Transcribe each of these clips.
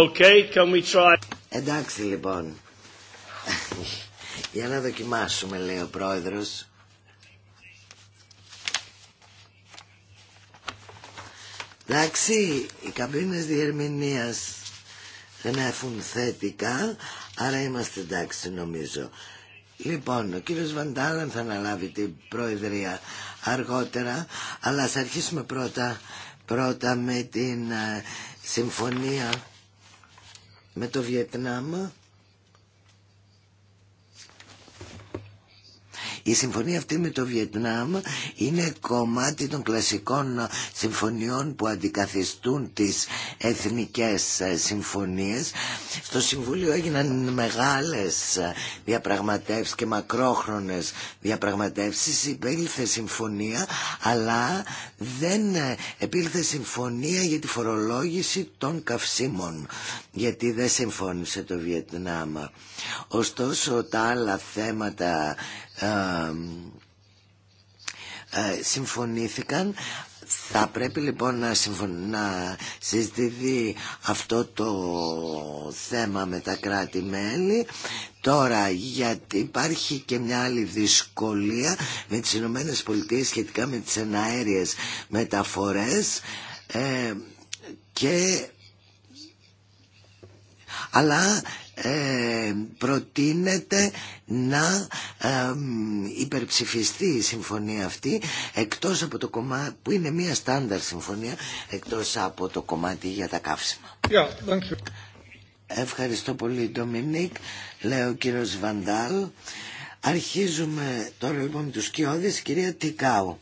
Okay, can we try... Εντάξει λοιπόν. Για να δοκιμάσουμε λέει ο Πρόεδρο. Εντάξει, οι καμπίνες διερμηνίας γνέφουν θετικά, άρα είμαστε εντάξει νομίζω. Λοιπόν, ο κύριος Βαντάλαν θα αναλάβει την προεδρία αργότερα, αλλά ας αρχίσουμε πρώτα, πρώτα με την ε, συμφωνία με το Βιετνάμ Η συμφωνία αυτή με το Βιετνάμ είναι κομμάτι των κλασικών συμφωνιών που αντικαθιστούν τις εθνικές ε, συμφωνίες. Στο Συμβούλιο έγιναν μεγάλες ε, διαπραγματεύσεις και μακρόχρονες διαπραγματεύσεις. Υπήλθε συμφωνία, αλλά δεν ε, επήλθε συμφωνία για τη φορολόγηση των καυσίμων, γιατί δεν συμφώνησε το Βιετνάμ. Ωστόσο τα άλλα θέματα ε, συμφωνήθηκαν θα πρέπει λοιπόν να, συμφων... συζητηθεί αυτό το θέμα με τα κράτη-μέλη. Τώρα, γιατί υπάρχει και μια άλλη δυσκολία με τις Ηνωμένε Πολιτείε σχετικά με τις εναέριες μεταφορές ε, και... Αλλά ε, προτείνεται να ε, υπερψηφιστεί η συμφωνία αυτή εκτός από το κομμάτι που είναι μια στάνταρ συμφωνία εκτός από το κομμάτι για τα καύσιμα. Yeah, Ευχαριστώ πολύ Ντομινίκ, Λέω ο κύριος Βαντάλ. Αρχίζουμε τώρα λοιπόν τους κοιόδης, κυρία Τικάου.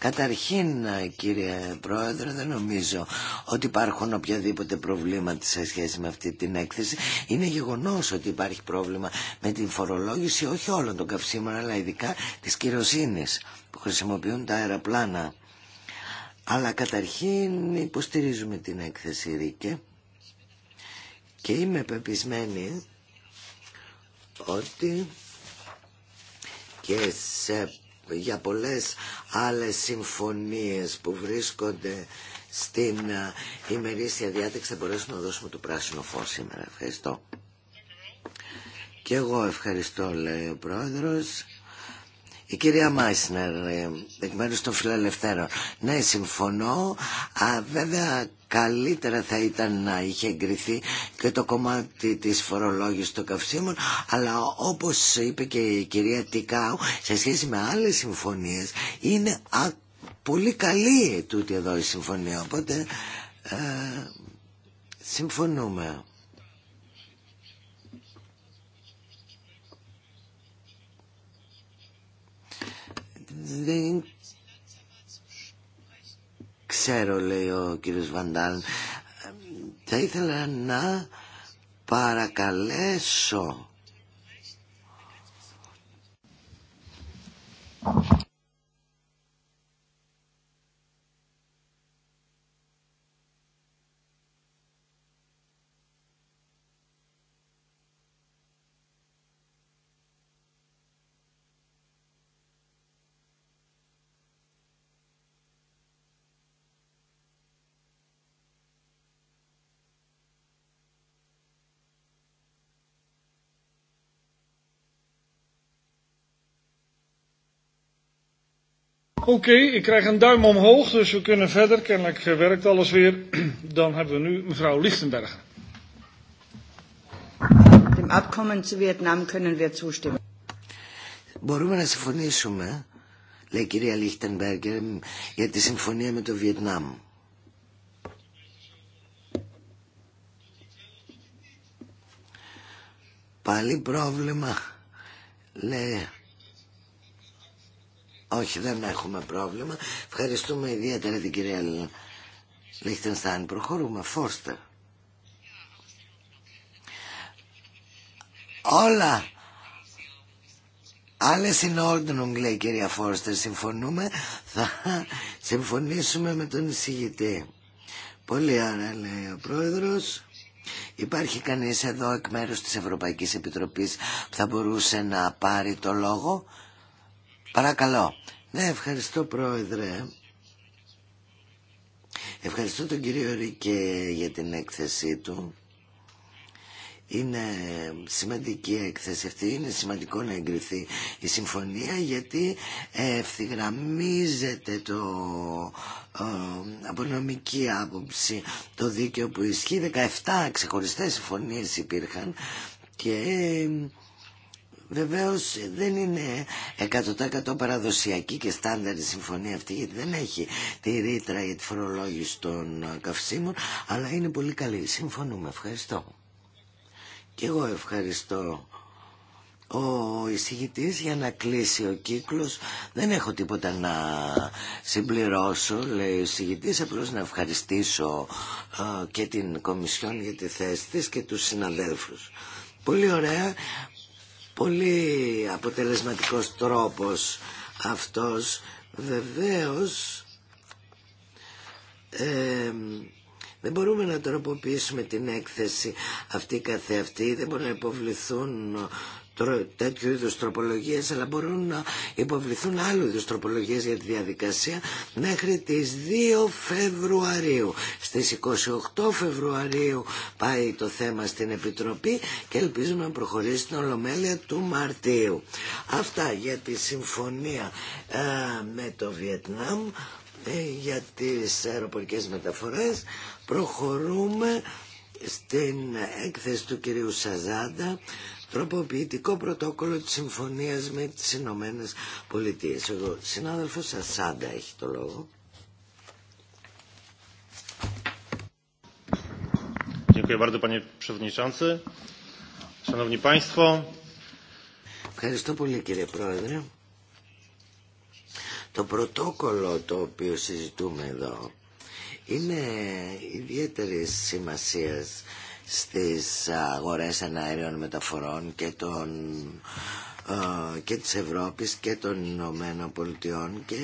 Καταρχήν, κύριε Πρόεδρε, δεν νομίζω ότι υπάρχουν οποιαδήποτε προβλήματα σε σχέση με αυτή την έκθεση. Είναι γεγονός ότι υπάρχει πρόβλημα με την φορολόγηση όχι όλων των καυσίμων, αλλά ειδικά της κυροσύνης που χρησιμοποιούν τα αεροπλάνα. Αλλά καταρχήν υποστηρίζουμε την έκθεση Ρίκε και είμαι πεπισμένη ότι και σε για πολλές άλλες συμφωνίες που βρίσκονται στην ε, ημερήσια διάταξη θα μπορέσουμε να δώσουμε το πράσινο φως σήμερα. Ευχαριστώ. Και εγώ ευχαριστώ λέει ο Πρόεδρος. Η κυρία Μάισνερ, ε, εκ μέρου των φιλελευθέρων. Ναι, συμφωνώ. Α, βέβαια, καλύτερα θα ήταν να είχε εγκριθεί και το κομμάτι της φορολόγηση των καυσίμων, αλλά όπως είπε και η κυρία Τικάου, σε σχέση με άλλε συμφωνίε είναι α, πολύ καλή τούτη εδώ η συμφωνία. Οπότε, ε, συμφωνούμε. Δεν ξέρω, λέει ο κύριος Βαντάλ. Θα ήθελα να παρακαλέσω Oké, okay, ik krijg een duim omhoog, dus we kunnen verder. Kennelijk werkt alles weer. Dan hebben we nu mevrouw Lichtenberger. Dem Abkommen zu Vietnam kunnen we zustimmen. Μπορούμε να συμφωνήσουμε, λέει η κυρία Λίχτενμπεργκερ, για τη συμφωνία με το Βιετνάμ. Πάλι πρόβλημα, λέει. Όχι, δεν έχουμε πρόβλημα. Ευχαριστούμε ιδιαίτερα την κυρία Λίχτενστάιν. Προχωρούμε. Φόρστερ. Όλα. Άλλε είναι όρντνουγ, λέει η κυρία Φόρστερ. Συμφωνούμε. Θα συμφωνήσουμε με τον εισηγητή. Πολύ ωραία, λέει ο πρόεδρος. Υπάρχει κανείς εδώ εκ μέρους της Ευρωπαϊκής Επιτροπής που θα μπορούσε να πάρει το λόγο. Παρακαλώ. Ναι, ευχαριστώ πρόεδρε. Ευχαριστώ τον κύριο Ρίκε για την έκθεσή του. Είναι σημαντική έκθεση αυτή, είναι σημαντικό να εγκριθεί η συμφωνία γιατί ευθυγραμμίζεται το απονομική ε, από νομική άποψη το δίκαιο που ισχύει. 17 ξεχωριστές συμφωνίες υπήρχαν και Βεβαίω δεν είναι 100% παραδοσιακή και στάνταρ η συμφωνία αυτή γιατί δεν έχει τη ρήτρα για τη φορολόγηση των καυσίμων αλλά είναι πολύ καλή. Συμφωνούμε. Ευχαριστώ. Και εγώ ευχαριστώ ο εισηγητή για να κλείσει ο κύκλο. δεν έχω τίποτα να συμπληρώσω λέει ο εισηγητή. απλώ να ευχαριστήσω ε, και την Κομισιόν για τη θέση τη και του συναδέλφου. πολύ ωραία πολύ αποτελεσματικός τρόπος αυτός βεβαίως δεν μπορούμε να τροποποιήσουμε την έκθεση αυτή καθεαυτή, δεν μπορούν να υποβληθούν τέτοιου είδου τροπολογίε αλλά μπορούν να υποβληθούν άλλου είδου τροπολογίε για τη διαδικασία μέχρι τις 2 Φεβρουαρίου. Στις 28 Φεβρουαρίου πάει το θέμα στην Επιτροπή και ελπίζουμε να προχωρήσει στην Ολομέλεια του Μαρτίου. Αυτά για τη συμφωνία ε, με το Βιετνάμ ε, για τις αεροπορικές μεταφορές προχωρούμε στην έκθεση του κυρίου Σαζάντα τροποποιητικό πρωτόκολλο της συμφωνίας με τις Ηνωμένε Πολιτείες. Ο συνάδελφος Ασάντα έχει το λόγο. Ευχαριστώ πολύ κύριε Πρόεδρε. Το πρωτόκολλο το οποίο συζητούμε εδώ είναι ιδιαίτερη σημασίας στις αγορές αναέριων μεταφορών και, των, ε, και της Ευρώπης και των Ηνωμένων Πολιτειών και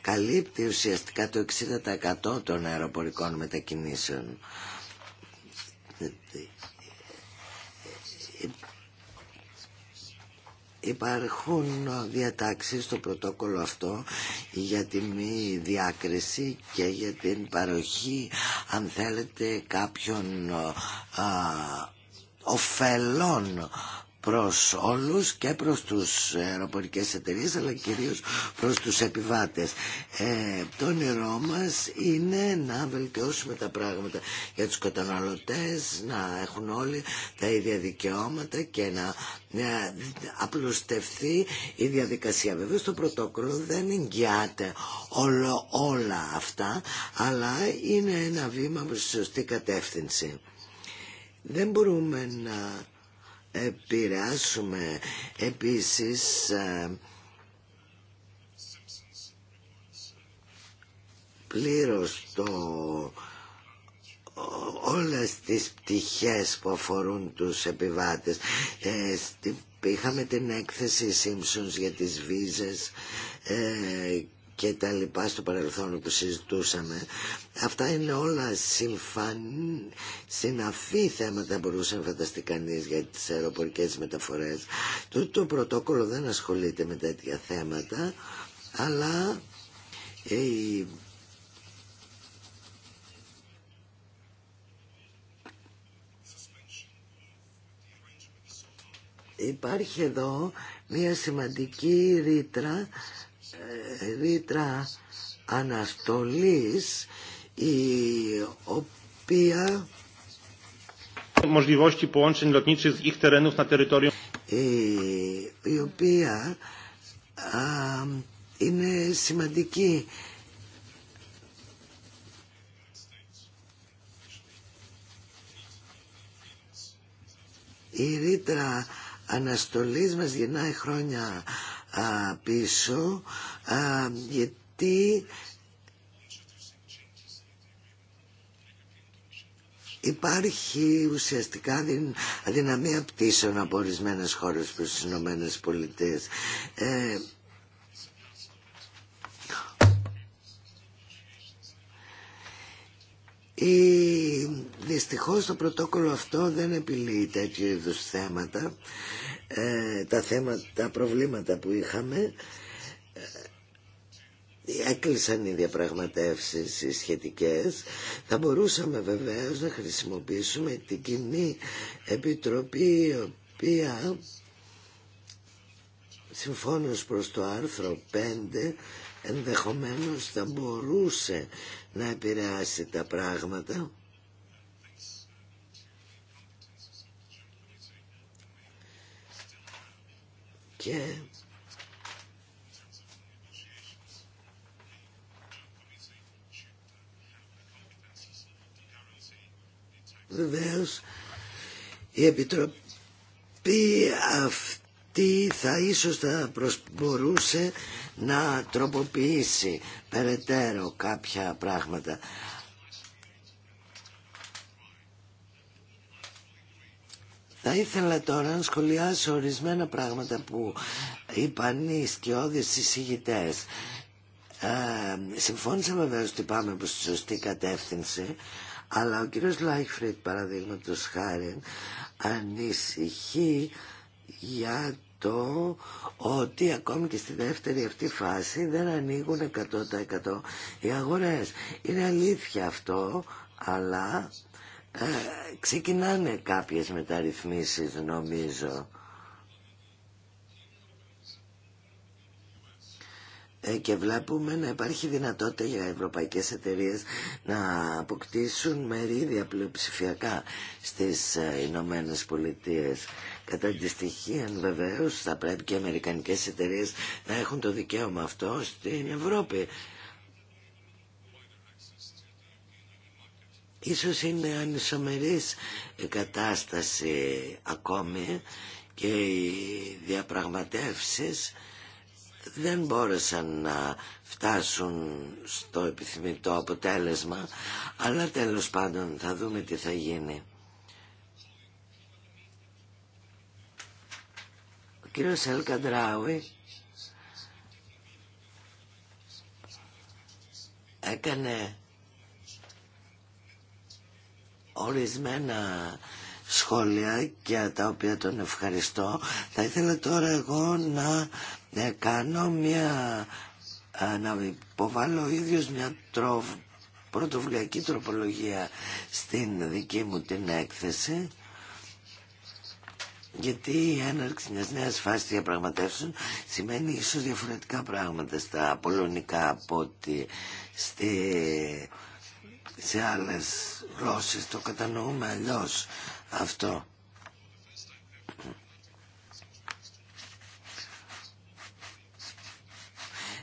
καλύπτει ουσιαστικά το 60% των αεροπορικών μετακινήσεων. Υπάρχουν διατάξεις στο πρωτόκολλο αυτό για τη μη διάκριση και για την παροχή αν θέλετε κάποιων α, ωφελών προς όλους και προς τους αεροπορικές εταιρείες αλλά κυρίως προς τους επιβάτες. Ε, το όνειρό μας είναι να βελτιώσουμε τα πράγματα για τους καταναλωτές, να έχουν όλοι τα ίδια δικαιώματα και να, να η διαδικασία. Βέβαια στο πρωτόκολλο δεν εγγυάται όλο, όλα αυτά αλλά είναι ένα βήμα προς τη σωστή κατεύθυνση. Δεν μπορούμε να επηρεάσουμε επίσης ε, πλήρως το όλες τις πτυχές που αφορούν τους επιβάτες ε, στη, είχαμε την έκθεση Simpsons για τις βίζες ε, και τα λοιπά στο παρελθόν που συζητούσαμε αυτά είναι όλα συμφαν... συναφή θέματα μπορούσε να φανταστεί κανεί για τις αεροπορικές μεταφορές το, το πρωτόκολλο δεν ασχολείται με τέτοια θέματα αλλά ε, υπάρχει εδώ μια σημαντική ρήτρα Δίτρα Αναστολής η οποία ομοσδιούχοι πολλών εν λόγω αεροπορικών εταιρειών που είναι συνδεδεμένοι η οποία άλλες σημαντικές οι δίτρα Αναστολής μες για ένα χρόνια α, πίσω γιατί Υπάρχει ουσιαστικά αδυναμία πτήσεων από ορισμένε χώρε προ τι Ηνωμένε Πολιτείε. Ε, δυστυχώς το πρωτόκολλο αυτό δεν επιλύει τέτοιου είδους θέματα ε, τα θέματα, τα προβλήματα που είχαμε ε, έκλεισαν οι διαπραγματεύσεις οι σχετικές θα μπορούσαμε βεβαίως να χρησιμοποιήσουμε την κοινή επιτροπή η οποία συμφώνως προς το άρθρο 5 ενδεχομένως θα μπορούσε να επηρεάσει τα πράγματα Και βεβαίως η Επιτροπή αυτή θα ίσως θα προσ... μπορούσε να τροποποιήσει περαιτέρω κάποια πράγματα Θα ήθελα τώρα να σχολιάσω ορισμένα πράγματα που είπαν οι σκιώδεις εισηγητές. Ε, συμφώνησα βεβαίως ότι πάμε προς τη σωστή κατεύθυνση, αλλά ο κύριος Λάιχφριτ παραδείγματος χάρη ανησυχεί για το ότι ακόμη και στη δεύτερη αυτή φάση δεν ανοίγουν 100% οι αγορές. Είναι αλήθεια αυτό, αλλά ε, ξεκινάνε κάποιες μεταρρυθμίσεις νομίζω ε, και βλέπουμε να υπάρχει δυνατότητα για ευρωπαϊκές εταιρείες να αποκτήσουν μερίδια πλειοψηφιακά στις ε, Ηνωμένε Πολιτείες. Κατά αντιστοιχεία βεβαίως θα πρέπει και οι αμερικανικές εταιρείες να έχουν το δικαίωμα αυτό στην Ευρώπη. Ίσως είναι ανισομερής η κατάσταση ακόμη και οι διαπραγματεύσεις δεν μπόρεσαν να φτάσουν στο επιθυμητό αποτέλεσμα αλλά τέλος πάντων θα δούμε τι θα γίνει. Ο κύριος Ελκαντράουι έκανε ορισμένα σχόλια για τα οποία τον ευχαριστώ. Θα ήθελα τώρα εγώ να ε, κάνω μια, ε, να υποβάλω ο ίδιος μια τροφ, πρωτοβουλιακή τροπολογία στην δική μου την έκθεση γιατί η έναρξη μιας νέας φάσης διαπραγματεύσεων σημαίνει ίσως διαφορετικά πράγματα στα πολωνικά από ότι στη, σε άλλες το κατανοούμε αλλιώ αυτό.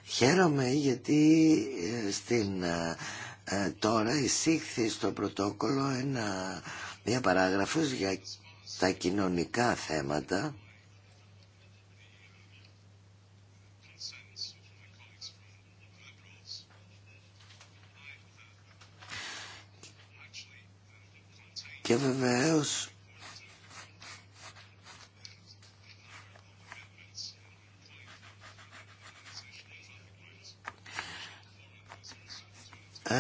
Χαίρομαι γιατί ε, στην, ε, ε, τώρα εισήχθη στο πρωτόκολλο ένα, μια παράγραφος για τα κοινωνικά θέματα Και βεβαίως Ε,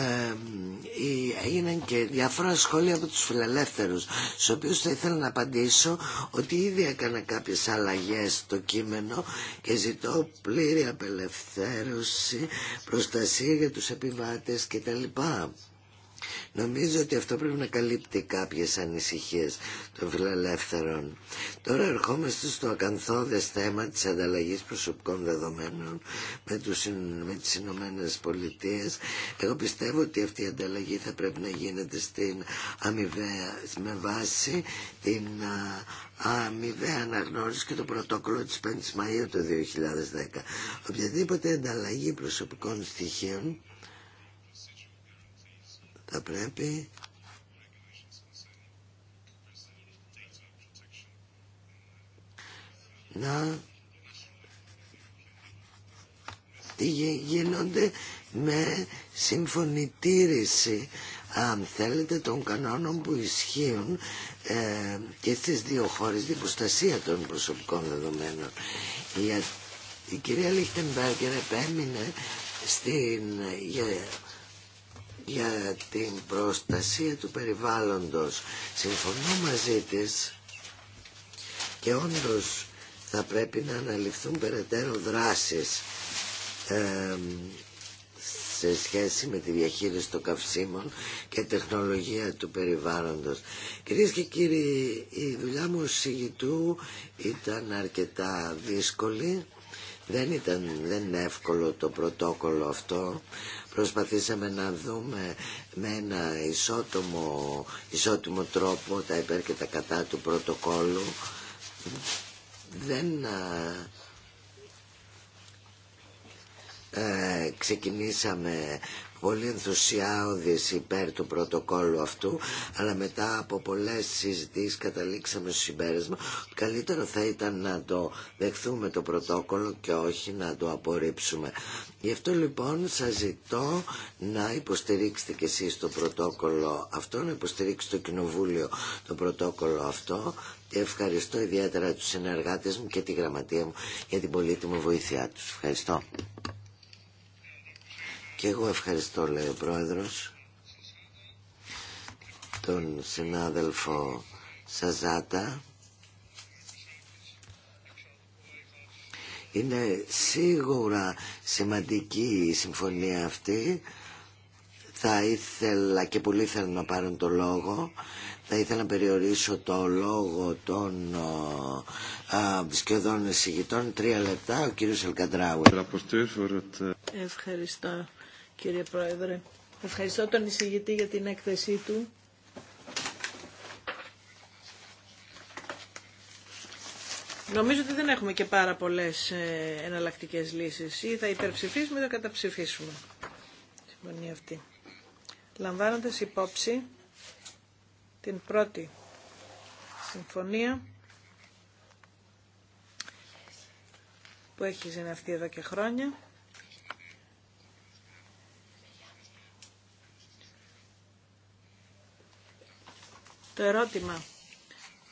έγιναν και διάφορα σχόλια από τους φιλελεύθερους στους οποίους θα ήθελα να απαντήσω ότι ήδη έκανα κάποιες αλλαγές στο κείμενο και ζητώ πλήρη απελευθέρωση, προστασία για τους επιβάτες κτλ. Νομίζω ότι αυτό πρέπει να καλύπτει κάποιες ανησυχίες των φιλελεύθερων. Τώρα ερχόμαστε στο ακανθόδες θέμα της ανταλλαγής προσωπικών δεδομένων με, τους, με τις Ηνωμένε Πολιτείε. Εγώ πιστεύω ότι αυτή η ανταλλαγή θα πρέπει να γίνεται στην αμοιβαία, με βάση την αμοιβαία αναγνώριση και το πρωτόκολλο της 5 η Μαΐου του 2010. Οποιαδήποτε ανταλλαγή προσωπικών στοιχείων θα πρέπει να γίνονται με συμφωνητήρηση αν θέλετε των κανόνων που ισχύουν ε, και στις δύο χώρες διποστασία των προσωπικών δεδομένων η, η κυρία Λίχτεμπέργκερ επέμεινε στην, ε, για την προστασία του περιβάλλοντος. Συμφωνώ μαζί της και όντως θα πρέπει να αναλυφθούν περαιτέρω δράσεις σε σχέση με τη διαχείριση των καυσίμων και τεχνολογία του περιβάλλοντος. Κυρίες και κύριοι, η δουλειά μου ως συγητού ήταν αρκετά δύσκολη. Δεν ήταν δεν εύκολο το πρωτόκολλο αυτό, προσπαθήσαμε να δούμε με ένα ισότομο, ισότιμο τρόπο τα υπέρ και τα κατά του πρωτοκόλλου δεν ε, ξεκινήσαμε πολύ ενθουσιάωδες υπέρ του πρωτοκόλλου αυτού, αλλά μετά από πολλές συζητήσεις καταλήξαμε στο συμπέρασμα ότι καλύτερο θα ήταν να το δεχθούμε το πρωτόκολλο και όχι να το απορρίψουμε. Γι' αυτό λοιπόν σας ζητώ να υποστηρίξετε και εσείς το πρωτόκολλο αυτό, να υποστηρίξετε το Κοινοβούλιο το πρωτόκολλο αυτό ευχαριστώ ιδιαίτερα τους συνεργάτες μου και τη γραμματεία μου για την πολύτιμη βοήθειά τους. Ευχαριστώ. Και εγώ ευχαριστώ, λέει ο Πρόεδρος, τον συνάδελφο Σαζάτα. Είναι σίγουρα σημαντική η συμφωνία αυτή. Θα ήθελα και πολύ θέλω να πάρουν το λόγο. Θα ήθελα να περιορίσω το λόγο των α, σχεδόν εισηγητών. Τρία λεπτά, ο κύριος Ελκαντράου. Ευχαριστώ κύριε Πρόεδρε. Ευχαριστώ τον εισηγητή για την έκθεσή του. Νομίζω ότι δεν έχουμε και πάρα πολλές ε, εναλλακτικές λύσεις. Ή θα υπερψηφίσουμε ή θα καταψηφίσουμε. Συμφωνία αυτή. Λαμβάνοντας υπόψη την πρώτη συμφωνία που έχει ζηναυτεί εδώ και χρόνια. Το ερώτημα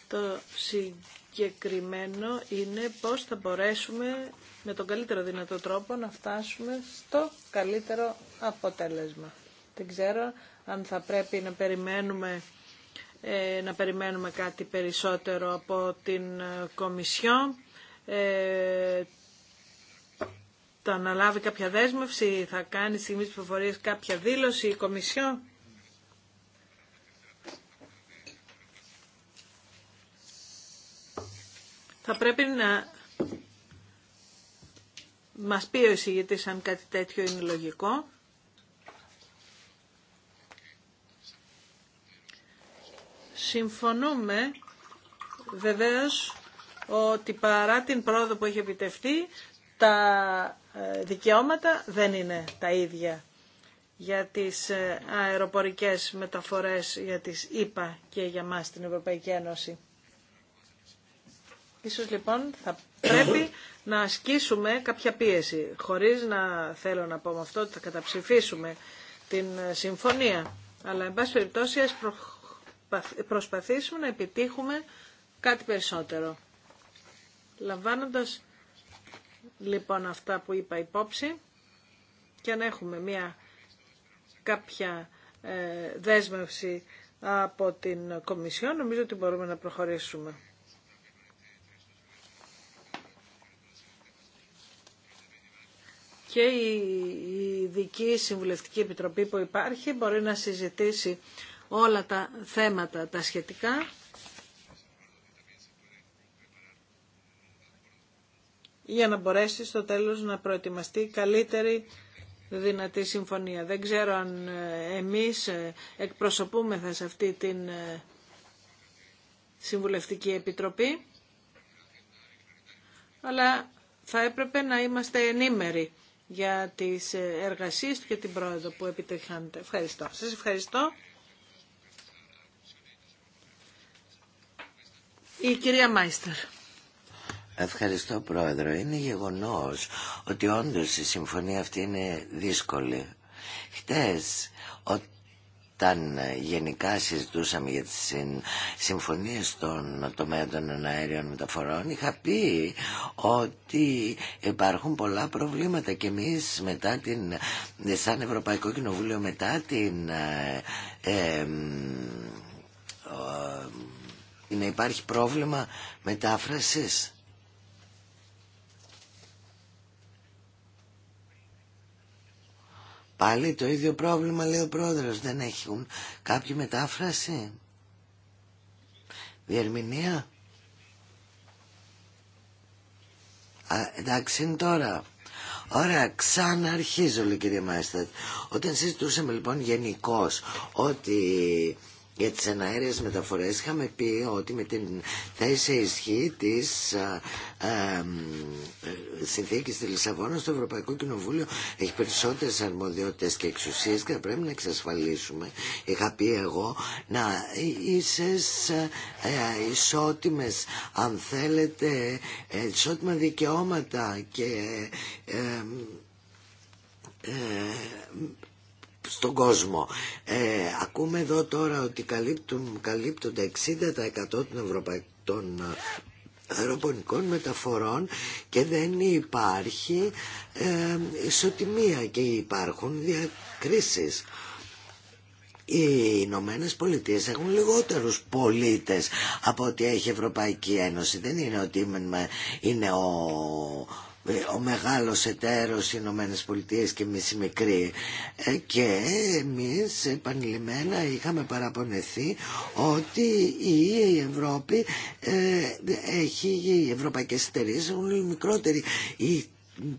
το συγκεκριμένο είναι πώς θα μπορέσουμε με τον καλύτερο δυνατό τρόπο να φτάσουμε στο καλύτερο αποτέλεσμα. Δεν ξέρω αν θα πρέπει να περιμένουμε, ε, να περιμένουμε κάτι περισσότερο από την Κομισιό. Ε, θα ε, αναλάβει κάποια δέσμευση, θα κάνει στιγμή της κάποια δήλωση η Κομισιό. Θα πρέπει να μας πει ο εισηγητής αν κάτι τέτοιο είναι λογικό. Συμφωνούμε βεβαίως ότι παρά την πρόοδο που έχει επιτευχθεί τα ε, δικαιώματα δεν είναι τα ίδια για τις ε, αεροπορικές μεταφορές για τις ίπα και για μας την Ευρωπαϊκή Ένωση. Ίσως λοιπόν θα πρέπει να ασκήσουμε κάποια πίεση, χωρίς να θέλω να πω με αυτό ότι θα καταψηφίσουμε την ε, συμφωνία. Αλλά, εν πάση περιπτώσει, προσπαθήσουμε να επιτύχουμε κάτι περισσότερο. Λαμβάνοντας λοιπόν αυτά που είπα υπόψη και αν έχουμε μια κάποια ε, δέσμευση από την Κομισιόν, νομίζω ότι μπορούμε να προχωρήσουμε. και η ειδική συμβουλευτική επιτροπή που υπάρχει μπορεί να συζητήσει όλα τα θέματα τα σχετικά. για να μπορέσει στο τέλος να προετοιμαστεί καλύτερη δυνατή συμφωνία. Δεν ξέρω αν ε, εμείς ε, εκπροσωπούμεθα σε αυτή την ε, Συμβουλευτική Επιτροπή, αλλά θα έπρεπε να είμαστε ενήμεροι για τις εργασίες του και την πρόοδο που επιτυχάνετε. Ευχαριστώ. Σας ευχαριστώ. Η κυρία Μάιστερ. Ευχαριστώ πρόεδρο. Είναι γεγονός ότι όντως η συμφωνία αυτή είναι δύσκολη. Χτες, όταν ε, γενικά συζητούσαμε για τις συμφωνίες των τομέων των αέριων μεταφορών είχα πει ότι υπάρχουν πολλά προβλήματα και εμείς μετά την, ε, σαν Ευρωπαϊκό Κοινοβούλιο μετά την ε, ε, ε υπάρχει πρόβλημα μετάφρασης Πάλι το ίδιο πρόβλημα λέει ο πρόεδρος. Δεν έχουν κάποια μετάφραση. Διερμηνία. Α, εντάξει είναι τώρα. Ωραία, ξαναρχίζω λέει κυρία Μάιστατ. Όταν συζητούσαμε λοιπόν γενικώ ότι για τις εναέρειες μεταφορές είχαμε πει ότι με την θέση ισχύ της ε, ε, συνθήκης της Λισαβόνας το Ευρωπαϊκό Κοινοβούλιο έχει περισσότερες αρμοδιότητες και εξουσίες και πρέπει να εξασφαλίσουμε είχα πει εγώ να ίσες ε, ε, ισότιμες αν θέλετε ε, ισότιμα δικαιώματα και στον κόσμο. Ε, ακούμε εδώ τώρα ότι καλύπτουν, καλύπτονται 60% των ευρωπαϊκών ε, αεροπονικών μεταφορών και δεν υπάρχει ε, ισοτιμία και υπάρχουν διακρίσεις. Οι Ηνωμένε Πολιτείε έχουν λιγότερου πολίτε από ό,τι έχει η Ευρωπαϊκή Ένωση. Δεν είναι ότι είναι ο ε, ο μεγάλος εταίρος οι Ηνωμένε Πολιτείες και εμείς οι μικροί ε, και εμείς επανειλημμένα είχαμε παραπονεθεί ότι η Ευρώπη ε, έχει, οι ευρωπαϊκές εταιρείες έχουν μικρότερη η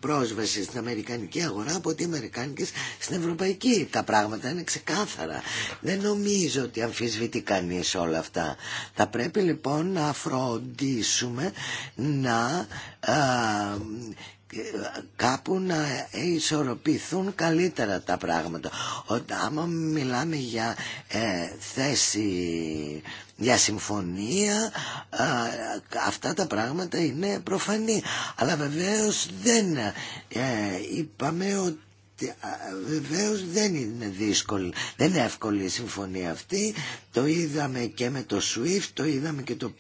πρόσβαση στην αμερικανική αγορά από ότι οι αμερικάνικες στην ευρωπαϊκή. Τα πράγματα είναι ξεκάθαρα. Δεν νομίζω ότι αμφισβητεί κανεί όλα αυτά. Θα πρέπει λοιπόν να φροντίσουμε να κάπου να ισορροπηθούν καλύτερα τα πράγματα. Όταν άμα μιλάμε για ε, θέση, για συμφωνία, ε, αυτά τα πράγματα είναι προφανή. Αλλά βεβαίως δεν ε, είπαμε ότι Βεβαίω δεν είναι δύσκολη, δεν είναι εύκολη η συμφωνία αυτή. Το είδαμε και με το SWIFT, το είδαμε και το,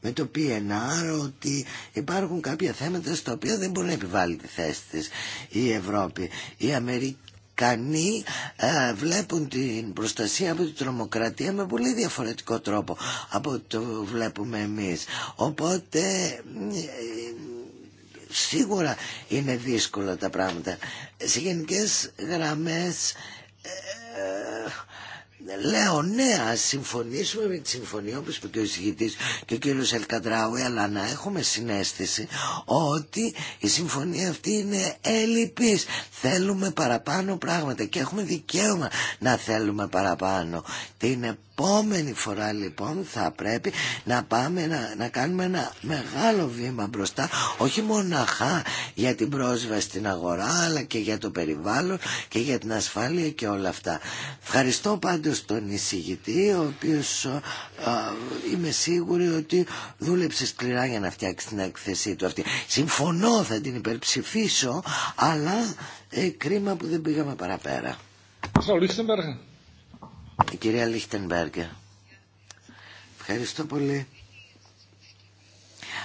με το PNR ότι υπάρχουν κάποια θέματα στα οποία δεν μπορεί να επιβάλλει τη θέση η Ευρώπη. Η Αμερικανοί βλέπουν την προστασία από την τρομοκρατία με πολύ διαφορετικό τρόπο από το βλέπουμε εμείς. Οπότε σίγουρα είναι δύσκολα τα πράγματα. Σε γενικές γραμμές ε, λέω ναι, α συμφωνήσουμε με τη συμφωνία όπως είπε και ο εισηγητής και ο κύριος αλλά να έχουμε συνέστηση ότι η συμφωνία αυτή είναι έλλειπης θέλουμε παραπάνω πράγματα και έχουμε δικαίωμα να θέλουμε παραπάνω επόμενη φορά λοιπόν θα πρέπει να πάμε να, να κάνουμε ένα μεγάλο βήμα μπροστά όχι μοναχά για την πρόσβαση στην αγορά αλλά και για το περιβάλλον και για την ασφάλεια και όλα αυτά. Ευχαριστώ πάντως τον εισηγητή ο οποίος α, είμαι σίγουρη ότι δούλεψε σκληρά για να φτιάξει την έκθεσή του αυτή. Συμφωνώ θα την υπερψηφίσω αλλά ε, κρίμα που δεν πήγαμε παραπέρα. Η κυρία Λίχτενμπέργκερ. Ευχαριστώ πολύ.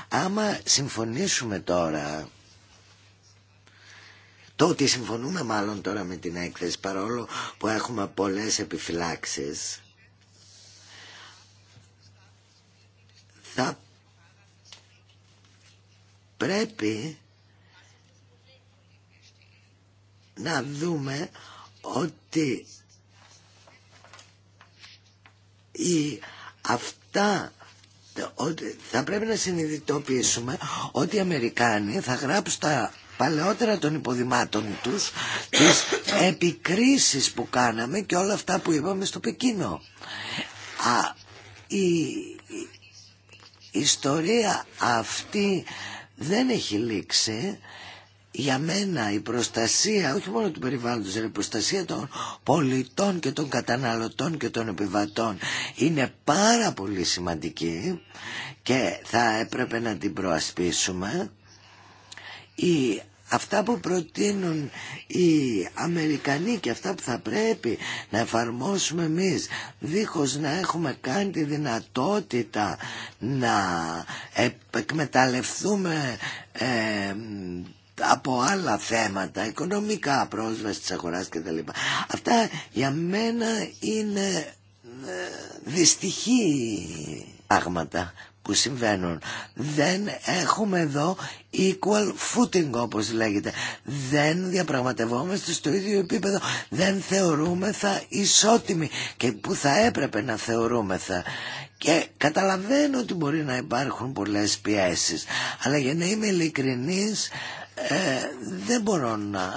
Άμα συμφωνήσουμε τώρα, το ότι συμφωνούμε μάλλον τώρα με την έκθεση, παρόλο που έχουμε πολλές επιφυλάξεις, θα πρέπει να δούμε ότι η, αυτά θα πρέπει να συνειδητοποιήσουμε ότι οι Αμερικάνοι θα γράψουν τα παλαιότερα των υποδημάτων τους τις επικρίσεις που κάναμε και όλα αυτά που είπαμε στο Πεκίνο. Α, η, η ιστορία αυτή δεν έχει λήξει για μένα η προστασία όχι μόνο του περιβάλλοντος αλλά η προστασία των πολιτών και των καταναλωτών και των επιβατών είναι πάρα πολύ σημαντική και θα έπρεπε να την προασπίσουμε η, αυτά που προτείνουν οι Αμερικανοί και αυτά που θα πρέπει να εφαρμόσουμε εμείς δίχως να έχουμε κάνει τη δυνατότητα να εκμεταλλευτούμε ε, από άλλα θέματα, οικονομικά, πρόσβαση της αγοράς κτλ. Αυτά για μένα είναι ε, δυστυχή πράγματα που συμβαίνουν. Δεν έχουμε εδώ equal footing όπως λέγεται. Δεν διαπραγματευόμαστε στο ίδιο επίπεδο. Δεν θεωρούμεθα ισότιμοι και που θα έπρεπε να θεωρούμεθα. Και καταλαβαίνω ότι μπορεί να υπάρχουν πολλές πιέσεις. Αλλά για να είμαι ειλικρινής ε, δεν μπορώ να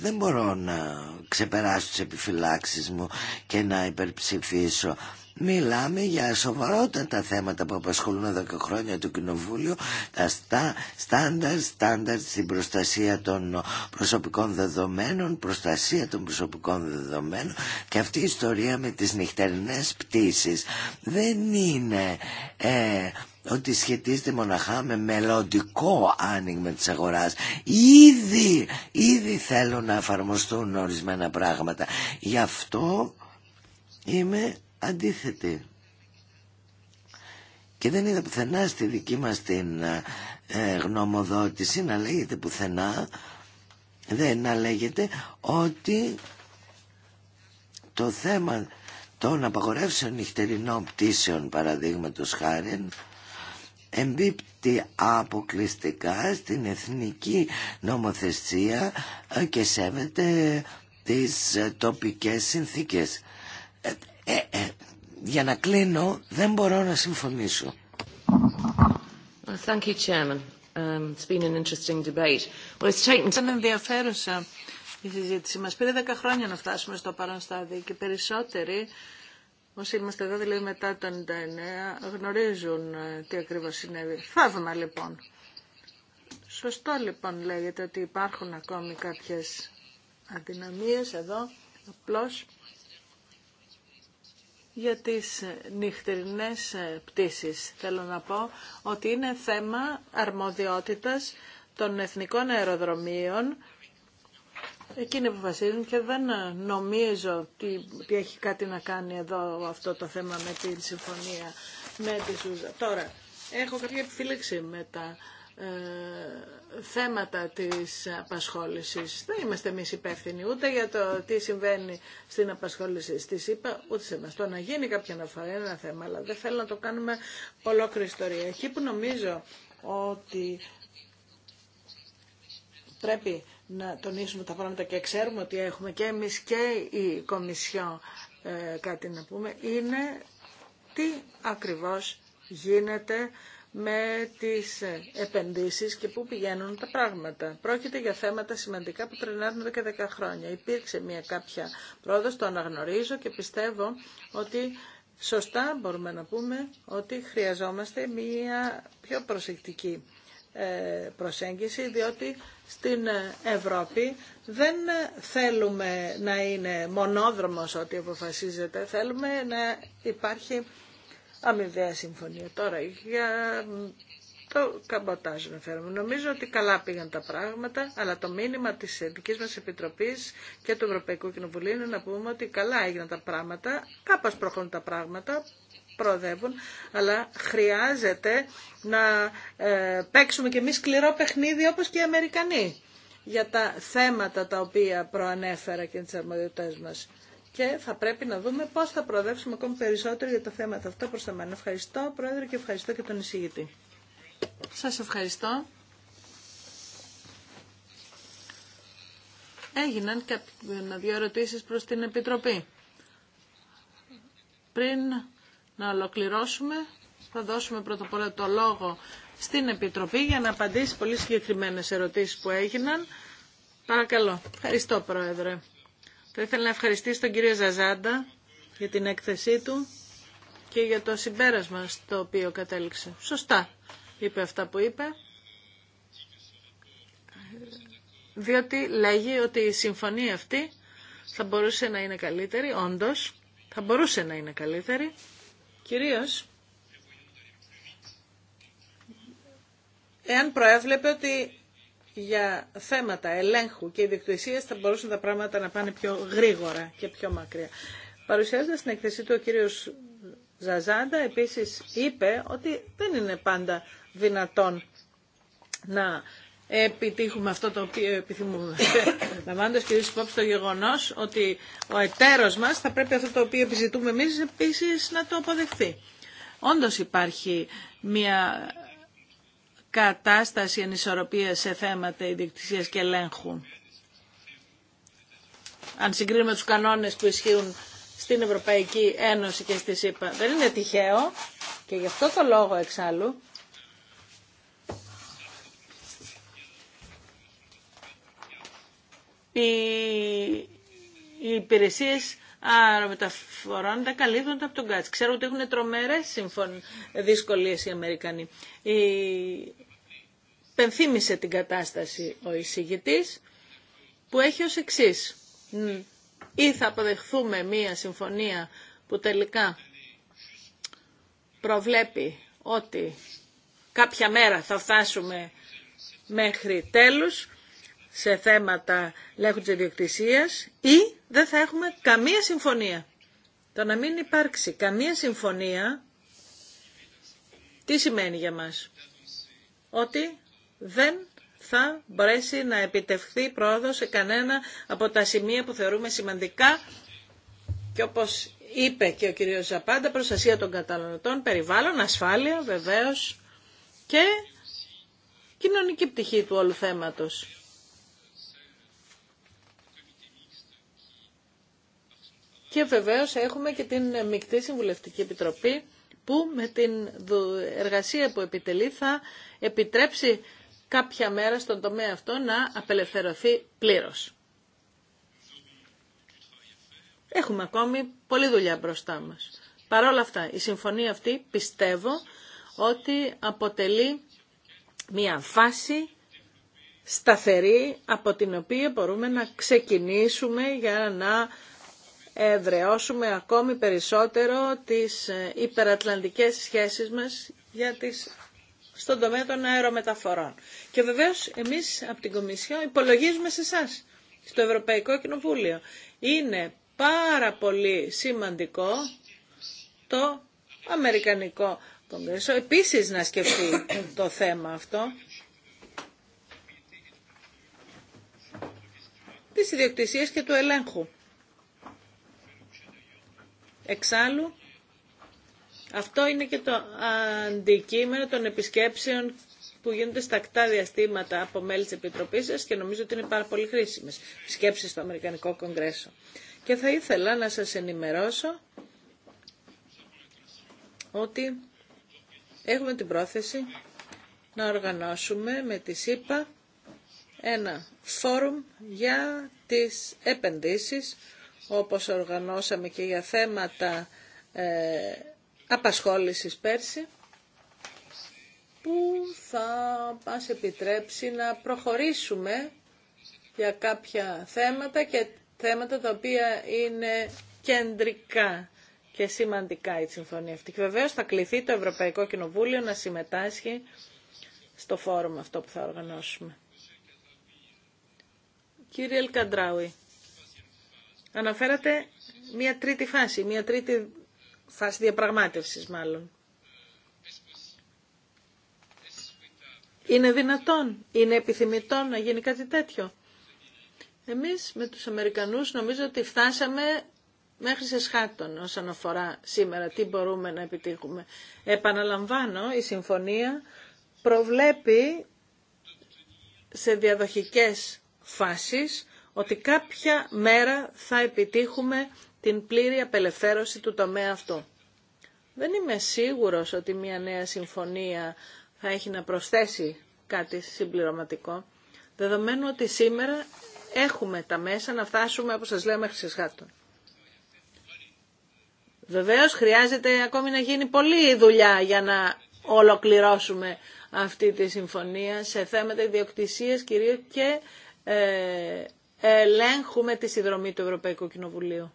δεν μπορώ να ξεπεράσω τις επιφυλάξεις μου και να υπερψηφίσω. Μιλάμε για σοβαρότατα θέματα που απασχολούν εδώ και χρόνια το Κοινοβούλιο, τα στάνταρ, στάνταρ στην προστασία των προσωπικών δεδομένων, προστασία των προσωπικών δεδομένων και αυτή η ιστορία με τις νυχτερινές πτήσεις δεν είναι... Ε, ότι σχετίζεται μοναχά με μελλοντικό άνοιγμα της αγοράς. Ήδη, θέλουν να εφαρμοστούν ορισμένα πράγματα. Γι' αυτό είμαι αντίθετη. Και δεν είδα πουθενά στη δική μας την ε, γνωμοδότηση να λέγεται πουθενά, δεν να λέγεται ότι το θέμα των απαγορεύσεων νυχτερινών πτήσεων παραδείγματος χάρη εμπίπτει αποκλειστικά στην εθνική νομοθεσία ε, και σέβεται τις ε, τοπικές συνθήκες. Ε, ε, ε, για να κλείνω δεν μπορώ να συμφωνήσω. Thank you, Chairman. Um, it's been an interesting debate. Well, it's taken... Ήταν ενδιαφέρουσα η συζήτηση μας. Πήρε δέκα χρόνια να φτάσουμε στο παρόν στάδιο και περισσότεροι Όσοι είμαστε εδώ, δηλαδή μετά το 99, γνωρίζουν ε, τι ακριβώς συνέβη. Θαύμα λοιπόν. Σωστό λοιπόν λέγεται ότι υπάρχουν ακόμη κάποιες αδυναμίες εδώ, απλώς για τις νυχτερινές ε, πτήσεις. Θέλω να πω ότι είναι θέμα αρμοδιότητας των εθνικών αεροδρομίων εκείνοι αποφασίζουν και δεν νομίζω ότι, έχει κάτι να κάνει εδώ αυτό το θέμα με την συμφωνία με τη Σούζα. Τώρα, έχω κάποια επιφύλαξη με τα ε, θέματα της απασχόλησης. Δεν είμαστε εμείς υπεύθυνοι ούτε για το τι συμβαίνει στην απασχόληση τη ΣΥΠΑ, ούτε σε μας. Το να γίνει κάποια αναφορά είναι ένα θέμα, αλλά δεν θέλω να το κάνουμε ολόκληρη ιστορία. Εκεί που νομίζω ότι πρέπει να τονίσουμε τα πράγματα και ξέρουμε ότι έχουμε και εμείς και η Κομισιόν ε, κάτι να πούμε, είναι τι ακριβώς γίνεται με τις ε, επενδύσεις και πού πηγαίνουν τα πράγματα. Πρόκειται για θέματα σημαντικά που πηγαινουν τα πραγματα προκειται για θεματα σημαντικα που εδω και 10 χρόνια. Υπήρξε μια κάποια πρόοδος, το αναγνωρίζω και πιστεύω ότι σωστά μπορούμε να πούμε ότι χρειαζόμαστε μια πιο προσεκτική ε, προσέγγιση, διότι στην Ευρώπη δεν θέλουμε να είναι μονόδρομος ό,τι αποφασίζεται, θέλουμε να υπάρχει αμοιβαία συμφωνία. Τώρα, για το καμποτάζ να φέρουμε. Νομίζω ότι καλά πήγαν τα πράγματα, αλλά το μήνυμα της δικής μας Επιτροπής και του Ευρωπαϊκού Κοινοβουλίου είναι να πούμε ότι καλά έγιναν τα πράγματα, κάπως προχωρούν τα πράγματα, προοδεύουν, αλλά χρειάζεται να ε, παίξουμε και εμείς σκληρό παιχνίδι όπως και οι Αμερικανοί για τα θέματα τα οποία προανέφερα και τις αρμοδιότητες μας. Και θα πρέπει να δούμε πώς θα προοδεύσουμε ακόμη περισσότερο για τα θέματα αυτά προς τα μένα. Ευχαριστώ, Πρόεδρε, και ευχαριστώ και τον εισηγητή. Σας ευχαριστώ. Έγιναν και δύο ερωτήσεις προς την Επιτροπή. Πριν να ολοκληρώσουμε. Θα δώσουμε πρώτα απ' όλα το λόγο στην Επιτροπή για να απαντήσει πολύ συγκεκριμένες ερωτήσεις που έγιναν. Παρακαλώ. Ευχαριστώ, Πρόεδρε. Θα ήθελα να ευχαριστήσω τον κύριο Ζαζάντα για την έκθεσή του και για το συμπέρασμα στο οποίο κατέληξε. Σωστά είπε αυτά που είπε, διότι λέγει ότι η συμφωνία αυτή θα μπορούσε να είναι καλύτερη, όντως, θα μπορούσε να είναι καλύτερη, Κυρίως, εάν προέβλεπε ότι για θέματα ελέγχου και ιδιοκτησία θα μπορούσαν τα πράγματα να πάνε πιο γρήγορα και πιο μακριά. Παρουσιάζοντας την εκθεσή του ο κύριος Ζαζάντα επίσης είπε ότι δεν είναι πάντα δυνατόν να επιτύχουμε αυτό το οποίο επιθυμούμε. Λαμβάνοντα και υπόψη το γεγονό ότι ο εταίρο μα θα πρέπει αυτό το οποίο επιζητούμε εμεί επίση να το αποδεχθεί. Όντω υπάρχει μια κατάσταση ανισορροπία σε θέματα ιδιοκτησία και ελέγχου. Αν συγκρίνουμε τους κανόνες που ισχύουν στην Ευρωπαϊκή Ένωση και στη ΣΥΠΑ. Δεν είναι τυχαίο και γι' αυτό το λόγο εξάλλου οι, οι υπηρεσίες αερομεταφορών τα καλύπτονται από τον ΚΑΤΣ. Ξέρω ότι έχουν τρομερέ δυσκολίε οι Αμερικανοί. Η... Πενθύμησε την κατάσταση ο εισηγητή που έχει ως εξή. Ή θα αποδεχθούμε μία συμφωνία που τελικά προβλέπει ότι κάποια μέρα θα φτάσουμε μέχρι τέλους σε θέματα ελέγχου τη ή δεν θα έχουμε καμία συμφωνία. Το να μην υπάρξει καμία συμφωνία, τι σημαίνει για μας. Ότι δεν θα μπορέσει να επιτευχθεί πρόοδο σε κανένα από τα σημεία που θεωρούμε σημαντικά και όπως είπε και ο κύριος Ζαπάντα, προστασία των καταναλωτών, περιβάλλον, ασφάλεια βεβαίως και κοινωνική πτυχή του όλου θέματος. Και βεβαίως έχουμε και την Μικτή Συμβουλευτική Επιτροπή που με την εργασία που επιτελεί θα επιτρέψει κάποια μέρα στον τομέα αυτό να απελευθερωθεί πλήρως. Έχουμε ακόμη πολλή δουλειά μπροστά μας. Παρ' όλα αυτά, η συμφωνία αυτή πιστεύω ότι αποτελεί μια βάση σταθερή από την οποία μπορούμε να ξεκινήσουμε για να ευρεώσουμε ακόμη περισσότερο τις ε, υπερατλαντικές σχέσεις μας για τις στον τομέα των αερομεταφορών. Και βεβαίως εμείς από την Κομισιό υπολογίζουμε σε εσά στο Ευρωπαϊκό Κοινοβούλιο. Είναι πάρα πολύ σημαντικό το Αμερικανικό Κογκρέσο επίσης να σκεφτεί το θέμα αυτό. Της ιδιοκτησίας και του ελέγχου. Εξάλλου, αυτό είναι και το αντικείμενο των επισκέψεων που γίνονται στακτά διαστήματα από μέλη της Επιτροπής σας και νομίζω ότι είναι πάρα πολύ χρήσιμες επισκέψεις στο Αμερικανικό Κογκρέσο. Και θα ήθελα να σας ενημερώσω ότι έχουμε την πρόθεση να οργανώσουμε με τη ΣΥΠΑ ένα φόρουμ για τις επενδύσεις όπως οργανώσαμε και για θέματα ε, απασχόλησης πέρσι, που θα μας επιτρέψει να προχωρήσουμε για κάποια θέματα και θέματα τα οποία είναι κεντρικά και σημαντικά η συμφωνία αυτή. Και βεβαίως θα κληθεί το Ευρωπαϊκό Κοινοβούλιο να συμμετάσχει στο φόρουμ αυτό που θα οργανώσουμε. Κύριε Ελκαντράουι. Αναφέρατε μία τρίτη φάση, μία τρίτη φάση διαπραγμάτευσης μάλλον. Είναι δυνατόν, είναι επιθυμητό να γίνει κάτι τέτοιο. Εμείς με τους Αμερικανούς νομίζω ότι φτάσαμε μέχρι σε σχάτων όσον αφορά σήμερα τι μπορούμε να επιτύχουμε. Επαναλαμβάνω, η συμφωνία προβλέπει σε διαδοχικές φάσεις ότι κάποια μέρα θα επιτύχουμε την πλήρη απελευθέρωση του τομέα αυτού. Δεν είμαι σίγουρος ότι μια νέα συμφωνία θα έχει να προσθέσει κάτι συμπληρωματικό, δεδομένου ότι σήμερα έχουμε τα μέσα να φτάσουμε, όπως σας λέω, μέχρι σε Βεβαίως χρειάζεται ακόμη να γίνει πολλή δουλειά για να ολοκληρώσουμε αυτή τη συμφωνία σε θέματα ιδιοκτησίας κυρίως και ε, ελέγχουμε τη συνδρομή του Ευρωπαϊκού Κοινοβουλίου.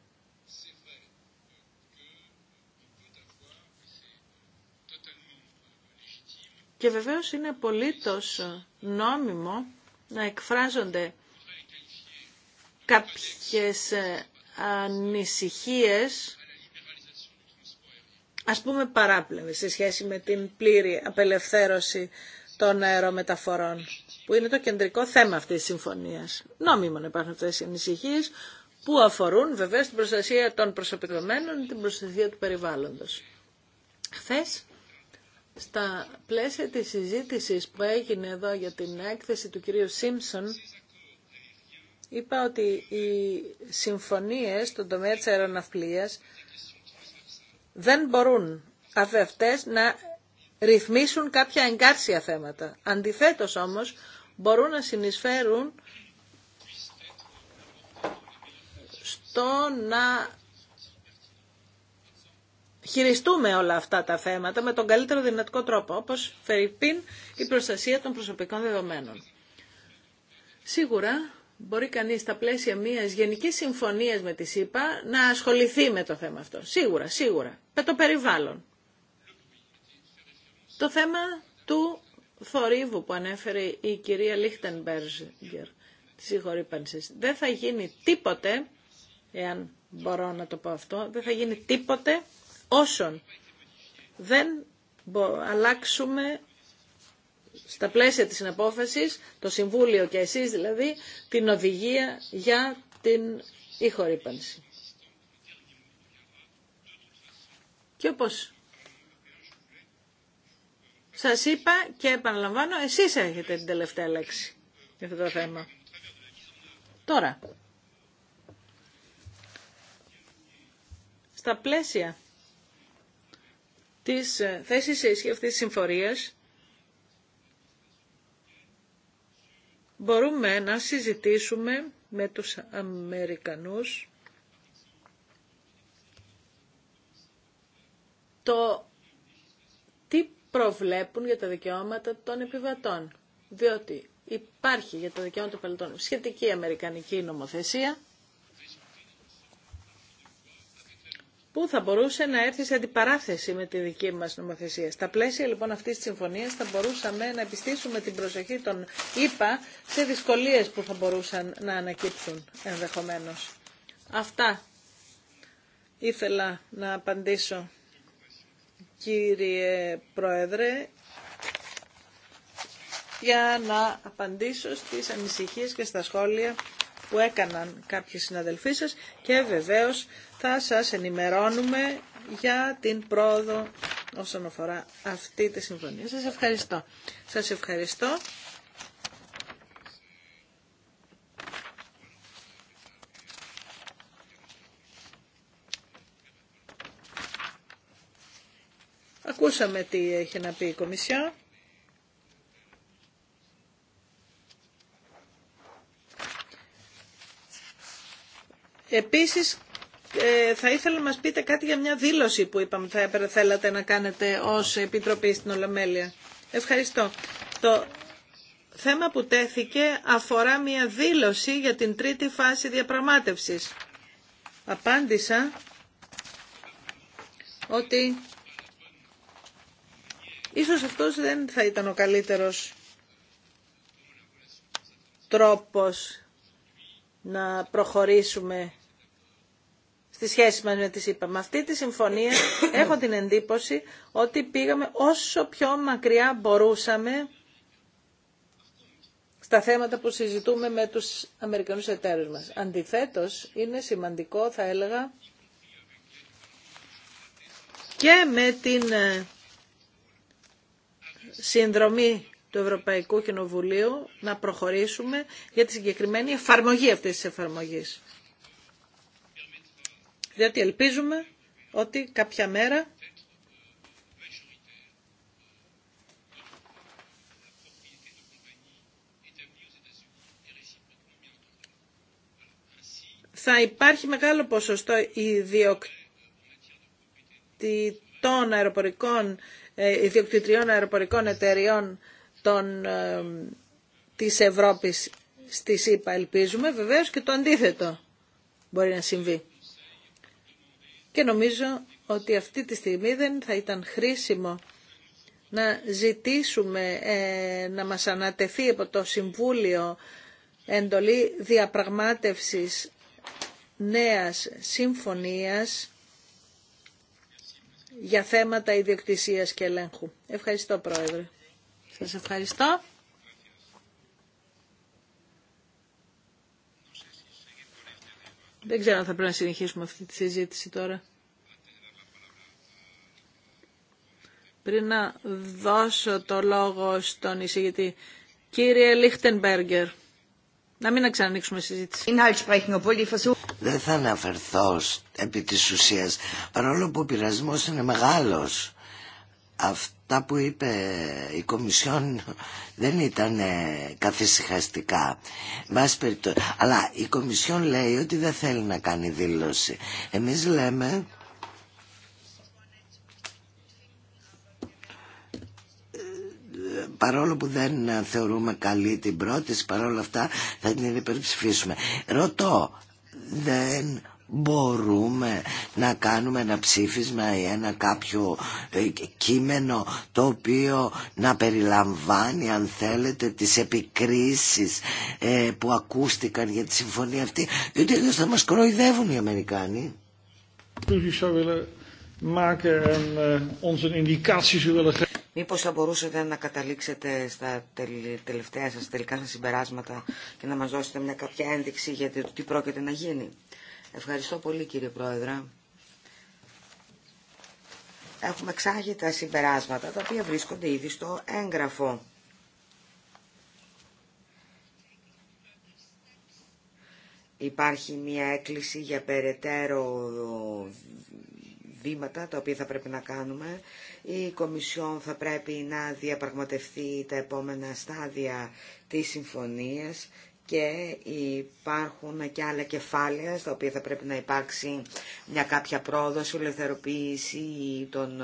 Και βεβαίως είναι απολύτως νόμιμο να εκφράζονται κάποιες ε, ανησυχίες ας πούμε παράπλευες, σε σχέση με την πλήρη απελευθέρωση των αερομεταφορών που είναι το κεντρικό θέμα αυτής της συμφωνίας. να υπάρχουν αυτές οι ανησυχίες που αφορούν βεβαίως την προστασία των προσωπικομένων την προστασία του περιβάλλοντος. Χθε, στα πλαίσια της συζήτηση που έγινε εδώ για την έκθεση του κυρίου Σίμψον, είπα ότι οι συμφωνίες στον τομέα της αεροναυπλίας δεν μπορούν αυτές να ρυθμίσουν κάποια εγκάρσια θέματα. Αντιθέτως όμως, μπορούν να συνεισφέρουν στο να χειριστούμε όλα αυτά τα θέματα με τον καλύτερο δυνατικό τρόπο, όπως φερειπίν η προστασία των προσωπικών δεδομένων. Σίγουρα μπορεί κανείς στα πλαίσια μιας γενικής συμφωνίας με τη ΣΥΠΑ να ασχοληθεί με το θέμα αυτό. Σίγουρα, σίγουρα. Με το περιβάλλον. Το θέμα του θορύβου που ανέφερε η κυρία Λίχτενμπέργκερ της συγχωρήπανση. Δεν θα γίνει τίποτε, εάν μπορώ να το πω αυτό, δεν θα γίνει τίποτε όσον δεν αλλάξουμε στα πλαίσια της συναπόφασης, το Συμβούλιο και εσείς δηλαδή, την οδηγία για την ηχορύπανση. Και όπως σας είπα και επαναλαμβάνω, εσείς έχετε την τελευταία λέξη για αυτό το θέμα. Τώρα, στα πλαίσια της ε, θέσης ίσχυ αυτής της συμφορίας, μπορούμε να συζητήσουμε με τους Αμερικανούς το προβλέπουν για τα δικαιώματα των επιβατών. Διότι υπάρχει για τα δικαιώματα των επιβατών σχετική αμερικανική νομοθεσία που θα μπορούσε να έρθει σε αντιπαράθεση με τη δική μας νομοθεσία. Στα πλαίσια λοιπόν αυτής της συμφωνίας θα μπορούσαμε να επιστήσουμε την προσοχή των ήπα σε δυσκολίες που θα μπορούσαν να ανακύψουν ενδεχομένως. Αυτά ήθελα να απαντήσω κύριε Πρόεδρε, για να απαντήσω στις ανησυχίες και στα σχόλια που έκαναν κάποιοι συναδελφοί σας και βεβαίως θα σας ενημερώνουμε για την πρόοδο όσον αφορά αυτή τη συμφωνία. Σας ευχαριστώ. Σας ευχαριστώ. Ακούσαμε τι είχε να πει η Κομισιόν. Επίσης, ε, θα ήθελα να μας πείτε κάτι για μια δήλωση που είπαμε θα θέλατε να κάνετε ως Επιτροπή στην Ολομέλεια. Ευχαριστώ. Το θέμα που τέθηκε αφορά μια δήλωση για την τρίτη φάση διαπραγμάτευσης. Απάντησα ότι Ίσως αυτός δεν θα ήταν ο καλύτερος τρόπος να προχωρήσουμε στη σχέση μας με τις είπαμε. Με αυτή τη συμφωνία έχω την εντύπωση ότι πήγαμε όσο πιο μακριά μπορούσαμε στα θέματα που συζητούμε με τους Αμερικανούς εταίρους μας. Αντιθέτως, είναι σημαντικό, θα έλεγα, και με την ε, συνδρομή του Ευρωπαϊκού Κοινοβουλίου να προχωρήσουμε για τη συγκεκριμένη εφαρμογή αυτής της εφαρμογής. Διότι ελπίζουμε ότι κάποια μέρα θα υπάρχει μεγάλο ποσοστό ιδιοκτήτων αεροπορικών ε, ιδιοκτητριών αεροπορικών εταιριών των, ε, της Ευρώπης στη ΣΥΠΑ ελπίζουμε βεβαίως και το αντίθετο μπορεί να συμβεί. Και νομίζω ότι αυτή τη στιγμή δεν θα ήταν χρήσιμο να ζητήσουμε ε, να μας ανατεθεί από το Συμβούλιο εντολή διαπραγμάτευσης νέας συμφωνίας για θέματα ιδιοκτησίας και ελέγχου. Ευχαριστώ Πρόεδρε. Σας ευχαριστώ. Δεν ξέρω αν θα πρέπει να συνεχίσουμε αυτή τη συζήτηση τώρα. Πριν να δώσω το λόγο στον εισηγητή. Κύριε Λίχτενμπέργκερ να μην ξανανοίξουμε συζήτηση. Δεν θα αναφερθώ επί της ουσίας, παρόλο που ο πειρασμός είναι μεγάλος. Αυτά που είπε η Κομισιόν δεν ήταν ε, καθησυχαστικά. Αλλά η Κομισιόν λέει ότι δεν θέλει να κάνει δήλωση. Εμείς λέμε παρόλο που δεν θεωρούμε καλή την πρόταση, παρόλα αυτά θα την υπερψηφίσουμε. Ρωτώ, δεν μπορούμε να κάνουμε ένα ψήφισμα ή ένα κάποιο ε, κείμενο το οποίο να περιλαμβάνει αν θέλετε τις επικρίσεις ε, που ακούστηκαν για τη συμφωνία αυτή διότι αλλιώς θα μας κροϊδεύουν οι Αμερικάνοι maken eh, Μήπως θα μπορούσατε να καταλήξετε στα τελευταία σας τελικά σας συμπεράσματα και να μας δώσετε μια κάποια ένδειξη για το τι πρόκειται να γίνει. Ευχαριστώ πολύ κύριε πρόεδρα. Έχουμε εξάγει τα συμπεράσματα τα οποία βρίσκονται ήδη στο έγγραφο. Υπάρχει μια έκκληση για περαιτέρω βήματα τα οποία θα πρέπει να κάνουμε. Η Κομισιόν θα πρέπει να διαπραγματευτεί τα επόμενα στάδια της συμφωνίας και υπάρχουν και άλλα κεφάλαια στα οποία θα πρέπει να υπάρξει μια κάποια πρόοδος, ελευθεροποίηση των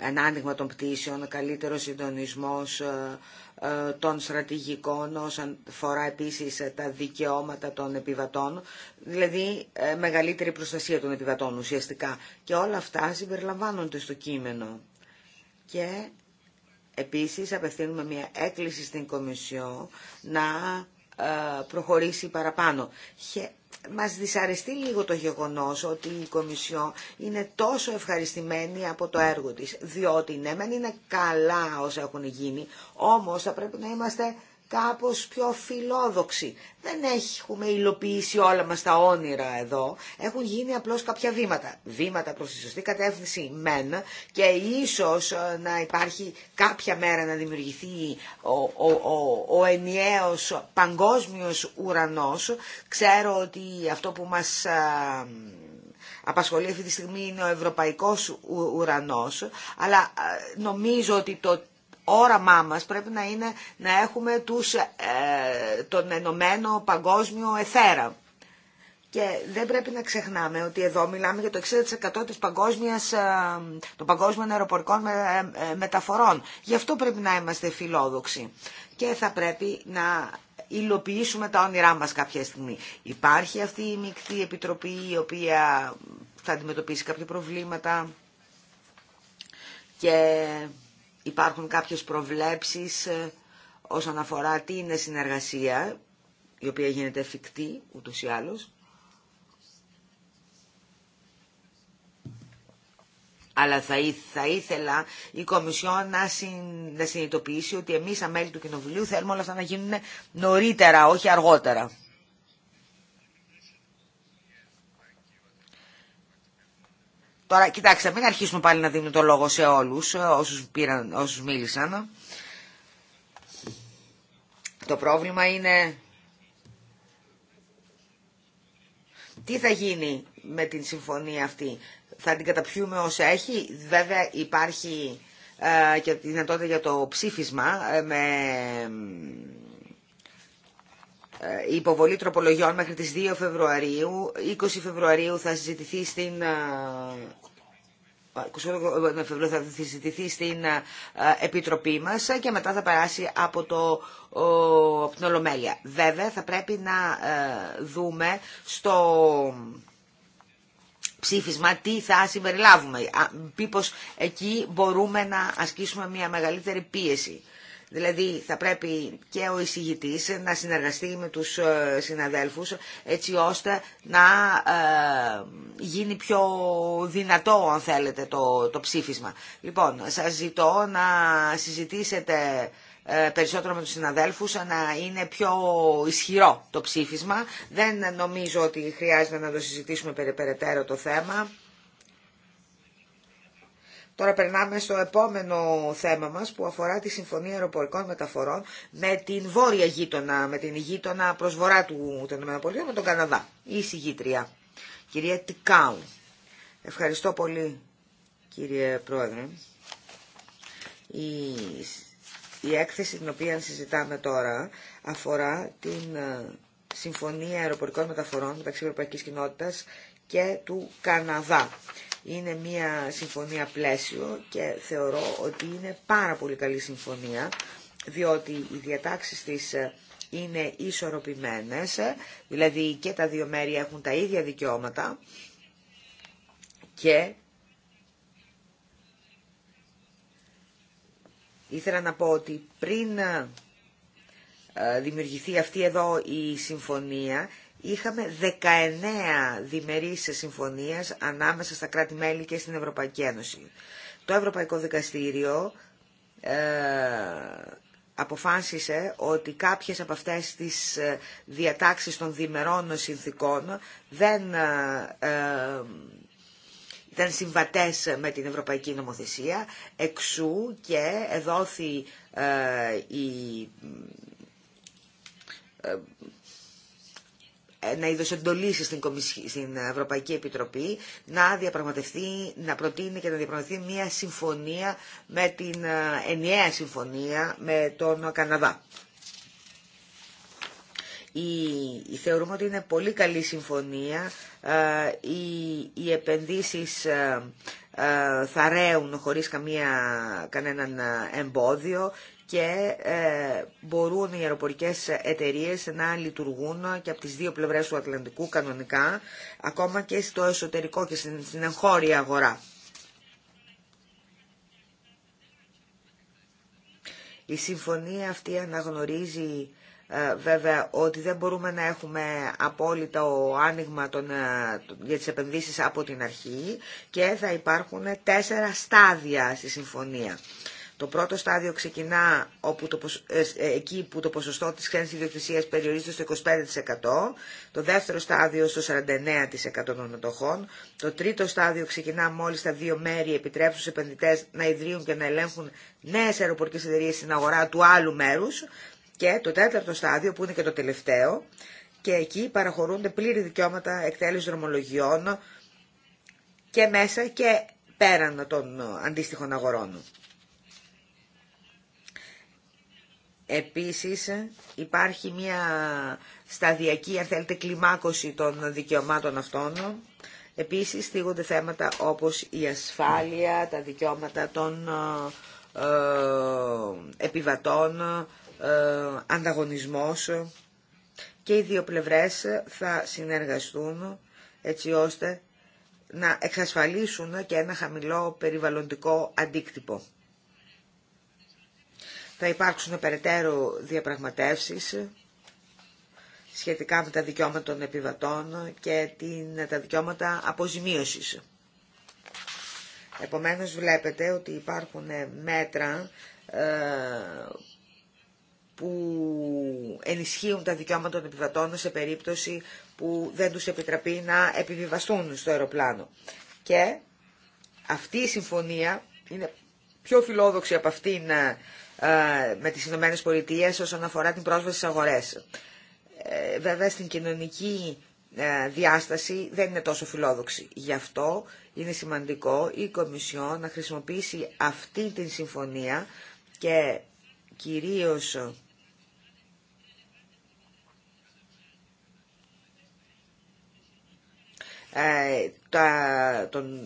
ανοίγμα των πτήσεων, καλύτερο συντονισμός ε, ε, των στρατηγικών όσον φορά επίσης ε, τα δικαιώματα των επιβατών, δηλαδή μεγαλύτερη προστασία των επιβατών ουσιαστικά. Και όλα αυτά συμπεριλαμβάνονται στο κείμενο. Και επίσης απευθύνουμε μια έκκληση στην Κομισιό να προχωρήσει παραπάνω μας δυσαρεστεί λίγο το γεγονός ότι η Κομισιό είναι τόσο ευχαριστημένη από το έργο της, διότι ναι, μεν είναι καλά όσα έχουν γίνει, όμως θα πρέπει να είμαστε κάπως πιο φιλόδοξη Δεν έχουμε υλοποιήσει όλα μας τα όνειρα εδώ. Έχουν γίνει απλώς κάποια βήματα. Βήματα προς τη σωστή κατεύθυνση μεν και ίσως ε, να υπάρχει κάποια μέρα να δημιουργηθεί ο, ο, ο, ο ενιαίος παγκόσμιος ουρανός. Ξέρω ότι αυτό που μας ε, απασχολεί αυτή τη στιγμή είναι ο ευρωπαϊκός ουρανός, αλλά ε, νομίζω ότι το όραμά μας πρέπει να είναι να έχουμε τους, ε, τον ενωμένο παγκόσμιο εθέρα. Και δεν πρέπει να ξεχνάμε ότι εδώ μιλάμε για το 60% της παγκόσμιας, ε, των παγκόσμιων αεροπορικών ε, μεταφορών. Γι' αυτό πρέπει να είμαστε φιλόδοξοι και θα πρέπει να υλοποιήσουμε τα όνειρά μας κάποια στιγμή. Υπάρχει αυτή η μεικτή επιτροπή η οποία θα αντιμετωπίσει κάποια προβλήματα και υπάρχουν κάποιες προβλέψεις ε, όσον αφορά τι είναι συνεργασία, η οποία γίνεται εφικτή ούτως ή άλλως. Αλλά θα, ήθελα η αλλως αλλα θα ηθελα η κομισιο να, να συνειδητοποιήσει ότι εμείς αμέλη του Κοινοβουλίου θέλουμε όλα αυτά να γίνουν νωρίτερα, όχι αργότερα. Τώρα, κοιτάξτε, μην αρχίσουμε πάλι να δίνουμε το λόγο σε όλους ε, όσους, πήραν, όσους μίλησαν. Το πρόβλημα είναι τι θα γίνει με την συμφωνία αυτή. Θα την καταπιούμε όσα έχει. Βέβαια υπάρχει ε, και δυνατότητα για το ψήφισμα ε, με ε, η υποβολή τροπολογιών μέχρι τις 2 Φεβρουαρίου. 20 Φεβρουαρίου θα συζητηθεί στην... Ε, ε, Φεβρουαρίου θα συζητηθεί στην Επιτροπή μας και μετά θα περάσει από, το, Βέβαια θα πρέπει να δούμε στο ψήφισμα τι θα συμπεριλάβουμε. Μήπως εκεί μπορούμε να ασκήσουμε μια μεγαλύτερη πίεση. Δηλαδή θα πρέπει και ο εισηγητής να συνεργαστεί με τους ε, συναδέλφους έτσι ώστε να ε, γίνει πιο δυνατό αν θέλετε το, το ψήφισμα. Λοιπόν, σας ζητώ να συζητήσετε ε, περισσότερο με τους συναδέλφους να είναι πιο ισχυρό το ψήφισμα. Δεν νομίζω ότι χρειάζεται να το συζητήσουμε περαιτέρω το θέμα. Τώρα περνάμε στο επόμενο θέμα μας που αφορά τη Συμφωνία Αεροπορικών Μεταφορών με την βόρεια γείτονα, με την γείτονα προς βορρά του ΗΠΑ, με τον Καναδά, η συγγήτρια, κυρία Τικάου. Ευχαριστώ πολύ κύριε Πρόεδρε. Η, η έκθεση την οποία συζητάμε τώρα αφορά την ε, Συμφωνία Αεροπορικών Μεταφορών μεταξύ Ευρωπαϊκής Κοινότητας και του Καναδά. Είναι μια συμφωνία πλαίσιο και θεωρώ ότι είναι πάρα πολύ καλή συμφωνία, διότι οι διατάξεις της ε, είναι ισορροπημένες, ε, δηλαδή και τα δύο μέρη έχουν τα ίδια δικαιώματα και ήθελα να πω ότι πριν ε, δημιουργηθεί αυτή εδώ η συμφωνία είχαμε 19 διμερείς συμφωνίες ανάμεσα στα κράτη-μέλη και στην Ευρωπαϊκή Ένωση. Το Ευρωπαϊκό Δικαστήριο ε, αποφάσισε ότι κάποιες από αυτές τις ε, διατάξεις των διμερών συνθήκων δεν ήταν ε, ε, συμβατές με την Ευρωπαϊκή Νομοθεσία, εξού και εδόθη ε, η ε, να είδωσε εντολή στην, στην Ευρωπαϊκή Επιτροπή να διαπραγματευτεί, να προτείνει και να διαπραγματευτεί μια συμφωνία με την ε, ενιαία συμφωνία με τον Καναδά. Η, θεωρούμε ότι είναι πολύ καλή συμφωνία. οι, ε, οι επενδύσεις θα ρέουν χωρίς καμία, κανέναν εμπόδιο και ε, μπορούν οι αεροπορικές εταιρείες να λειτουργούν και από τις δύο πλευρές του Ατλαντικού κανονικά, ακόμα και στο εσωτερικό και στην εγχώρια αγορά. Η συμφωνία αυτή αναγνωρίζει ε, βέβαια ότι δεν μπορούμε να έχουμε απόλυτα ο άνοιγμα ε, των, για τις επενδύσεις από την αρχή και θα υπάρχουν τέσσερα στάδια στη συμφωνία. Το πρώτο στάδιο ξεκινά όπου το, ε, ε, εκεί που το ποσοστό της ξένης ιδιοκτησίας περιορίζεται στο 25%, το δεύτερο στάδιο στο 49% των μετοχών, το τρίτο στάδιο ξεκινά μόλις τα δύο μέρη επιτρέψουν στους επενδυτές να ιδρύουν και να ελέγχουν νέες αεροπορικές εταιρείες στην αγορά του άλλου μέρους και το τέταρτο στάδιο που είναι και το τελευταίο και εκεί παραχωρούνται πλήρη δικαιώματα εκτέλεση δρομολογιών και μέσα και πέραν των αντίστοιχων αγορών. Επίσης υπάρχει μια σταδιακή, αν θέλετε, κλιμάκωση των δικαιωμάτων αυτών. Επίσης στείλονται θέματα όπως η ασφάλεια, τα δικαιώματα των ε, επιβατών, ε, ανταγωνισμός και οι δύο πλευρές θα συνεργαστούν έτσι ώστε να εξασφαλίσουν και ένα χαμηλό περιβαλλοντικό αντίκτυπο θα υπάρξουν περαιτέρω διαπραγματεύσεις σχετικά με τα δικαιώματα των επιβατών και την, τα δικαιώματα αποζημίωσης. Επομένως βλέπετε ότι υπάρχουν μέτρα ε, που ενισχύουν τα δικαιώματα των επιβατών σε περίπτωση που δεν τους επιτραπεί να επιβιβαστούν στο αεροπλάνο. Και αυτή η συμφωνία είναι πιο φιλόδοξη από αυτήν ε, ε, με τις Ηνωμένες Πολιτείες όσον αφορά την πρόσβαση στις αγορές. Ε, βέβαια στην κοινωνική ε, διάσταση δεν είναι τόσο φιλόδοξη. Γι' αυτό είναι σημαντικό η Κομισιό να χρησιμοποιήσει αυτή την συμφωνία και κυρίως τον,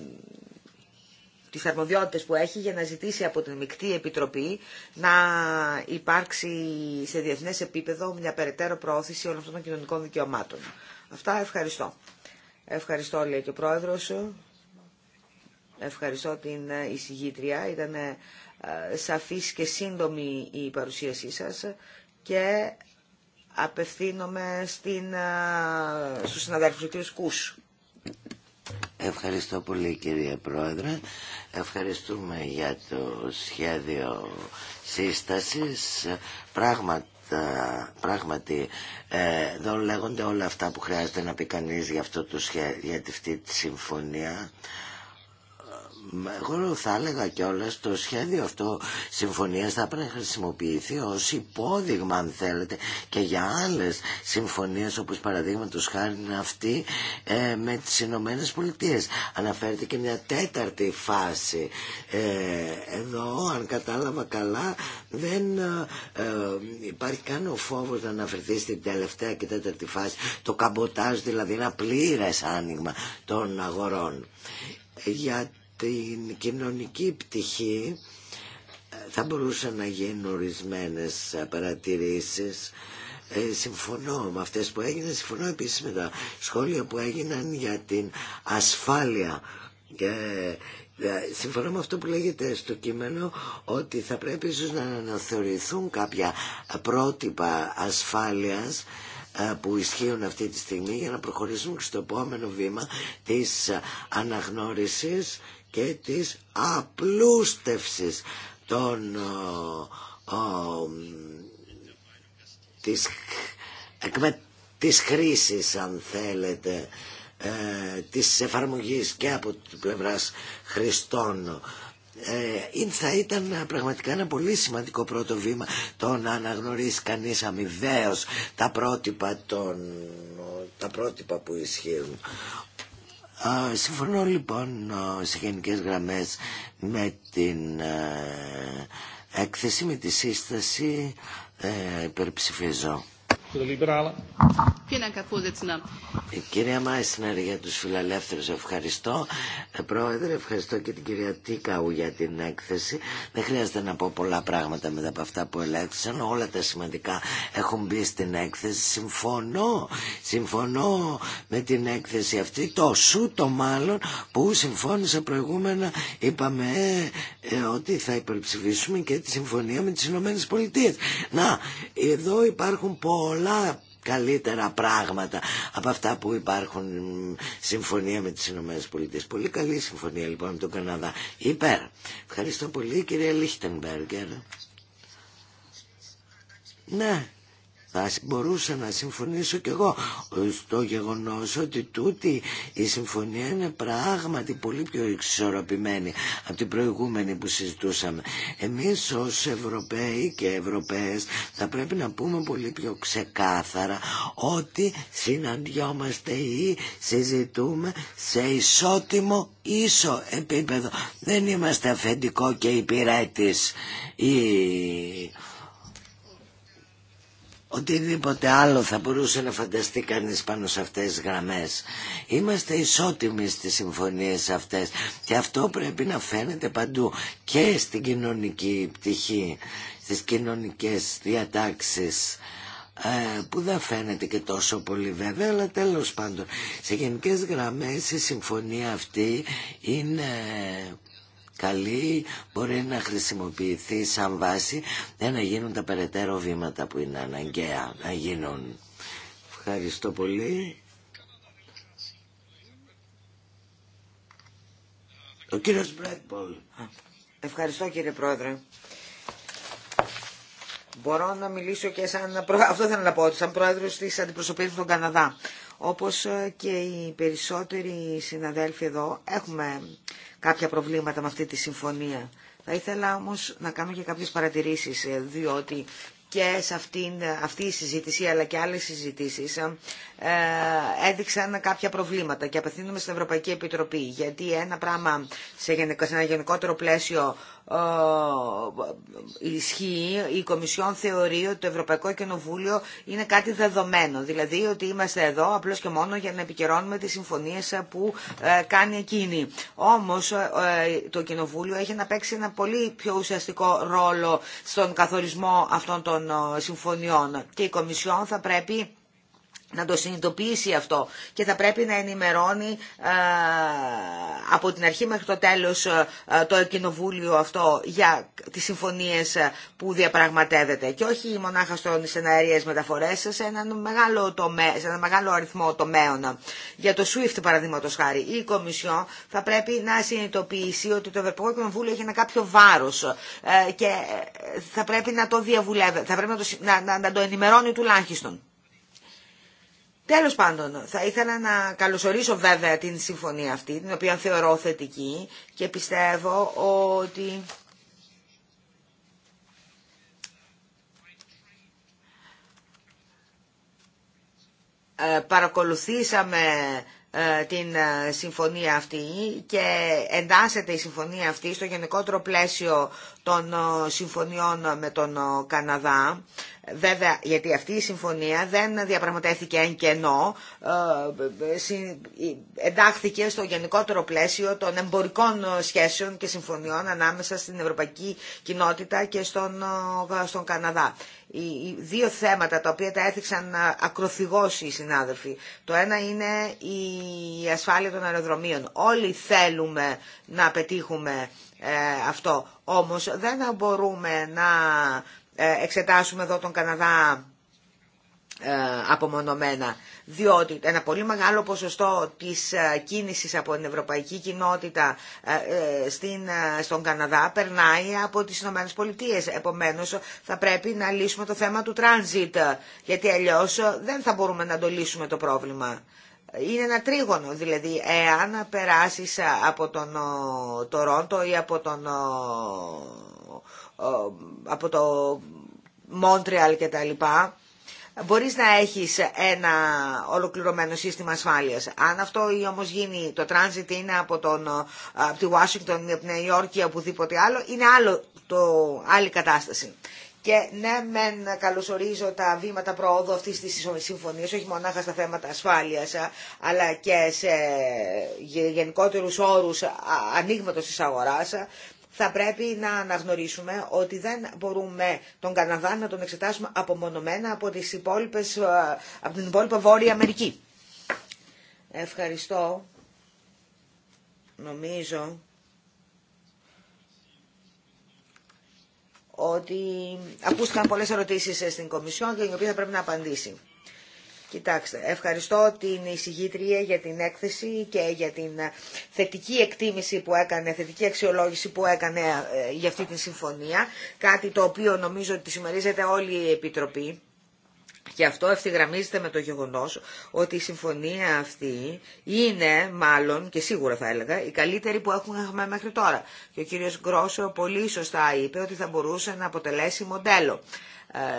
τις αρμοδιότητες που έχει για να ζητήσει από την Μικτή Επιτροπή να υπάρξει σε διεθνές επίπεδο μια περαιτέρω προώθηση όλων αυτών των κοινωνικών δικαιωμάτων. Αυτά ευχαριστώ. Ευχαριστώ λέει και ο Πρόεδρος. Ευχαριστώ την εισηγήτρια. Ήταν ε, σαφής και σύντομη η παρουσίασή σας και απευθύνομαι στην, ε, στους συναδέλφους του κ. Κούς. Ευχαριστώ πολύ κύριε Πρόεδρε. Ευχαριστούμε για το σχέδιο σύστασης. Πράγματι πράγματι εδώ λέγονται όλα αυτά που χρειάζεται να πει κανείς για, αυτό το για αυτή τη συμφωνία εγώ θα έλεγα κιόλα το σχέδιο αυτό συμφωνία θα πρέπει να χρησιμοποιηθεί ω υπόδειγμα, αν θέλετε, και για άλλε συμφωνίε όπω παραδείγματο χάρη είναι αυτή ε, με τι Ηνωμένε Πολιτείε. Αναφέρεται και μια τέταρτη φάση. Ε, εδώ, αν κατάλαβα καλά, δεν ε, ε υπάρχει καν ο φόβο να αναφερθεί στην τελευταία και τέταρτη φάση, το καμποτάζ δηλαδή ένα πλήρε άνοιγμα των αγορών την κοινωνική πτυχή θα μπορούσαν να γίνουν ορισμένε παρατηρήσεις ε, συμφωνώ με αυτές που έγιναν συμφωνώ επίσης με τα σχόλια που έγιναν για την ασφάλεια ε, Συμφωνώ με αυτό που λέγεται στο κείμενο ότι θα πρέπει ίσως να αναθεωρηθούν κάποια πρότυπα ασφάλειας ε, που ισχύουν αυτή τη στιγμή για να προχωρήσουμε στο επόμενο βήμα της αναγνώρισης και της απλούστευσης των, ο, της, εκμε, της χρήσης αν θέλετε ε, της εφαρμογής και από την πλευράς χρηστών ε, θα ήταν πραγματικά ένα πολύ σημαντικό πρώτο βήμα το να αναγνωρίσει κανείς αμοιβαίως τα πρότυπα, τα πρότυπα που ισχύουν συμφωνώ λοιπόν ε, σε γενικέ γραμμές με την ε, έκθεση, με τη σύσταση, ε, υπερψηφίζω. Ναι. Ε, κυρία Μάισνερ για τους φιλελεύθερους ευχαριστώ. Ε, πρόεδρε ευχαριστώ και την κυρία Τίκαου για την έκθεση. Δεν χρειάζεται να πω πολλά πράγματα μετά από αυτά που ελέγχθησαν. Όλα τα σημαντικά έχουν μπει στην έκθεση. Συμφωνώ, συμφωνώ με την έκθεση αυτή. Το σου το μάλλον που συμφώνησα προηγούμενα είπαμε ε, ότι θα υπερψηφίσουμε και τη συμφωνία με τις Ηνωμένες Πολιτείες. Να, εδώ υπάρχουν πολλά πολλά καλύτερα πράγματα από αυτά που υπάρχουν συμφωνία με τις Ηνωμένες Πολιτείες. Πολύ καλή συμφωνία λοιπόν με τον Καναδά. Υπέρ. Ευχαριστώ πολύ κυρία Λίχτεμπεργκερ. Ναι, θα μπορούσα να συμφωνήσω κι εγώ στο γεγονός ότι τούτη η συμφωνία είναι πράγματι πολύ πιο εξισορροπημένη από την προηγούμενη που συζητούσαμε. Εμείς ως Ευρωπαίοι και Ευρωπαίες θα πρέπει να πούμε πολύ πιο ξεκάθαρα ότι συναντιόμαστε ή συζητούμε σε ισότιμο ίσο επίπεδο. Δεν είμαστε αφεντικό και υπηρέτης ή οτιδήποτε άλλο θα μπορούσε να φανταστεί κανείς πάνω σε αυτές τις γραμμές. Είμαστε ισότιμοι στις συμφωνίες αυτές και αυτό πρέπει να φαίνεται παντού και στην κοινωνική πτυχή, στις κοινωνικές διατάξεις ε, που δεν φαίνεται και τόσο πολύ βέβαια αλλά τέλος πάντων σε γενικές γραμμές η συμφωνία αυτή είναι καλή μπορεί να χρησιμοποιηθεί σαν βάση για να γίνουν τα περαιτέρω βήματα που είναι αναγκαία να γίνουν. Ευχαριστώ πολύ. Ο κύριος Μπρέκπολ. Ευχαριστώ κύριε Πρόεδρε. Μπορώ να μιλήσω και σαν, αυτό θέλω να πω, σαν πρόεδρος της αντιπροσωπείας του Καναδά. Όπως ε, και οι περισσότεροι συναδέλφοι εδώ, έχουμε κάποια προβλήματα με αυτή τη συμφωνία. Θα ήθελα όμως να κάνω και κάποιες παρατηρήσεις, ε, διότι και σε αυτήν, ε, αυτή η συζήτηση αλλά και άλλες συζητήσεις ε, ε έδειξαν κάποια προβλήματα και απευθύνουμε στην Ευρωπαϊκή Επιτροπή γιατί ένα πράγμα σε, γενικό, σε ένα γενικότερο πλαίσιο ε, ισχύει, η Κομισιόν θεωρεί ότι το Ευρωπαϊκό Κοινοβούλιο είναι κάτι δεδομένο. Δηλαδή ότι είμαστε εδώ απλώς και μόνο για να επικαιρώνουμε τις συμφωνίες που ε, κάνει εκείνη. Όμως ε, το Κοινοβούλιο έχει να παίξει ένα πολύ πιο ουσιαστικό ρόλο στον καθορισμό αυτών των συμφωνιών και η Κομισιόν θα πρέπει να το συνειδητοποιήσει αυτό και θα πρέπει να ενημερώνει ε, από την αρχή μέχρι το τέλος ε, το κοινοβούλιο αυτό για τις συμφωνίες ε, που διαπραγματεύεται και όχι μονάχα στον σεναρίες μεταφορές σε, έναν μεγάλο σε ένα μεγάλο αριθμό τομέων. Για το SWIFT παραδείγματο χάρη η Κομισιό θα πρέπει να συνειδητοποιήσει ότι το Ευρωπαϊκό Κοινοβούλιο έχει ένα κάποιο βάρος και θα πρέπει να το διαβουλεύει, θα πρέπει να το, να, να το ενημερώνει τουλάχιστον. Τέλος πάντων, θα ήθελα να καλωσορίσω βέβαια την συμφωνία αυτή, την οποία θεωρώ θετική και πιστεύω ότι... Ε, παρακολουθήσαμε ε, την ε, συμφωνία αυτή και εντάσσεται η συμφωνία αυτή στο γενικότερο πλαίσιο των ε, συμφωνιών με τον ε, Καναδά. Βέβαια, γιατί αυτή η συμφωνία δεν διαπραγματεύτηκε εν κενό, ε, εντάχθηκε στο γενικότερο πλαίσιο των εμπορικών σχέσεων και συμφωνιών ανάμεσα στην Ευρωπαϊκή Κοινότητα και στον, στον Καναδά. Οι δύο θέματα τα οποία τα έθιξαν ακροθυγώς οι συνάδελφοι. Το ένα είναι η ασφάλεια των αεροδρομίων. Όλοι θέλουμε να πετύχουμε ε, αυτό. Όμως δεν μπορούμε να ε, εξετάσουμε εδώ τον Καναδά ε, απομονωμένα, διότι ένα πολύ μεγάλο ποσοστό της κίνησης από την ευρωπαϊκή κοινότητα στην, στον Καναδά περνάει από τις Ηνωμένες Πολιτείες. Επομένως θα πρέπει να λύσουμε το θέμα του transit, γιατί αλλιώς δεν θα μπορούμε να το λύσουμε το πρόβλημα είναι ένα τρίγωνο, δηλαδή εάν περάσεις από τον Τορόντο ή από, τον, από το Μόντρεαλ και τα μπορείς να έχεις ένα ολοκληρωμένο σύστημα ασφάλειας. Αν αυτό όμως γίνει, το τράνζιτ είναι από, τον, από τη Ουάσιγκτον ή από τη Νέα Υόρκη ή οπουδήποτε άλλο, είναι άλλο, το, άλλη κατάσταση και ναι, μεν καλωσορίζω τα βήματα προόδου αυτής της συμφωνίας, όχι μονάχα στα θέματα ασφάλειας, αλλά και σε γενικότερους όρους ανοίγματος της αγοράς, θα πρέπει να αναγνωρίσουμε ότι δεν μπορούμε τον Καναδά να τον εξετάσουμε απομονωμένα από, τις υπόλοιπες, από την υπόλοιπα Βόρεια Αμερική. Ευχαριστώ. Νομίζω ότι ακούστηκαν πολλές ερωτήσει ε, στην Κομισιόν και οι οποία θα πρέπει να απαντήσει. Κοιτάξτε, ευχαριστώ την εισηγήτρια για την έκθεση και για την ε, θετική εκτίμηση που έκανε, θετική αξιολόγηση που έκανε ε, για αυτή τη συμφωνία, κάτι το οποίο νομίζω ότι συμμερίζεται όλη η Επιτροπή. Και αυτό ευθυγραμμίζεται με το γεγονός ότι η συμφωνία αυτή είναι μάλλον και σίγουρα θα έλεγα η καλύτερη που έχουμε μέχρι τώρα. Και ο κύριος Γκρόσο πολύ σωστά είπε ότι θα μπορούσε να αποτελέσει μοντέλο.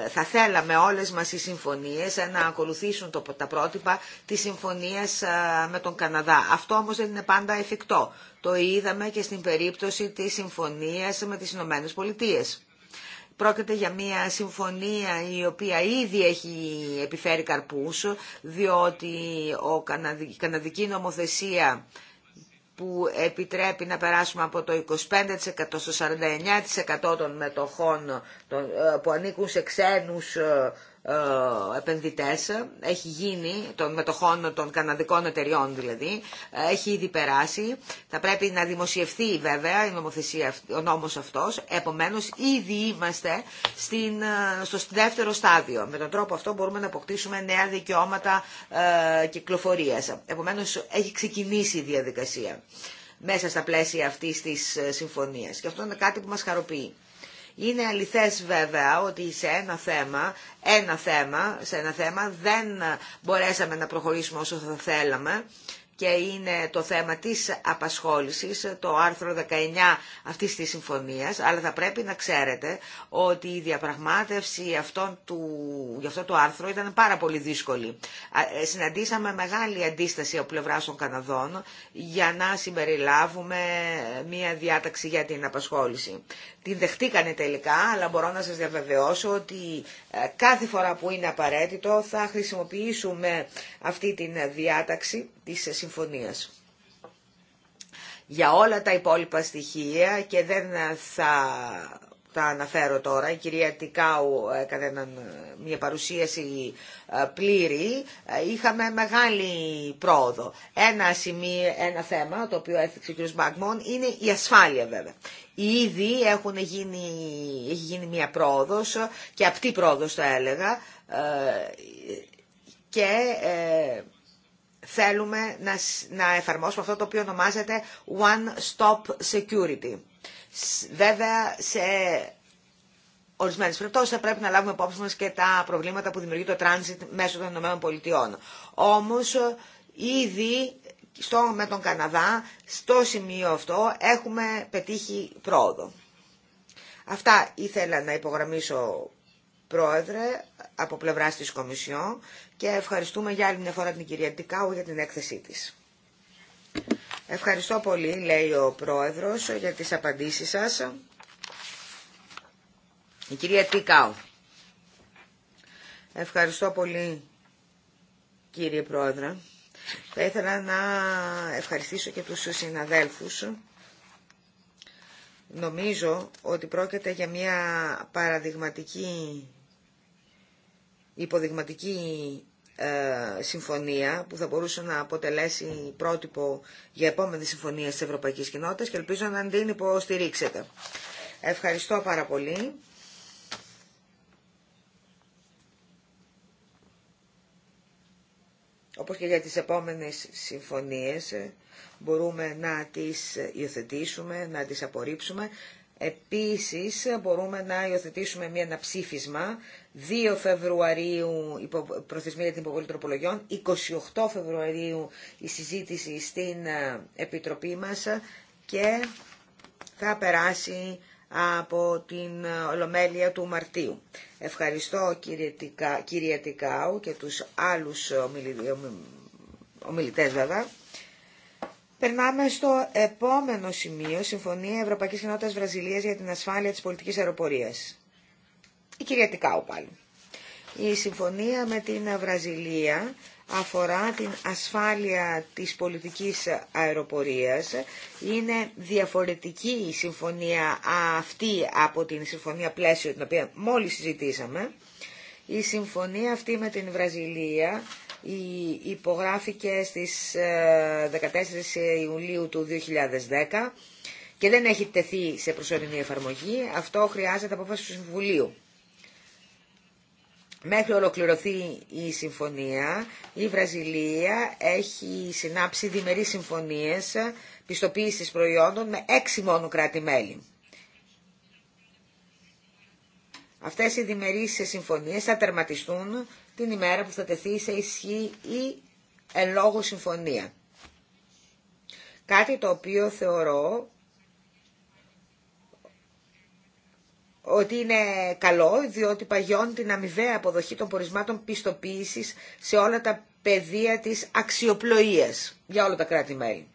Ε, θα θέλαμε όλες μας οι συμφωνίες να ακολουθήσουν το, τα πρότυπα της συμφωνίας ε, με τον Καναδά. Αυτό όμως δεν είναι πάντα εφικτό. Το είδαμε και στην περίπτωση της συμφωνίας με τις Ηνωμένες Πολιτείες Πρόκειται για μια συμφωνία η οποία ήδη έχει επιφέρει καρπούς, διότι ο η καναδική νομοθεσία που επιτρέπει να περάσουμε από το 25% στο 49% των μετοχών ε, που ανήκουν σε ξένους ε, ε, επενδυτές έχει γίνει, των μετοχών των καναδικών εταιριών δηλαδή, έχει ήδη περάσει. Θα πρέπει να δημοσιευθεί βέβαια η νομοθεσία, ο νόμος αυτός. Επομένως ήδη είμαστε στην, ε, στο δεύτερο στάδιο. Με τον τρόπο αυτό μπορούμε να αποκτήσουμε νέα δικαιώματα ε, κυκλοφορίας. Επομένως έχει ξεκινήσει η διαδικασία μέσα στα πλαίσια αυτής της ε, συμφωνίας. Και αυτό είναι κάτι που μας χαροποιεί. Είναι αληθές βέβαια ότι σε ένα θέμα, ένα θέμα, σε ένα θέμα δεν μπορέσαμε να προχωρήσουμε όσο θα θέλαμε και είναι το θέμα της απασχόλησης, το άρθρο 19 αυτής της συμφωνίας, αλλά θα πρέπει να ξέρετε ότι η διαπραγμάτευση του, για αυτό το άρθρο ήταν πάρα πολύ δύσκολη. Ε, συναντήσαμε μεγάλη αντίσταση από πλευρά των Καναδών για να συμπεριλάβουμε μία διάταξη για την απασχόληση την δεχτήκανε τελικά, αλλά μπορώ να σας διαβεβαιώσω ότι ε, κάθε φορά που είναι απαραίτητο θα χρησιμοποιήσουμε αυτή την διάταξη της συμφωνίας για όλα τα υπόλοιπα στοιχεία και δεν θα τα αναφέρω τώρα. Η κυρία Τικάου έκανε μια παρουσίαση ε, πλήρη. Ε, είχαμε μεγάλη πρόοδο. Ένα σημείο, ένα θέμα το οποίο έθιξε ο κ. Μπαγκμόν είναι η ασφάλεια βέβαια. Ήδη έχουν γίνει, έχει γίνει μια πρόοδος και απτή πρόοδος το έλεγα ε, και ε, θέλουμε να, να εφαρμόσουμε αυτό το οποίο ονομάζεται One Stop Security. Βέβαια σε ορισμένες περιπτώσεις θα πρέπει να λάβουμε υπόψη μας και τα προβλήματα που δημιουργεί το transit μέσω των ΗΠΑ. Όμως ε, ήδη στο, με τον Καναδά, στο σημείο αυτό έχουμε πετύχει πρόοδο. Αυτά ήθελα να υπογραμμίσω πρόεδρε από πλευράς της Κομισιόν και ευχαριστούμε για άλλη μια φορά την κυρία Τικάου για την έκθεσή της. Ευχαριστώ πολύ, λέει ο πρόεδρος, για τις απαντήσεις σας. Η κυρία Τικάου. Ευχαριστώ πολύ, κύριε πρόεδρε. Θα ήθελα να ευχαριστήσω και τους συναδέλφους. Νομίζω ότι πρόκειται για μια παραδειγματική, υποδειγματική ε, συμφωνία που θα μπορούσε να αποτελέσει πρότυπο για επόμενη συμφωνία της Ευρωπαϊκής Κοινότητας και ελπίζω να την υποστηρίξετε. Ευχαριστώ πάρα πολύ. όπως και για τις επόμενες συμφωνίες, ε, μπορούμε να τις υιοθετήσουμε, να τις απορρίψουμε. Επίσης, μπορούμε να υιοθετήσουμε μια, ένα ψήφισμα 2 Φεβρουαρίου προθεσμία για την υποβολή τροπολογιών, 28 Φεβρουαρίου η συζήτηση στην ε, Επιτροπή μας και θα περάσει από την Ολομέλεια του Μαρτίου. Ευχαριστώ κύριε Τικάου και τους άλλους ομιλητές βέβαια. Περνάμε στο επόμενο σημείο, Συμφωνία Ευρωπαϊκής Κοινότητας Βραζιλίας για την ασφάλεια της πολιτικής αεροπορίας. Η κυρία Τικάου πάλι. Η συμφωνία με την Βραζιλία αφορά την ασφάλεια της πολιτικής αεροπορίας. Είναι διαφορετική η συμφωνία αυτή από την συμφωνία πλαίσιο την οποία μόλις συζητήσαμε. Η συμφωνία αυτή με την Βραζιλία υπογράφηκε στις 14 ε, Ιουλίου του 2010 και δεν έχει τεθεί σε προσωρινή εφαρμογή. Αυτό χρειάζεται απόφαση του Συμβουλίου. Μέχρι ολοκληρωθεί η συμφωνία, η Βραζιλία έχει συνάψει διμερείς συμφωνίες πιστοποίησης προϊόντων με έξι μόνο κράτη-μέλη. Αυτές οι διμερείς συμφωνίες θα τερματιστούν την ημέρα που θα τεθεί σε ισχύ ή εν συμφωνία. Κάτι το οποίο θεωρώ ότι είναι καλό, διότι παγιώνει την αμοιβαία αποδοχή των πορισμάτων πιστοποίησης σε όλα τα πεδία της αξιοπλοείας για όλα τα κράτη-μέλη.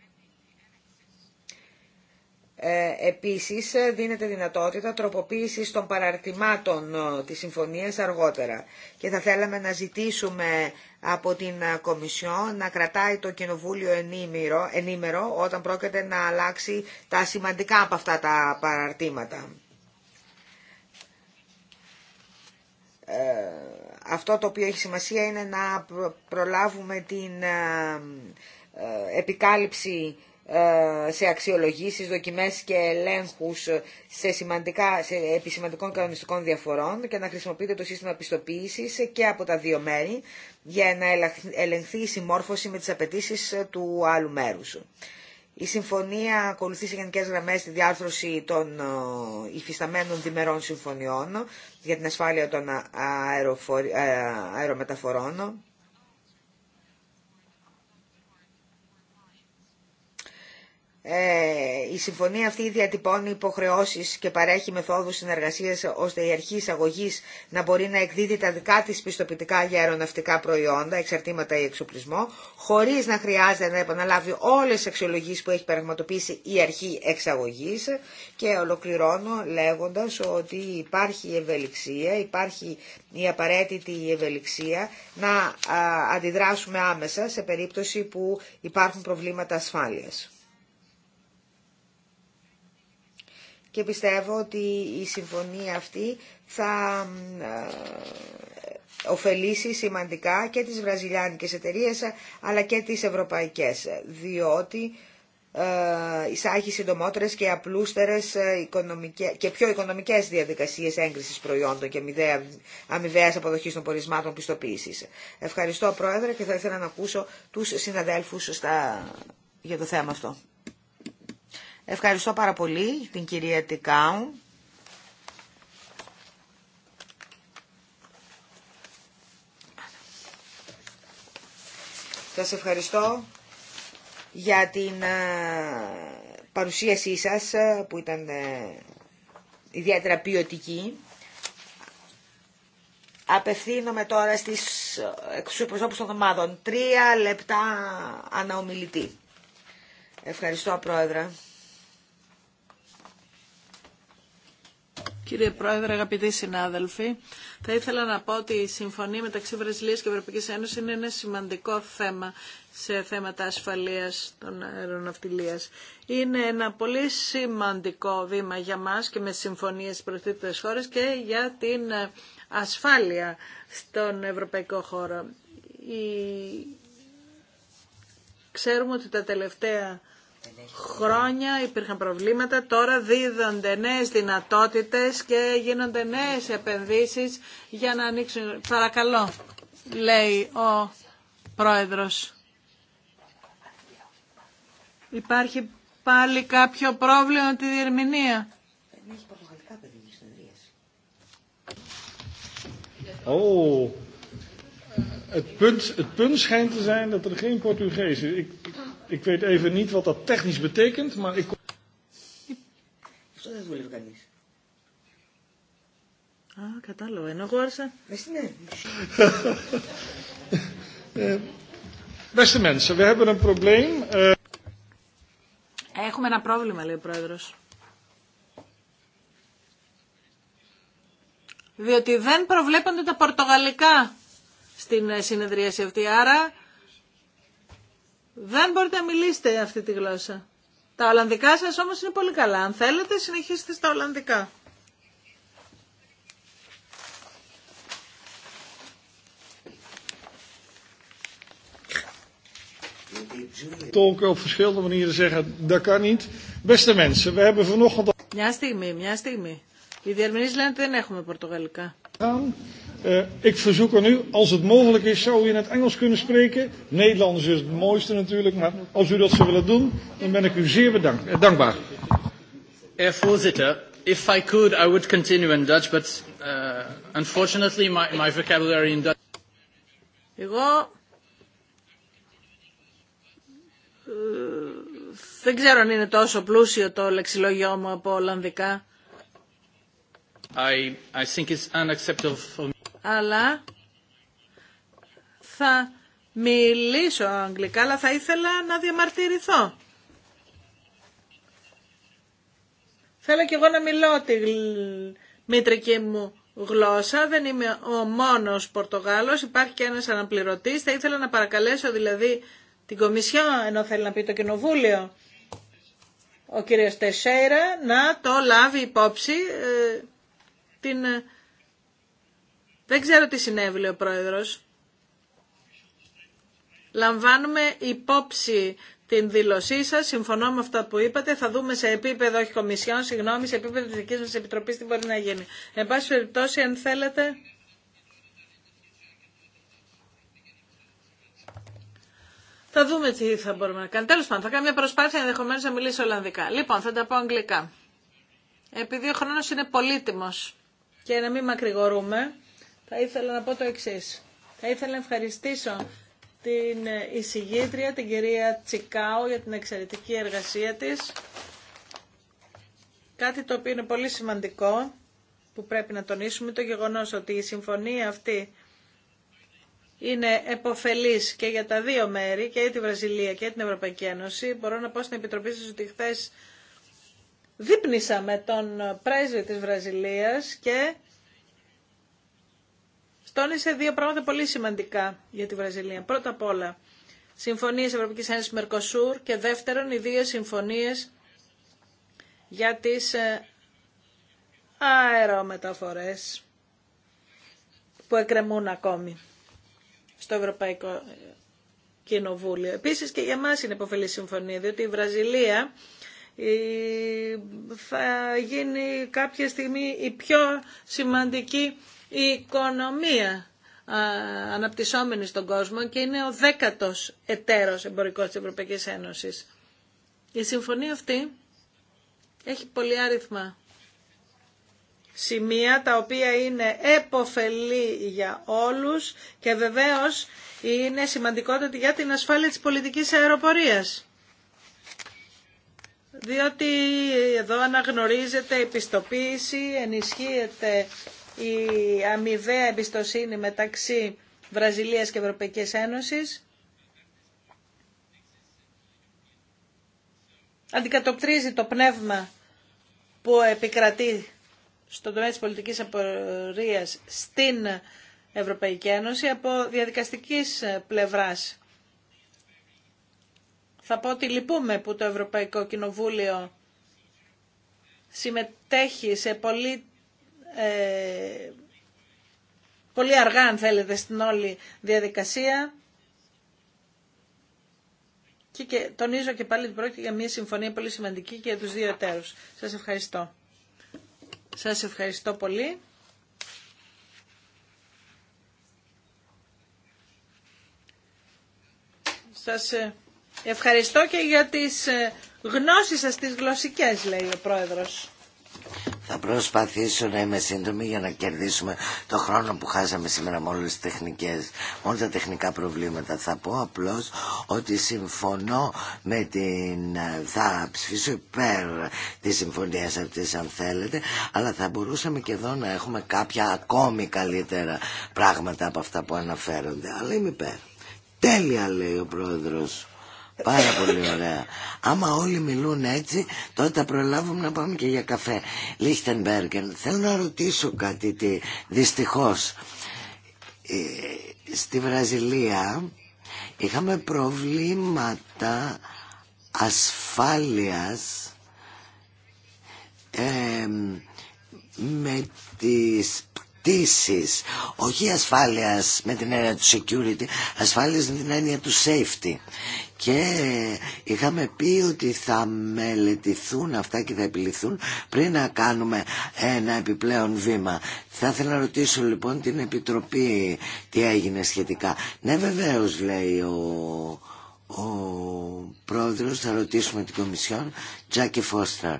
Ε, επίσης, δίνεται δυνατότητα τροποποίησης των παραρτημάτων ε, της συμφωνίας αργότερα. Και θα θέλαμε να ζητήσουμε από την Κομισιό να κρατάει το Κοινοβούλιο ενήμερο, ενήμερο όταν πρόκειται να αλλάξει τα σημαντικά από αυτά τα παραρτήματα. Ε, αυτό το οποίο έχει σημασία είναι να προλάβουμε την ε, ε, επικάλυψη σε αξιολογήσεις, δοκιμές και ελέγχους σε σημαντικά, σε επισημαντικών κανονιστικών διαφορών και να χρησιμοποιείται το σύστημα πιστοποίησης και από τα δύο μέρη για να ελεγχθεί η συμμόρφωση με τις απαιτήσεις του άλλου μέρους. Η συμφωνία ακολουθεί σε γενικέ γραμμέ τη διάρθρωση των ε, υφισταμένων διμερών συμφωνιών για την ασφάλεια των ε, αερομεταφορών Ε, η συμφωνία αυτή διατυπώνει υποχρεώσει και παρέχει μεθόδου συνεργασία ώστε η αρχή εισαγωγή να μπορεί να εκδίδει τα δικά τη πιστοποιητικά για αεροναυτικά προϊόντα, εξαρτήματα ή εξοπλισμό, χωρίς να χρειάζεται να επαναλάβει όλες τις αξιολογίες που έχει πραγματοποιήσει η αρχή εξαγωγής και ολοκληρώνω λέγοντας ότι υπάρχει ευελιξία, υπάρχει η απαραίτητη ευελιξία να αντιδράσουμε άμεσα σε τις περίπτωση που εχει πραγματοποιησει η αρχη εξαγωγη και ολοκληρωνω λεγοντα προβλήματα ασφάλειας. και πιστεύω ότι η συμφωνία αυτή θα ωφελήσει σημαντικά και τις βραζιλιάνικες εταιρείες αλλά και τις ευρωπαϊκές διότι ε, εισάγει συντομότερες και απλούστερες ε, και πιο οικονομικές διαδικασίες έγκρισης προϊόντων και αμοιβαία αποδοχής των πορισμάτων πιστοποίησης. Ευχαριστώ Πρόεδρε και θα ήθελα να ακούσω τους συναδέλφους στα... για το θέμα αυτό. Ευχαριστώ πάρα πολύ την κυρία Τικάου. Σας ευχαριστώ για την ε, παρουσίασή σας ε, που ήταν ε, ιδιαίτερα ποιοτική. Απευθύνομαι τώρα στις εκπροσώπους των ομάδων. Τρία λεπτά αναομιλητή. Ευχαριστώ, πρόεδρα. Κύριε Πρόεδρε, αγαπητοί συνάδελφοι, θα ήθελα να πω ότι η συμφωνία μεταξύ Βραζιλίας και Ευρωπαϊκής Ένωσης είναι ένα σημαντικό θέμα σε θέματα ασφαλείας των αεροναυτιλίας. Είναι ένα πολύ σημαντικό βήμα για μας και με συμφωνίες προστίτητες χώρες και για την ασφάλεια στον ευρωπαϊκό χώρο. Η... Ξέρουμε ότι τα τελευταία χρόνια υπήρχαν προβλήματα, τώρα δίδονται νέες δυνατότητες και γίνονται νέες επενδύσεις για να ανοίξουν. Παρακαλώ, λέει ο πρόεδρος. Υπάρχει πάλι κάποιο πρόβλημα τη διερμηνία. Oh. Het punt, het punt schijnt te zijn dat er geen Portugees is. Ik Ik weet even niet wat dat technisch betekent, maar ik... Αυτό δεν δουλεύει κανεί. Α, κατάλαβα. Ενώ εγώ άρεσα. Εσύ ναι. Ε, beste mensen, we hebben een probleem. Eh. Έχουμε ένα πρόβλημα, λέει ο πρόεδρο. Διότι δεν προβλέπονται τα πορτογαλικά στην ε, συνεδρίαση αυτή. Άρα δεν μπορείτε να μιλήσετε αυτή τη γλώσσα. Τα Ολλανδικά σας όμως είναι πολύ καλά. Αν θέλετε συνεχίστε στα Ολλανδικά. Μια στιγμή, μια στιγμή. Οι διερμηνεί λένε ότι δεν έχουμε Πορτογαλικά. Ik verzoek er nu, als het mogelijk is, zou u in het Engels kunnen spreken. Nederlands is het mooiste natuurlijk, maar als u dat zou willen doen, dan ben ik u zeer bedankt, dankbaar. Heer voorzitter, if I could, I would continue in Dutch, but uh, unfortunately my, my vocabulary in Dutch... Εγώ δεν ξέρω αν είναι τόσο πλούσιο το λεξιλόγιό μου από Ολλανδικά. I, I think it's unacceptable for me αλλά θα μιλήσω αγγλικά, αλλά θα ήθελα να διαμαρτυρηθώ. Θέλω κι εγώ να μιλώ τη μητρική μου γλώσσα, δεν είμαι ο μόνος Πορτογάλος, υπάρχει και ένας αναπληρωτής, θα ήθελα να παρακαλέσω δηλαδή την Κομισιό, ενώ θέλει να πει το Κοινοβούλιο, ο κύριος Τεσέρα να το λάβει υπόψη ε, την δεν ξέρω τι συνέβη, λέει ο Πρόεδρος. Λαμβάνουμε υπόψη την δήλωσή σα. Συμφωνώ με αυτά που είπατε. Θα δούμε σε επίπεδο, όχι κομισιόν, συγγνώμη, σε επίπεδο τη δική μα επιτροπή τι μπορεί να γίνει. Εν πάση περιπτώσει, αν θέλετε. Θα δούμε τι θα μπορούμε να κάνουμε. Τέλο πάντων, θα κάνω μια προσπάθεια ενδεχομένω να μιλήσω Ολλανδικά. Λοιπόν, θα τα πω αγγλικά. Επειδή ο χρόνο είναι πολύτιμο και να μην μακρηγορούμε, θα ήθελα να πω το εξή. Θα ήθελα να ευχαριστήσω την εισηγήτρια, την κυρία Τσικάου, για την εξαιρετική εργασία της. Κάτι το οποίο είναι πολύ σημαντικό που πρέπει να τονίσουμε το γεγονός ότι η συμφωνία αυτή είναι εποφελής και για τα δύο μέρη, και για τη Βραζιλία και την Ευρωπαϊκή Ένωση. Μπορώ να πω στην Επιτροπή σας ότι χθε δείπνησα με τον πρέσβη της Βραζιλίας και τόνισε δύο πράγματα πολύ σημαντικά για τη Βραζιλία. Πρώτα απ' όλα, συμφωνίες Ευρωπαϊκής Ένωσης Μερκοσούρ και δεύτερον, οι δύο συμφωνίες για τις ε, αερομεταφορές που εκκρεμούν ακόμη στο Ευρωπαϊκό ε, Κοινοβούλιο. Επίσης και για μας είναι υποφελή συμφωνία, διότι η Βραζιλία θα γίνει κάποια στιγμή η πιο σημαντική η οικονομία αναπτυσσόμενη στον κόσμο και είναι ο δέκατος εταίρος εμπορικός της Ευρωπαϊκής Ένωσης. Η συμφωνία αυτή έχει πολύ άριθμα σημεία τα οποία είναι εποφελή για όλους και βεβαίως είναι σημαντικότητα για την ασφάλεια της πολιτικής αεροπορίας. Διότι εδώ αναγνωρίζεται η πιστοποίηση, ενισχύεται η αμοιβαία εμπιστοσύνη μεταξύ Βραζιλίας και Ευρωπαϊκής Ένωσης αντικατοπτρίζει το πνεύμα που επικρατεί στον τομέα της πολιτικής απορίας στην Ευρωπαϊκή Ένωση από διαδικαστικής πλευράς. Θα πω ότι λυπούμε που το Ευρωπαϊκό Κοινοβούλιο συμμετέχει σε πολύ ε, πολύ αργά αν θέλετε στην όλη διαδικασία. Και, τονίζω και πάλι την πρόκειται για μια συμφωνία πολύ σημαντική και για τους δύο εταίρους. Σας ευχαριστώ. Σας ευχαριστώ πολύ. Σας ε, ευχαριστώ και για τις ε, γνώσεις σας, τις γλωσσικές, λέει ο Πρόεδρος. Θα προσπαθήσω να είμαι σύντομη για να κερδίσουμε το χρόνο που χάσαμε σήμερα με όλες τις τεχνικές, όλα τα τεχνικά προβλήματα. Θα πω απλώς ότι συμφωνώ με την... θα ψηφίσω υπέρ της συμφωνίας αυτής αν θέλετε, αλλά θα μπορούσαμε και εδώ να έχουμε κάποια ακόμη καλύτερα πράγματα από αυτά που αναφέρονται. Αλλά είμαι υπέρ. Τέλεια λέει ο πρόεδρος. Πάρα πολύ ωραία. Άμα όλοι μιλούν έτσι, τότε θα προλάβουμε να πάμε και για καφέ. Λίχτενμπεργκεν, θέλω να ρωτήσω κάτι, τι, δυστυχώς. Ε, στη Βραζιλία είχαμε προβλήματα ασφάλειας ε, με τις απαιτήσει, όχι ασφάλειας με την έννοια του security, ασφάλεια με την έννοια του safety. Και είχαμε πει ότι θα μελετηθούν αυτά και θα επιληθούν πριν να κάνουμε ένα επιπλέον βήμα. Θα ήθελα να ρωτήσω λοιπόν την Επιτροπή τι έγινε σχετικά. Ναι βεβαίως λέει ο ο πρόεδρος θα ρωτήσουμε την Κομισιόν Τζάκι Φώστερ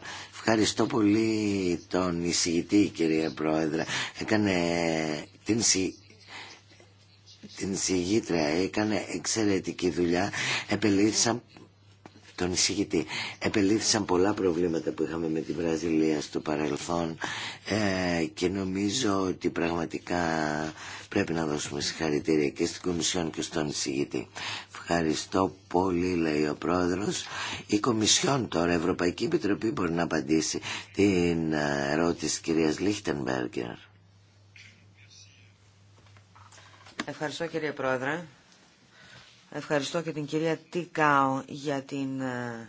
Ευχαριστώ πολύ τον εισηγητή κυρία Πρόεδρε. Έκανε την, την εισηγήτρια, έκανε εξαιρετική δουλειά. Επελήθησαν τον εισηγητή. πολλά προβλήματα που είχαμε με τη Βραζιλία στο παρελθόν ε, και νομίζω ότι πραγματικά πρέπει να δώσουμε συγχαρητήρια και στην Κομισιόν και στον εισηγητή. Ευχαριστώ πολύ, λέει ο πρόεδρος. Η Κομισιόν τώρα, η Ευρωπαϊκή Επιτροπή μπορεί να απαντήσει την ερώτηση τη κυρίας Λίχτενμπέργκερ. Ευχαριστώ κύριε Πρόεδρε. Ευχαριστώ και την κυρία Τικάο για την ε,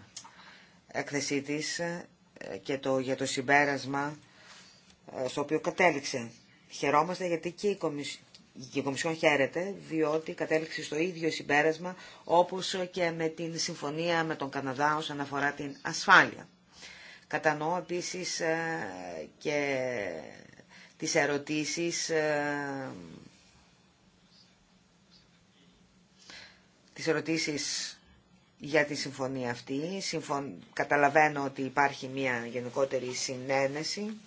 έκθεσή της ε, και το, για το συμπέρασμα ε, στο οποίο κατέληξε. Χαιρόμαστε γιατί και η, η Κομισιόν χαίρεται, διότι κατέληξε στο ίδιο συμπέρασμα, όπως και με την συμφωνία με τον Καναδά όσον αφορά την ασφάλεια. Κατανοώ επίσης ε, και τις ερωτήσεις ε, τις ερωτήσεις για τη συμφωνία αυτή. Καταλαβαίνω ότι υπάρχει μια γενικότερη συνένεση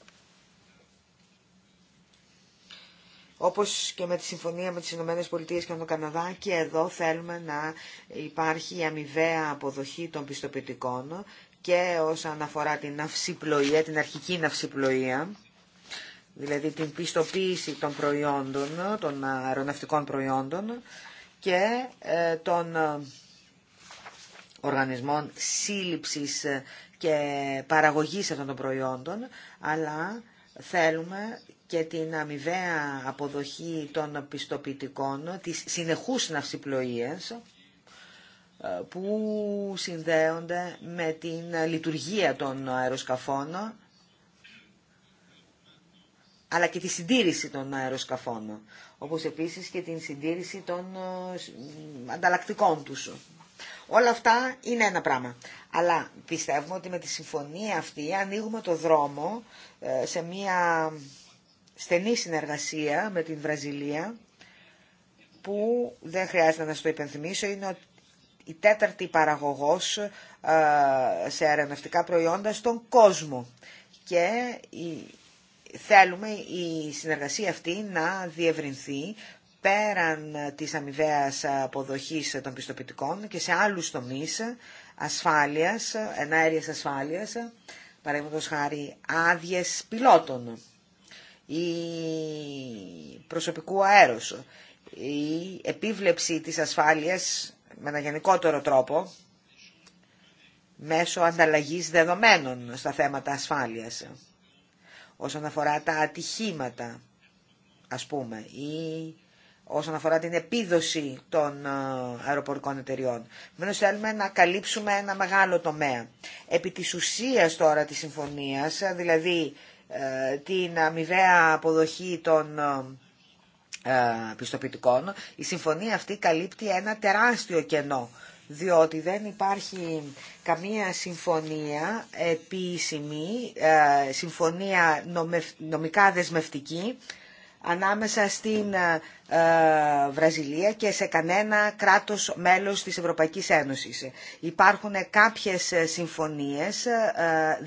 Όπως και με τη συμφωνία με τις Ηνωμένες Πολιτείες και τον Καναδά και εδώ θέλουμε να υπάρχει η αμοιβαία αποδοχή των πιστοποιητικών και όσον αφορά την ναυσιπλοεία, την αρχική ναυσιπλοεία, δηλαδή την πιστοποίηση των προϊόντων, των αεροναυτικών προϊόντων και ε, των ε, οργανισμών σύλληψης και παραγωγής αυτών των προϊόντων, αλλά θέλουμε και την αμοιβαία αποδοχή των πιστοποιητικών της συνεχούς ναυσιπλοείας ε, που συνδέονται με την λειτουργία των αεροσκαφών αλλά και τη συντήρηση των αεροσκαφών, όπως επίσης και την συντήρηση των ε, ανταλλακτικών τους. Όλα αυτά είναι ένα πράγμα. Αλλά πιστεύουμε ότι με τη συμφωνία αυτή ανοίγουμε το δρόμο ε, σε μια στενή συνεργασία με την Βραζιλία, που δεν χρειάζεται να στο το υπενθυμίσω, είναι η τέταρτη παραγωγός σε αεροναυτικά προϊόντα στον κόσμο. Και θέλουμε η συνεργασία αυτή να διευρυνθεί πέραν της αμοιβαίας αποδοχής των πιστοποιητικών και σε άλλους τομείς ασφάλειας, εναέριας ασφάλειας, παραδείγματος χάρη άδειες πιλότων ή προσωπικού αέρους, η επίβλεψη της ασφάλειας με ένα γενικότερο τρόπο μέσω ανταλλαγής δεδομένων στα θέματα ασφάλειας. Όσον αφορά τα ατυχήματα, ας πούμε, ή όσον αφορά την επίδοση των ε, αεροπορικών εταιριών. Μένως θέλουμε να καλύψουμε ένα μεγάλο τομέα. Επί της ουσίας τώρα της συμφωνίας, δηλαδή ε, την αμοιβαία αποδοχή των ε, πιστοποιητικών. Η συμφωνία αυτή καλύπτει ένα τεράστιο κενό, διότι δεν υπάρχει καμία συμφωνία επίσημη, ε, συμφωνία νομικά δεσμευτική, ανάμεσα στην ε, ε, Βραζιλία και σε κανένα κράτος μέλος της Ευρωπαϊκής Ένωσης. Υπάρχουν κάποιες ε, συμφωνίες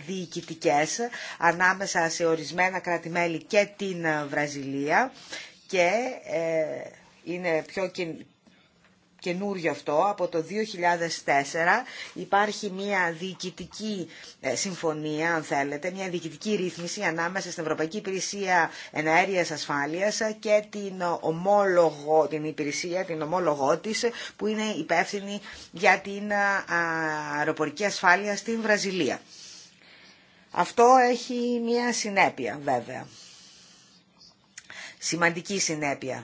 διοικητικές ανάμεσα σε ορισμένα κράτη-μέλη και την Βραζιλία και είναι πιο, καινούριο αυτό, από το 2004 υπάρχει μια διοικητική ε, συμφωνία, αν θέλετε, μια διοικητική ρύθμιση ανάμεσα στην Ευρωπαϊκή Υπηρεσία Εναέριας Ασφάλειας και την, ομόλογο, την υπηρεσία, την ομόλογό της, που είναι υπεύθυνη για την αεροπορική ασφάλεια στην Βραζιλία. Αυτό έχει μια συνέπεια βέβαια. Σημαντική συνέπεια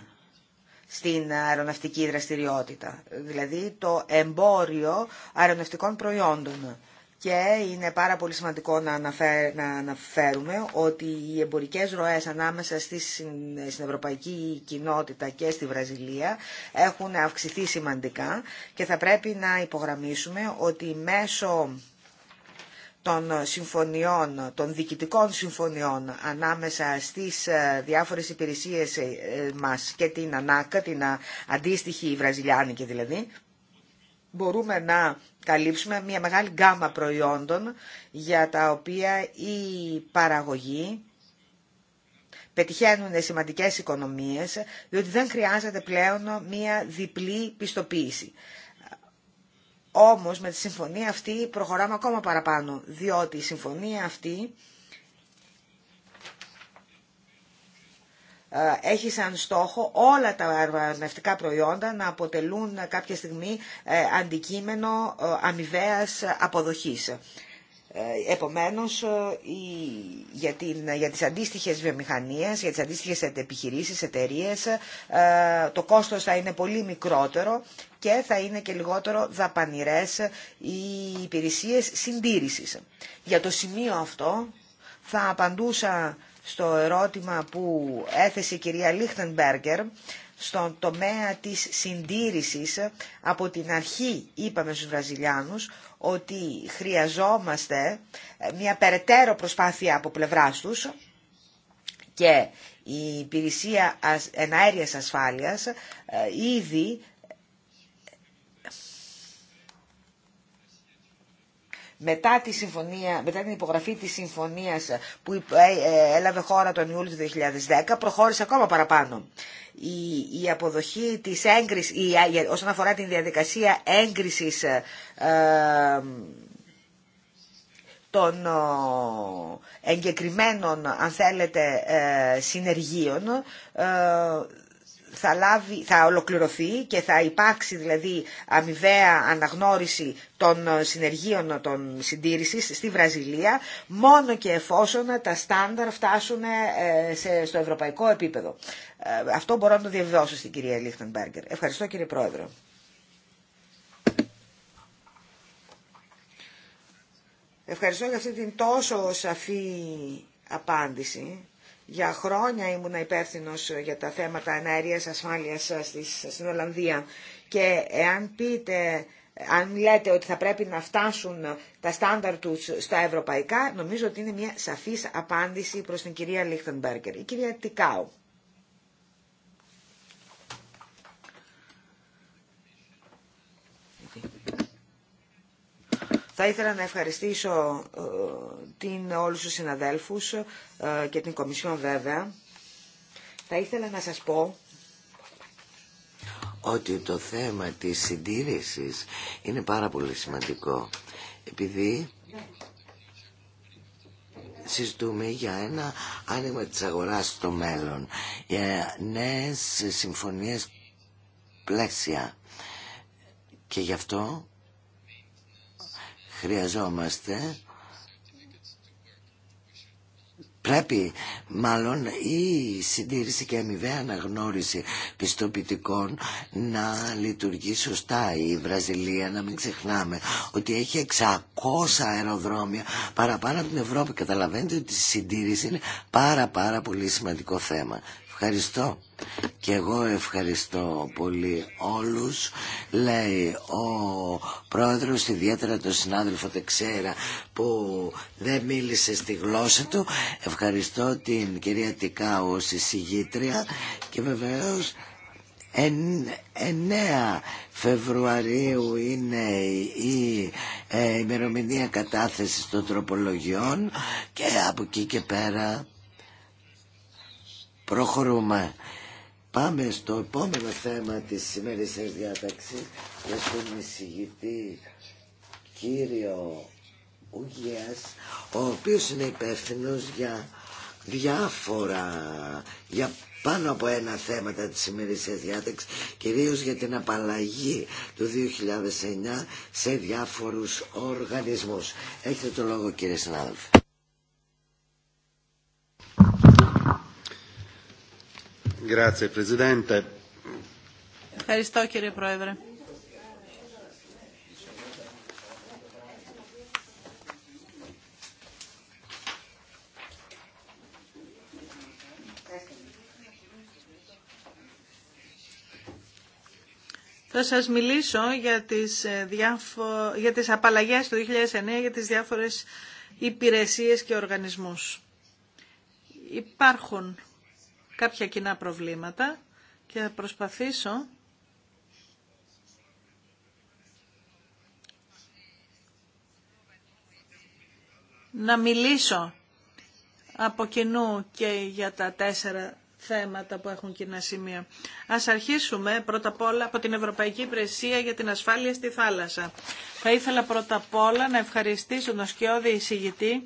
στην αεροναυτική δραστηριότητα, δηλαδή το εμπόριο αεροναυτικών προϊόντων. Και είναι πάρα πολύ σημαντικό να, αναφέρουμε ότι οι εμπορικές ροές ανάμεσα στη, στην ευρωπαϊκή κοινότητα και στη Βραζιλία έχουν αυξηθεί σημαντικά και θα πρέπει να υπογραμμίσουμε ότι μέσω των συμφωνιών, των διοικητικών συμφωνιών ανάμεσα στις ε, διάφορες υπηρεσίες ε, μας και την ΑΝΑΚΑ, την αντίστοιχη βραζιλιάνικη δηλαδή, μπορούμε να καλύψουμε μια μεγάλη γκάμα προϊόντων για τα οποία η παραγωγή πετυχαίνουν σημαντικές οικονομίες, διότι δεν χρειάζεται πλέον μια διπλή πιστοποίηση. Όμως με τη συμφωνία αυτή προχωράμε ακόμα παραπάνω, διότι η συμφωνία αυτή ε, έχει σαν στόχο όλα τα αρμαυτικά προϊόντα να αποτελούν κάποια στιγμή ε, αντικείμενο ε, αμοιβαίας αποδοχής. Ε, επομένως, ε, για, την, για τις αντίστοιχες βιομηχανίες, για τις αντίστοιχες επιχειρήσεις, εταιρείες, ε, το κόστος θα είναι πολύ μικρότερο και θα είναι και λιγότερο δαπανηρές οι υπηρεσίες συντήρησης. Για το σημείο αυτό θα απαντούσα στο ερώτημα που έθεσε η κυρία Λίχτενμπέργκερ, στον τομέα της συντήρησης από την αρχή είπαμε στους Βραζιλιάνους ότι χρειαζόμαστε ε, μια περαιτέρω προσπάθεια από πλευράς τους και η υπηρεσία εναέριας ασφάλειας ε, ήδη μετά, τη συμφωνία, μετά την υπογραφή της συμφωνίας που ε, έλαβε χώρα τον Ιούλιο του 2010 προχώρησε ακόμα παραπάνω η, αποδοχή της έγκρισης, η, όσον αφορά την διαδικασία έγκρισης ε, των ε, εγκεκριμένων, αν θέλετε, ε, συνεργείων θα, λάβει, θα ολοκληρωθεί και θα υπάρξει δηλαδή αμοιβαία αναγνώριση των συνεργείων των συντήρησης στη Βραζιλία μόνο και εφόσον τα στάνταρ φτάσουν ε, στο ευρωπαϊκό επίπεδο. Ε, αυτό μπορώ να το διαβεβαιώσω στην κυρία Λίχτενμπέργκερ. Ευχαριστώ κύριε Πρόεδρο. Ευχαριστώ για αυτή την τόσο σαφή απάντηση. Για χρόνια ήμουν υπεύθυνο για τα θέματα εναερίας ασφάλειας ε, στην Ολλανδία και εάν πείτε αν λέτε ότι θα πρέπει να φτάσουν τα στάνταρ τους στα ευρωπαϊκά, νομίζω ότι είναι μια σαφής απάντηση προς την κυρία Λίχτενμπέργκερ. Η κυρία Τικάου. Θα ήθελα να ευχαριστήσω ε, την, όλους τους συναδέλφους ε, και την Κομισιόν βέβαια. Θα ήθελα να σας πω ότι το θέμα της συντήρησης είναι πάρα πολύ σημαντικό επειδή συζητούμε για ένα άνοιγμα της αγοράς στο μέλλον για νέες συμφωνίες πλαίσια και γι' αυτό χρειαζόμαστε πρέπει μάλλον η συντήρηση και αμοιβαία αναγνώριση πιστοποιητικών να λειτουργεί σωστά η Βραζιλία να μην ξεχνάμε ότι έχει 600 αεροδρόμια παραπάνω από την Ευρώπη καταλαβαίνετε ότι η συντήρηση είναι πάρα πάρα πολύ σημαντικό θέμα Ευχαριστώ. Και εγώ ευχαριστώ πολύ όλους. Λέει ο πρόεδρος, ιδιαίτερα τον συνάδελφο Τεξέρα που δεν μίλησε στη γλώσσα του. Ευχαριστώ την κυρία Τικάου ως εισηγήτρια και βεβαίως 9 Φεβρουαρίου είναι η ε, ημερομηνία κατάθεσης των τροπολογιών και από εκεί και πέρα Προχωρούμε. Πάμε στο επόμενο θέμα της σημερινής διάταξη για τον εισηγητή κύριο Ουγγιάς ο οποίο είναι υπεύθυνο για διάφορα για πάνω από ένα θέματα της σημερινή διάταξη, κυρίω για την απαλλαγή του 2009 σε διάφορους οργανισμούς. Έχετε το λόγο κύριε συνάδελφε. Ευχαριστώ κύριε Πρόεδρε. Θα σας μιλήσω για τις, ε, διάφο... απαλλαγές του 2009 για τις διάφορες υπηρεσίες και οργανισμούς. Υπάρχουν κάποια κοινά προβλήματα και θα προσπαθήσω να μιλήσω από κοινού και για τα τέσσερα θέματα που έχουν κοινά σημεία. Ας αρχίσουμε πρώτα απ' όλα από την Ευρωπαϊκή Υπηρεσία για την Ασφάλεια στη Θάλασσα. Θα ήθελα πρώτα απ' όλα να ευχαριστήσω τον Σκιώδη εισηγητή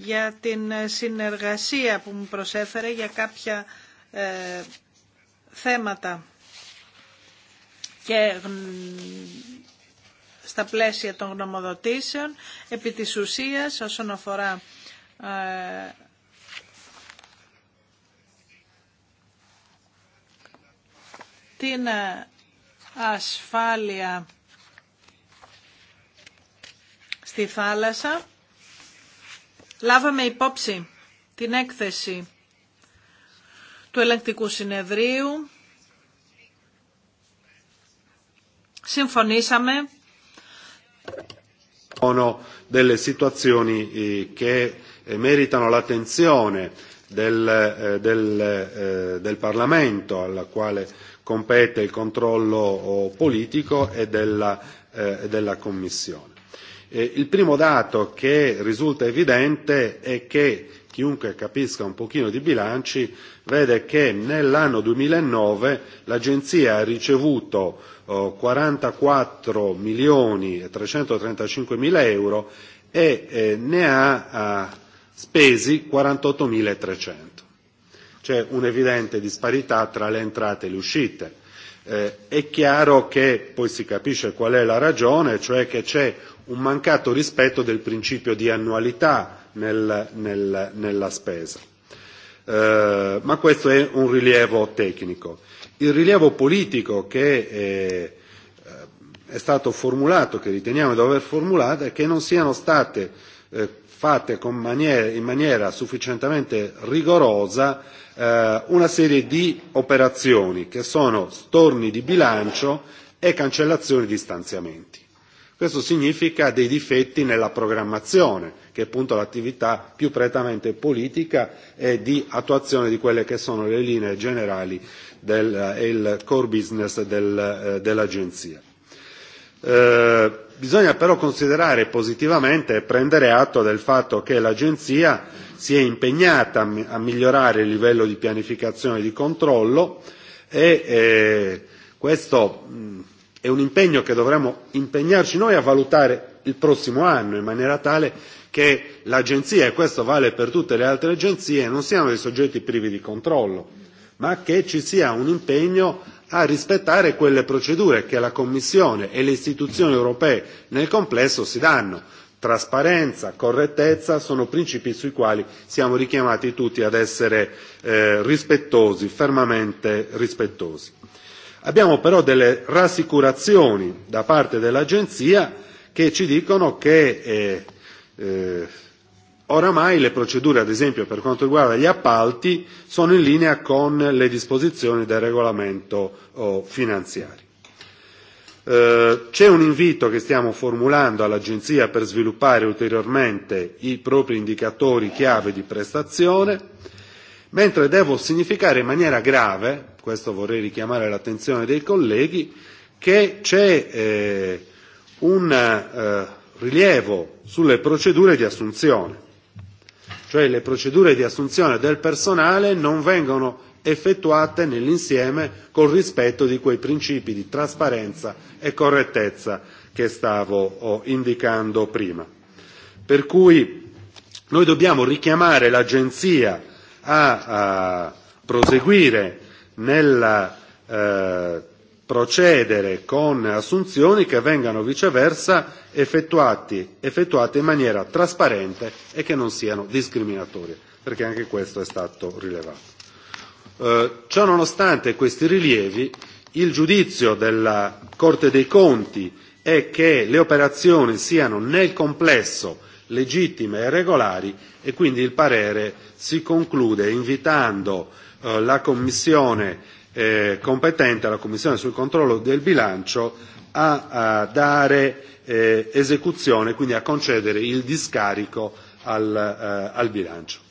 για την ε, συνεργασία που μου προσέφερε για κάποια ε, θέματα και στα πλαίσια των γνωμοδοτήσεων επί της ουσίας όσον αφορά ε, την ασφάλεια στη θάλασσα λάβαμε υπόψη την έκθεση του ελεγκτικού συνεδρίου. Συμφωνήσαμε sono delle situazioni che meritano l'attenzione del Parlamento al quale compete il controllo politico e della Commissione. Il primo dato che risulta evidente è che chiunque capisca un pochino di bilanci vede che nell'anno 2009 l'agenzia ha ricevuto 44 milioni e 335 mila euro e ne ha spesi 48300. mila C'è un'evidente disparità tra le entrate e le uscite. È chiaro che poi si capisce qual è la ragione, cioè che c'è un mancato rispetto del principio di annualità nella spesa. Ma questo è un rilievo tecnico. Il rilievo politico che è stato formulato, che riteniamo di aver formulato, è che non siano state fatte in maniera sufficientemente rigorosa una serie di operazioni che sono storni di bilancio e cancellazioni di stanziamenti. Questo significa dei difetti nella programmazione, che è appunto l'attività più prettamente politica e di attuazione di quelle che sono le linee generali del il core business dell'Agenzia. Bisogna però considerare positivamente e prendere atto del fatto che l'Agenzia si è impegnata a migliorare il livello di pianificazione e di controllo e questo È un impegno che dovremmo impegnarci noi a valutare il prossimo anno in maniera tale che l'agenzia, e questo vale per tutte le altre agenzie, non siano dei soggetti privi di controllo, ma che ci sia un impegno a rispettare quelle procedure che la Commissione e le istituzioni europee nel complesso si danno. Trasparenza, correttezza sono principi sui quali siamo richiamati tutti ad essere rispettosi, fermamente rispettosi. Abbiamo però delle rassicurazioni da parte dell'Agenzia che ci dicono che oramai le procedure, ad esempio per quanto riguarda gli appalti, sono in linea con le disposizioni del regolamento finanziario. C'è un invito che stiamo formulando all'Agenzia per sviluppare ulteriormente i propri indicatori chiave di prestazione mentre devo significare in maniera grave questo vorrei richiamare l'attenzione dei colleghi che c'è un rilievo sulle procedure di assunzione cioè le procedure di assunzione del personale non vengono effettuate nell'insieme col rispetto di quei principi di trasparenza e correttezza che stavo indicando prima per cui noi dobbiamo richiamare l'agenzia a proseguire nel procedere con assunzioni che vengano viceversa effettuate in maniera trasparente e che non siano discriminatorie, perché anche questo è stato rilevato. nonostante questi rilievi, il giudizio della Corte dei Conti è che le operazioni siano nel complesso legittime e regolari e quindi il parere si conclude invitando la Commissione competente, la Commissione sul controllo del bilancio, a dare esecuzione, quindi a concedere il discarico al bilancio.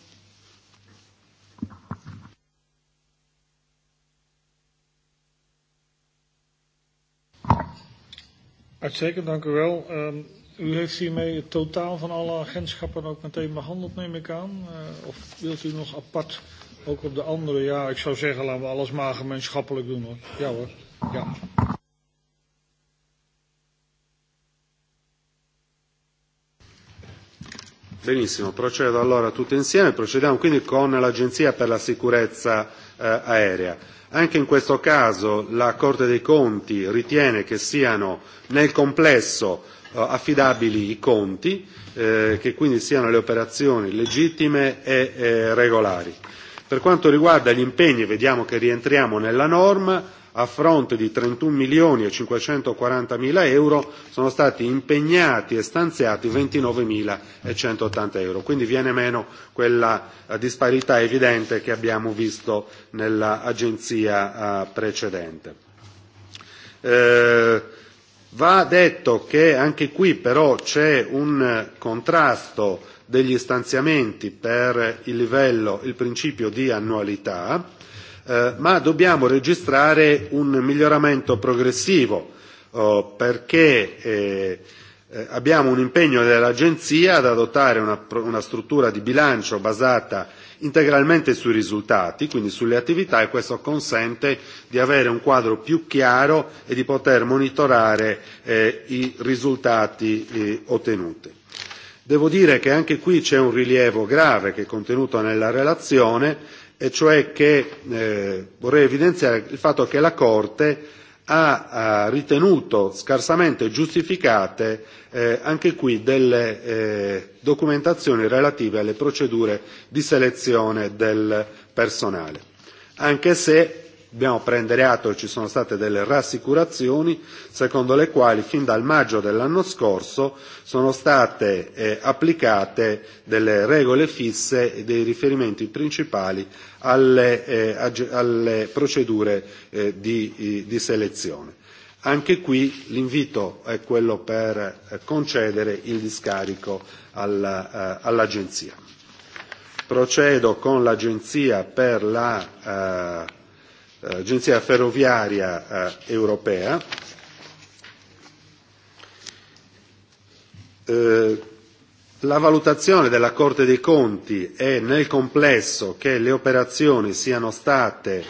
U heeft hiermee het totaal van alle agentschappen ook meteen behandeld, neem ik aan. Of wilt u nog apart ook op de andere? Ja, ik zou zeggen, laten we alles maar gemeenschappelijk doen hoor. Ja hoor. Ja. Benissimo, procedo allora tutte insieme, procediamo quindi con l'Agenzia per la sicurezza aerea. Anche in questo caso la Corte dei Conti ritiene che siano nel complesso affidabili i conti che quindi siano le operazioni legittime e regolari. Per quanto riguarda gli impegni vediamo che rientriamo nella norma a fronte di 31 milioni e 540 mila euro sono stati impegnati e stanziati 29 mila e 180 euro quindi viene meno quella disparità evidente che abbiamo visto nell'agenzia precedente Va detto che anche qui però c'è un contrasto degli stanziamenti per il livello, il principio di annualità, ma dobbiamo registrare un miglioramento progressivo perché abbiamo un impegno dell'Agenzia ad adottare una struttura di bilancio basata integralmente sui risultati, quindi sulle attività e questo consente di avere un quadro più chiaro e di poter monitorare i risultati ottenuti. Devo dire che anche qui c'è un rilievo grave che è contenuto nella relazione e cioè che vorrei evidenziare il fatto che la Corte ha ritenuto scarsamente giustificate anche qui delle documentazioni relative alle procedure di selezione del personale anche se dobbiamo prendere atto che ci sono state delle rassicurazioni secondo le quali fin dal maggio dell'anno scorso sono state applicate delle regole fisse e dei riferimenti principali alle procedure di selezione. Anche qui l'invito è quello per concedere il discarico all'Agenzia. Procedo con l'Agenzia per la l'Agenzia ferroviaria europea la valutazione della Corte dei Conti è nel complesso che le operazioni siano state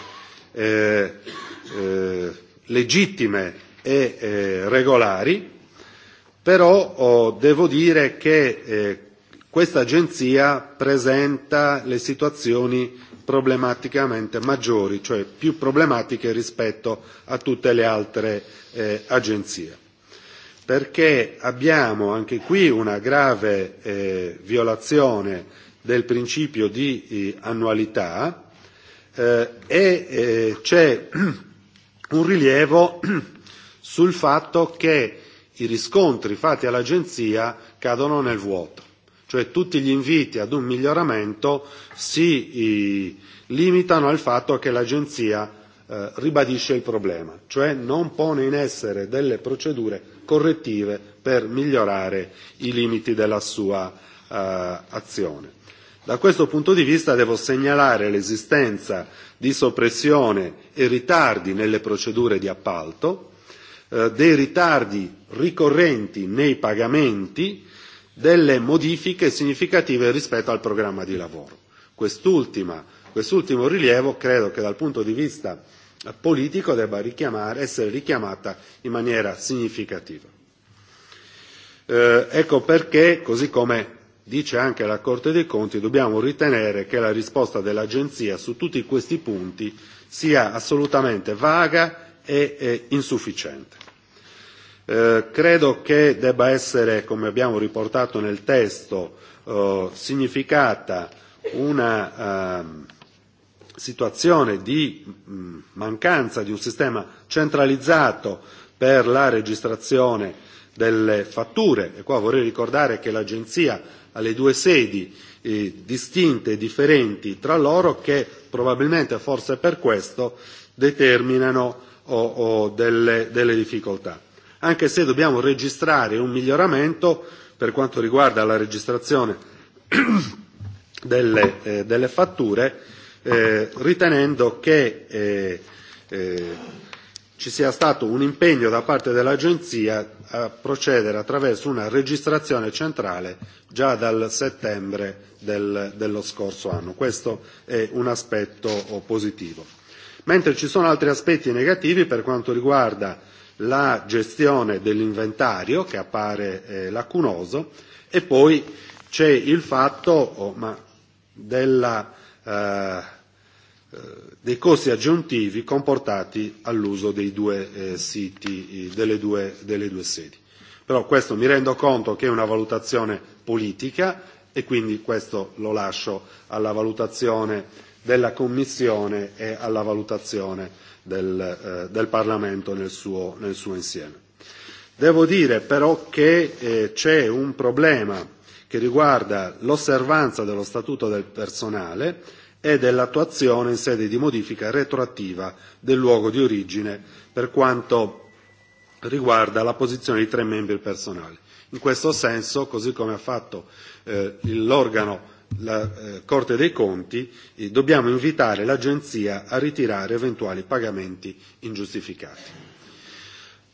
legittime e regolari però devo dire che questa agenzia presenta le situazioni problematicamente maggiori, cioè più problematiche rispetto a tutte le altre agenzie. Perché abbiamo anche qui una grave violazione del principio di annualità e c'è un rilievo sul fatto che i riscontri fatti all'agenzia cadono nel vuoto cioè tutti gli inviti ad un miglioramento si limitano al fatto che l'agenzia ribadisce il problema cioè non pone in essere delle procedure correttive per migliorare i limiti della sua azione da questo punto di vista devo segnalare l'esistenza di soppressione e ritardi nelle procedure di appalto dei ritardi ricorrenti nei pagamenti delle modifiche significative rispetto al programma di lavoro. Quest'ultimo rilievo credo che dal punto di vista politico debba essere richiamata in maniera significativa. Ecco perché, così come dice anche la Corte dei Conti, dobbiamo ritenere che la risposta dell'Agenzia su tutti questi punti sia assolutamente vaga e insufficiente credo che debba essere come abbiamo riportato nel testo significata una situazione di mancanza di un sistema centralizzato per la registrazione delle fatture e qua vorrei ricordare che l'agenzia ha le due sedi distinte e differenti tra loro che probabilmente forse per questo determinano delle difficoltà anche se dobbiamo registrare un miglioramento per quanto riguarda la registrazione delle fatture ritenendo che ci sia stato un impegno da parte dell'agenzia a procedere attraverso una registrazione centrale già dal settembre dello scorso anno questo è un aspetto positivo mentre ci sono altri aspetti negativi per quanto riguarda la gestione dell'inventario che appare lacunoso e poi c'è il fatto della dei costi aggiuntivi comportati all'uso dei due siti delle due delle due sedi però questo mi rendo conto che è una valutazione politica e quindi questo lo lascio alla valutazione della commissione e alla valutazione del Parlamento nel suo insieme. Devo dire però che c'è un problema che riguarda l'osservanza dello Statuto del personale e dell'attuazione in sede di modifica retroattiva del luogo di origine per quanto riguarda la posizione di tre membri del personale. In questo senso, così come ha fatto l'organo la Corte dei Conti dobbiamo invitare l'Agenzia a ritirare eventuali pagamenti ingiustificati.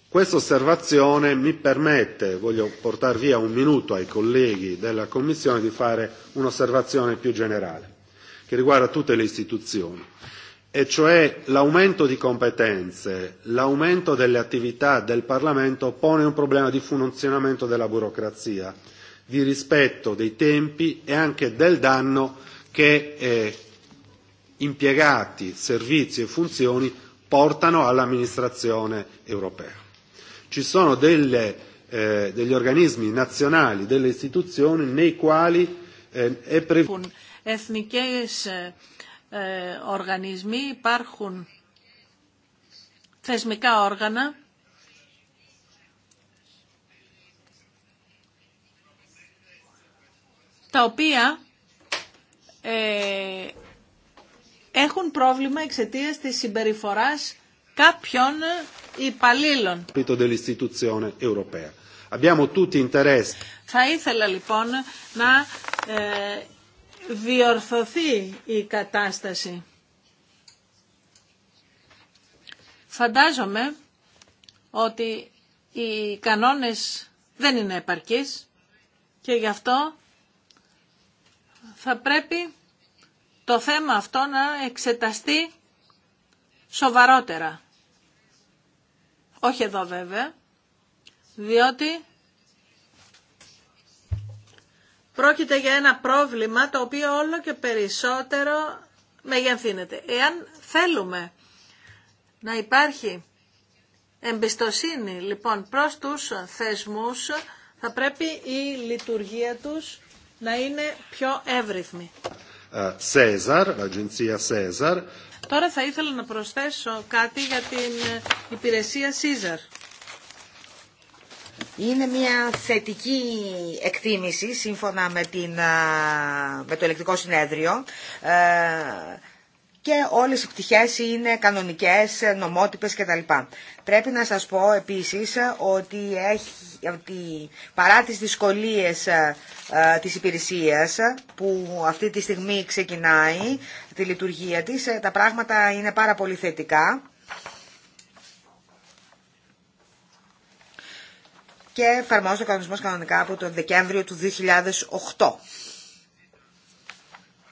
Questa osservazione mi permette, voglio portare via un minuto ai colleghi della Commissione, di fare un'osservazione più generale, che riguarda tutte le istituzioni, e cioè l'aumento di competenze, l'aumento delle attività del Parlamento pone un problema di funzionamento della burocrazia di rispetto dei tempi e anche del danno che impiegati, servizi e funzioni portano all'amministrazione europea. Ci sono degli organismi nazionali, delle istituzioni nei quali è previsto τα οποία ε, έχουν πρόβλημα εξαιτία τη συμπεριφορά κάποιων υπαλλήλων. Θα ήθελα λοιπόν να ε, διορθωθεί η κατάσταση. Φαντάζομαι ότι οι κανόνες δεν είναι επαρκείς και γι' αυτό θα πρέπει το θέμα αυτό να εξεταστεί σοβαρότερα. Όχι εδώ βέβαια, διότι πρόκειται για ένα πρόβλημα το οποίο όλο και περισσότερο μεγενθύνεται. Εάν θέλουμε να υπάρχει εμπιστοσύνη λοιπόν προς τους θεσμούς, θα πρέπει η λειτουργία τους να είναι πιο εύρυθμη. Ε, Σέζαρ. Τώρα θα ήθελα να προσθέσω κάτι για την ε, υπηρεσία Caesar. Είναι μια θετική εκτίμηση σύμφωνα με, την, ε, με το ηλεκτρικό συνέδριο και όλες οι πτυχές είναι κανονικές, νομότυπες κτλ. Πρέπει να σας πω επίσης ότι, έχει, ότι παρά τις δυσκολίες ε, ε, της υπηρεσίας που αυτή τη στιγμή ξεκινάει τη λειτουργία της, ε, τα πράγματα είναι πάρα πολύ θετικά. Και εφαρμόζεται ο κανονισμός κανονικά από τον Δεκέμβριο του 2008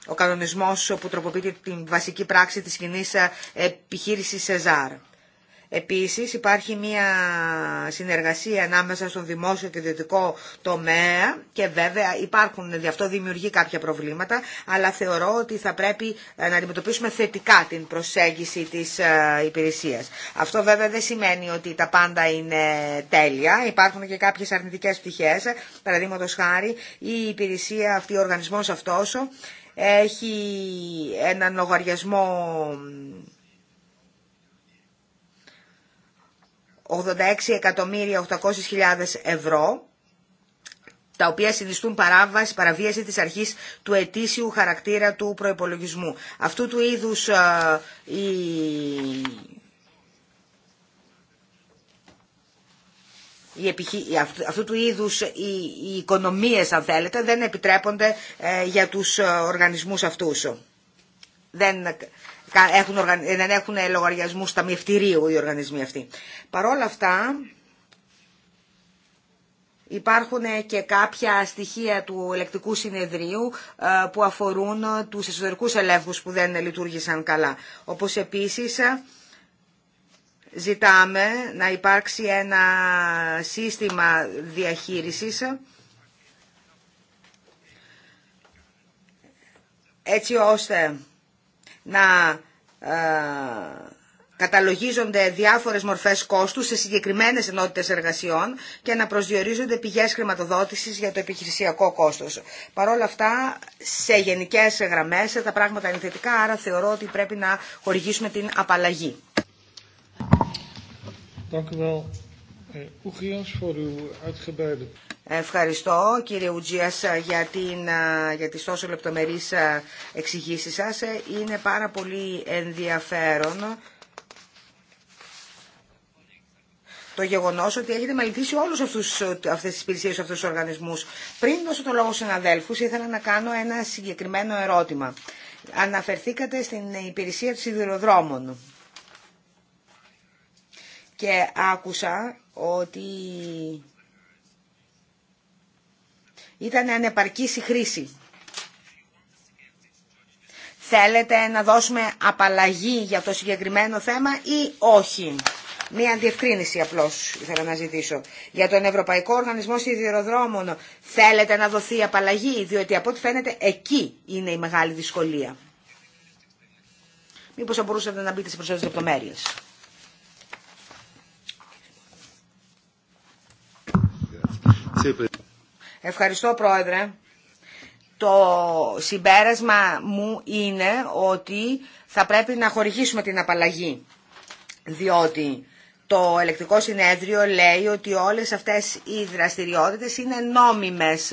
ο κανονισμός που τροποποιείται την βασική πράξη της κοινή ε, επιχείρησης ΣΕΖΑΡ. Επίσης υπάρχει μια συνεργασία ανάμεσα στον δημόσιο και ιδιωτικό τομέα και βέβαια υπάρχουν, γι' αυτό δημιουργεί κάποια προβλήματα, αλλά θεωρώ ότι θα πρέπει ε, να αντιμετωπίσουμε θετικά την προσέγγιση της ε, υπηρεσίας. Αυτό βέβαια δεν σημαίνει ότι τα πάντα είναι τέλεια, υπάρχουν και κάποιες αρνητικές πτυχέ, παραδείγματο χάρη η υπηρεσία αυτή, ο οργανισμό αυτό έχει έναν λογαριασμό 86.800.000 ευρώ, τα οποία συνιστούν παράβαση, παραβίαση της αρχής του ετήσιου χαρακτήρα του προϋπολογισμού. Αυτού του είδους ε, οι επιχει... αυτού του είδους οι, οικονομίες αν θέλετε δεν επιτρέπονται ε, για τους ε, οργανισμούς αυτούς. Δεν ε, έχουν, δεν έχουν λογαριασμούς ταμιευτηρίου οι οργανισμοί αυτοί. Παρόλα αυτά υπάρχουν και κάποια στοιχεία του ελεκτικού συνεδρίου που αφορούν τους εσωτερικούς ελέγχους που δεν λειτουργήσαν καλά. Όπως επίσης Ζητάμε να υπάρξει ένα σύστημα διαχείρισης έτσι ώστε να ε, καταλογίζονται διάφορες μορφές κόστου σε συγκεκριμένες ενότητες εργασιών και να προσδιορίζονται πηγές χρηματοδότησης για το επιχειρησιακό κόστος. Παρ' όλα αυτά, σε γενικές γραμμές τα πράγματα είναι θετικά, άρα θεωρώ ότι πρέπει να χορηγήσουμε την απαλλαγή. Eh, Ευχαριστώ κύριε Ουτζίας ε, για, την, ε, για τις τόσο λεπτομερείς ε, εξηγήσεις σας. Είναι πάρα πολύ ενδιαφέρον το γεγονό ότι έχετε μελετήσει όλου αυτέ τι υπηρεσίε, αυτού του οργανισμού. Πριν δώσω το λόγο στου συναδέλφου, ήθελα να κάνω ένα συγκεκριμένο ερώτημα. Αναφερθήκατε στην υπηρεσία του σιδηροδρόμων και άκουσα ότι ήταν ανεπαρκής η χρήση. Θέλετε να δώσουμε απαλλαγή για το συγκεκριμένο θέμα ή όχι. Μία αντιευκρίνηση απλώς ήθελα να ζητήσω. Για τον Ευρωπαϊκό Οργανισμό Σιδηροδρόμων θέλετε να δοθεί απαλλαγή, διότι από ό,τι φαίνεται εκεί είναι η μεγάλη δυσκολία. Μήπως θα μπορούσατε να μπείτε σε προσέγγιση λεπτομέρειες. Ευχαριστώ Πρόεδρε. Το συμπέρασμα μου είναι ότι θα πρέπει να χορηγήσουμε την απαλλαγή, διότι το ελεκτικό συνέδριο λέει ότι όλες αυτές οι δραστηριότητες είναι νόμιμες.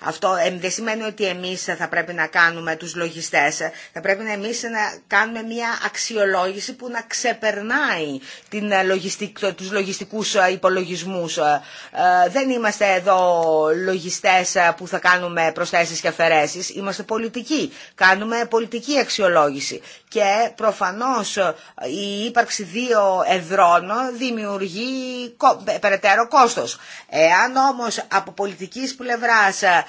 Αυτό δεν σημαίνει ότι εμείς θα πρέπει να κάνουμε τους λογιστές. Θα πρέπει να εμείς να κάνουμε μια αξιολόγηση που να ξεπερνάει την ε, λογιστικ, ε, τους λογιστικούς ε, υπολογισμούς. Δεν είμαστε εδώ λογιστές που θα κάνουμε προσθέσεις και αφαιρέσεις. Είμαστε πολιτικοί. Κάνουμε πολιτική αξιολόγηση. Και προφανώς η ύπαρξη δύο εδρών δημιουργεί περαιτέρω κόστος. Εάν όμως από πολιτικής πλευράς ε,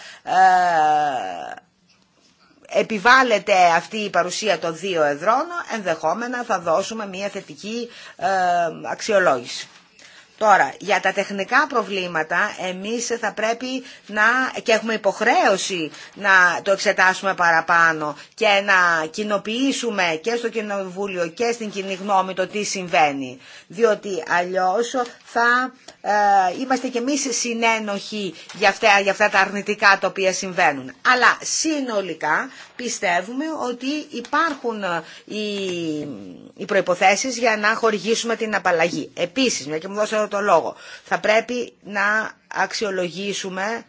επιβάλλεται αυτή η παρουσία των δύο εδρών, ενδεχόμενα θα δώσουμε μια θετική ε, αξιολόγηση. Τώρα, για τα τεχνικά προβλήματα, εμείς θα πρέπει να, και έχουμε υποχρέωση να το εξετάσουμε παραπάνω και να κοινοποιήσουμε και στο Κοινοβούλιο και στην κοινή γνώμη το τι συμβαίνει. Διότι αλλιώς θα ε, είμαστε κι εμείς συνένοχοι για αυτά, για αυτά τα αρνητικά τα οποία συμβαίνουν. Αλλά συνολικά πιστεύουμε ότι υπάρχουν ε, οι, οι προϋποθέσεις για να χορηγήσουμε την απαλλαγή. Επίσης, μια και μου δώσατε το λόγο, θα πρέπει να αξιολογήσουμε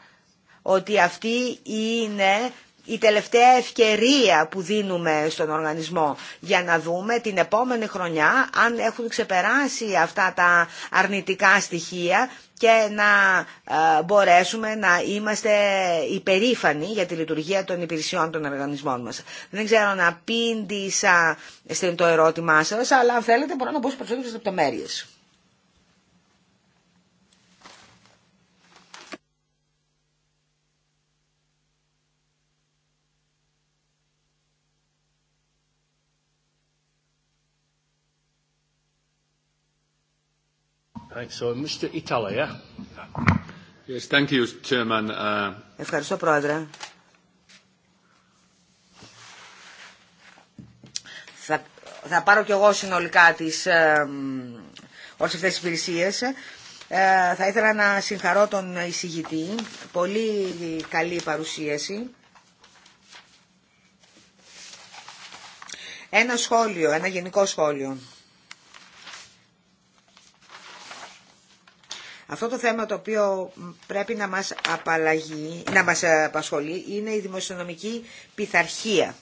ότι αυτή είναι η τελευταία ευκαιρία που δίνουμε στον οργανισμό για να δούμε την επόμενη χρονιά αν έχουν ξεπεράσει αυτά τα αρνητικά στοιχεία και να ε, μπορέσουμε να είμαστε υπερήφανοι για τη λειτουργία των υπηρεσιών των οργανισμών μας. Δεν ξέρω να πίντησα στο ερώτημά σας, αλλά αν θέλετε μπορώ να πω σε περισσότερες λεπτομέρειες. Uh, Ευχαριστώ, Πρόεδρε. Θα, θα πάρω κι εγώ συνολικά τις, ε, όλες αυτές τις υπηρεσίες. Ε, θα ήθελα να συγχαρώ τον εισηγητή. Πολύ καλή παρουσίαση. Ένα σχόλιο, ένα γενικό σχόλιο. Αυτό το θέμα το οποίο πρέπει να μας, απαλλαγεί, να μας απασχολεί είναι η δημοσιονομική πειθαρχία.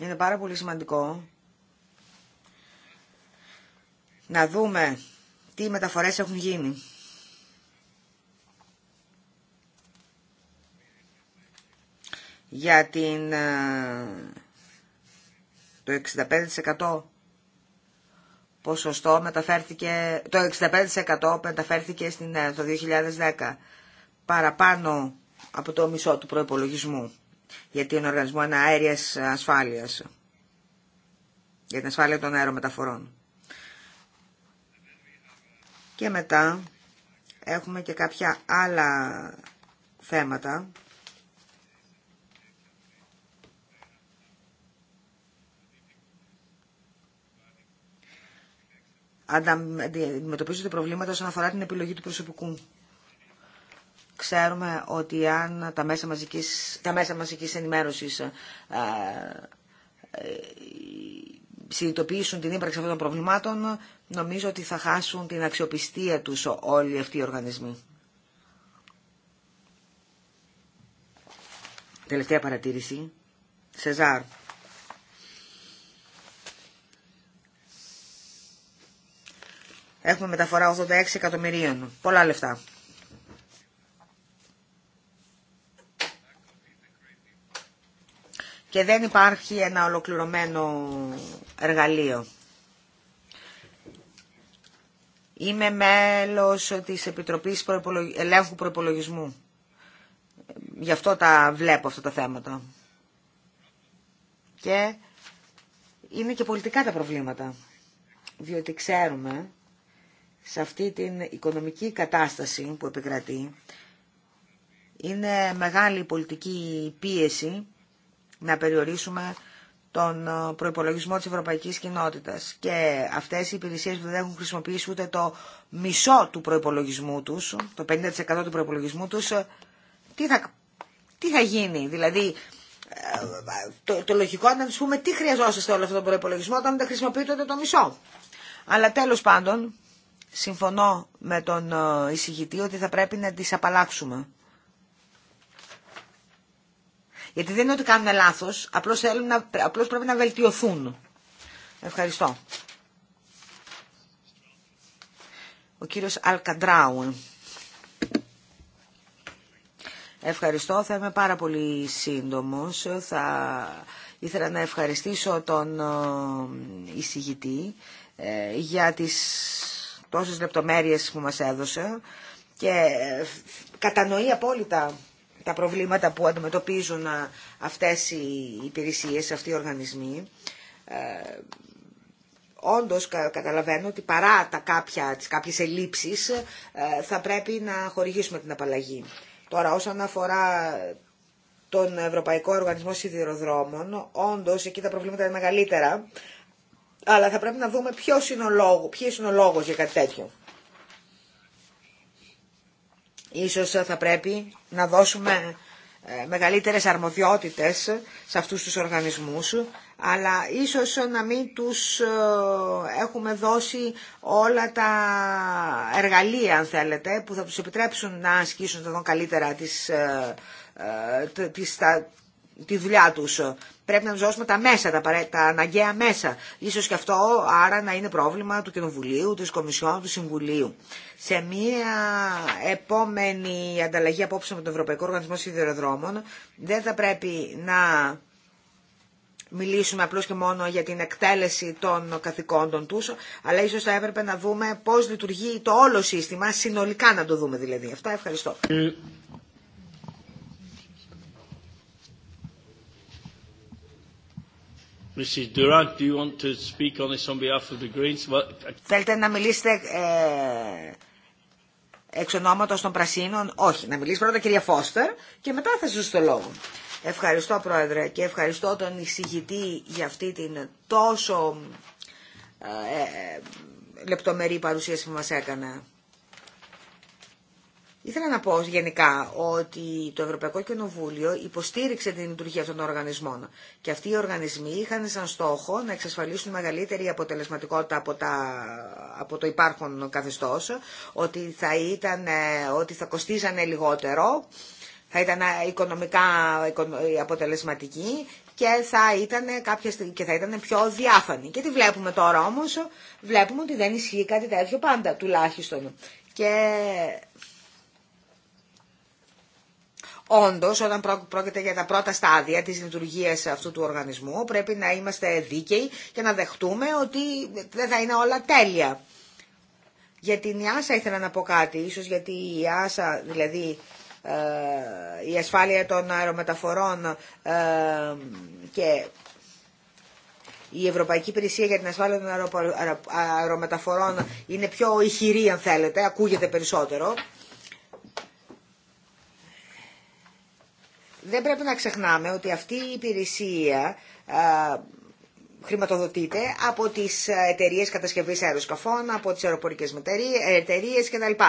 Είναι πάρα πολύ σημαντικό να δούμε τι μεταφορές έχουν γίνει. για την, ε, το 65% ποσοστό μεταφέρθηκε, το 65% μεταφέρθηκε στην, ε, το 2010 παραπάνω από το μισό του προϋπολογισμού για την Οργανισμό Αέριας Ασφάλειας για την ασφάλεια των αερομεταφορών. Και μετά έχουμε και κάποια άλλα θέματα αντιμετωπίζονται προβλήματα όσον αφορά την επιλογή του προσωπικού. Ξέρουμε ότι αν τα μέσα μαζικής, τα μέσα μαζικής ενημέρωσης ε, ε, συνειδητοποιήσουν την ύπαρξη αυτών των προβλημάτων, νομίζω ότι θα χάσουν την αξιοπιστία τους όλοι αυτοί οι οργανισμοί. Τελευταία παρατήρηση. Σεζάρ. Έχουμε μεταφορά 86 εκατομμυρίων. Πολλά λεφτά. Και δεν υπάρχει ένα ολοκληρωμένο εργαλείο. Είμαι μέλος της Επιτροπής Ελέγχου Προϋπολογισμού. Γι' αυτό τα βλέπω αυτά τα θέματα. Και είναι και πολιτικά τα προβλήματα. Διότι ξέρουμε σε αυτή την οικονομική κατάσταση που επικρατεί. Είναι μεγάλη πολιτική πίεση να περιορίσουμε τον προϋπολογισμό της Ευρωπαϊκής Κοινότητας και αυτές οι υπηρεσίες που δεν έχουν χρησιμοποιήσει ούτε το μισό του προϋπολογισμού τους, το 50% του προϋπολογισμού τους, τι θα, τι θα γίνει, δηλαδή το, λογικό είναι να τους πούμε τι χρειαζόσαστε όλο αυτό το προϋπολογισμό όταν δεν χρησιμοποιείτε το μισό. Αλλά τέλος πάντων συμφωνώ με τον ε, εισηγητή ότι θα πρέπει να τις απαλλάξουμε. Γιατί δεν είναι ότι κάνουν λάθος, απλώς, θέλουν απλώς πρέπει να βελτιωθούν. Ευχαριστώ. Ο κύριος Αλκαντράου. Ευχαριστώ, θα είμαι πάρα πολύ σύντομος. Θα ήθελα να ευχαριστήσω τον ε, εισηγητή ε, για τις τόσες λεπτομέρειες που μας έδωσε και ε, κατανοεί απόλυτα τα προβλήματα που αντιμετωπίζουν ε, αυτές οι υπηρεσίες, αυτοί οι οργανισμοί. Ε, όντως καταλαβαίνω ότι παρά τα κάποια, τις κάποιες ελλείψεις ε, θα πρέπει να χορηγήσουμε την απαλλαγή. Τώρα όσον αφορά τον Ευρωπαϊκό Οργανισμό Σιδηροδρόμων, όντως εκεί τα προβλήματα είναι μεγαλύτερα αλλά θα πρέπει να δούμε ποιος είναι ο λόγος, είναι ο λόγος για κάτι τέτοιο. Ίσως θα πρέπει να δώσουμε ε, μεγαλύτερες αρμοδιότητες σε αυτούς τους οργανισμούς, αλλά ίσως να μην τους ε, έχουμε δώσει όλα τα εργαλεία, αν θέλετε, που θα τους επιτρέψουν να ασκήσουν τον καλύτερα τις, ε, τις, τα, τη δουλειά τους. Πρέπει να του δώσουμε τα μέσα, τα, τα αναγκαία μέσα. Ίσως και αυτό άρα να είναι πρόβλημα του Κοινοβουλίου, τη Κομισιόν, του Συμβουλίου. Σε μία επόμενη ανταλλαγή απόψε με τον Ευρωπαϊκό Οργανισμό Σιδηροδρόμων δεν θα πρέπει να μιλήσουμε απλώς και μόνο για την εκτέλεση των καθηκόντων τους, αλλά ίσως θα έπρεπε να δούμε πώς λειτουργεί το όλο σύστημα, συνολικά να το δούμε δηλαδή. Αυτά ευχαριστώ. Ε, Θέλετε να μιλήσετε ε, εξ ονόματος των Πρασίνων. Όχι, να μιλήσει πρώτα κυρία Φώστερ και μετά θα σας το λόγο. Ευχαριστώ Πρόεδρε και ευχαριστώ τον εισηγητή για αυτή την τόσο ε, ε, λεπτομερή παρουσίαση που μας έκανε. Ήθελα να πω γενικά ότι το Ευρωπαϊκό Κοινοβούλιο υποστήριξε την λειτουργία αυτών των οργανισμών και αυτοί οι οργανισμοί είχαν σαν στόχο να εξασφαλίσουν μεγαλύτερη αποτελεσματικότητα από, τα, από το υπάρχον καθεστώς, ότι θα, ήταν, ε, ότι θα κοστίζανε λιγότερο, θα ήταν ε, οικονομικά ε, αποτελεσματικοί και θα ήταν, και θα ήταν πιο διάφανοι. Και τι βλέπουμε τώρα όμως, βλέπουμε ότι δεν ισχύει κάτι τέτοιο πάντα τουλάχιστον. Και Όντω, όταν πρόκειται για τα πρώτα στάδια τη λειτουργία αυτού του οργανισμού, πρέπει να είμαστε δίκαιοι και να δεχτούμε ότι δεν θα είναι όλα τέλεια. Για την Ιάσα ήθελα να πω κάτι, ίσως γιατί η Ιάσα, δηλαδή ε, η ασφάλεια των αερομεταφορών ε, και η Ευρωπαϊκή Υπηρεσία για την Ασφάλεια των Αερομεταφορών είναι πιο ηχηρή αν θέλετε, ακούγεται περισσότερο δεν πρέπει να ξεχνάμε ότι αυτή η υπηρεσία χρηματοδοτείται από τις εταιρείε κατασκευής αεροσκαφών, από τις αεροπορικές εταιρείε κτλ.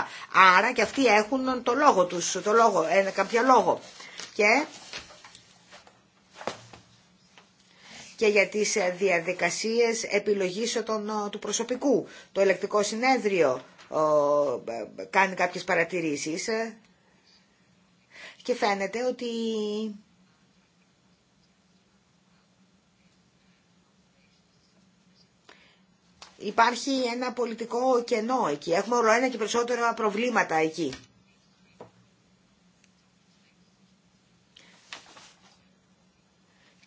Άρα και αυτοί έχουν το λόγο τους, το λόγο, ένα, κάποιο λόγο. Και και για τις διαδικασίες επιλογής των, του προσωπικού. Το ελεκτικό συνέδριο κάνει κάποιες παρατηρήσεις και φαίνεται ότι υπάρχει ένα πολιτικό κενό εκεί. Έχουμε όλο ένα και περισσότερα προβλήματα εκεί.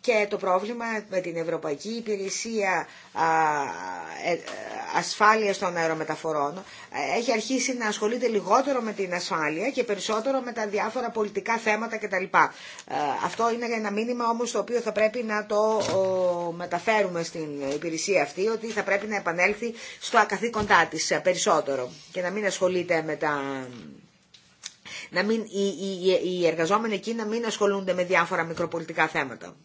και το πρόβλημα με την Ευρωπαϊκή Υπηρεσία ε, ε, Ασφάλειας των Αερομεταφορών ε, έχει αρχίσει να ασχολείται λιγότερο με την ασφάλεια και περισσότερο με τα διάφορα πολιτικά θέματα κτλ. Αυτό είναι ένα μήνυμα όμως το οποίο θα πρέπει να το μεταφέρουμε στην υπηρεσία αυτή ότι θα πρέπει να επανέλθει στο ακαθήκοντά της περισσότερο και να μην ασχολείται με τα να μην, οι, οι, οι εργαζόμενοι εκεί να μην ασχολούνται με διάφορα μικροπολιτικά θέματα.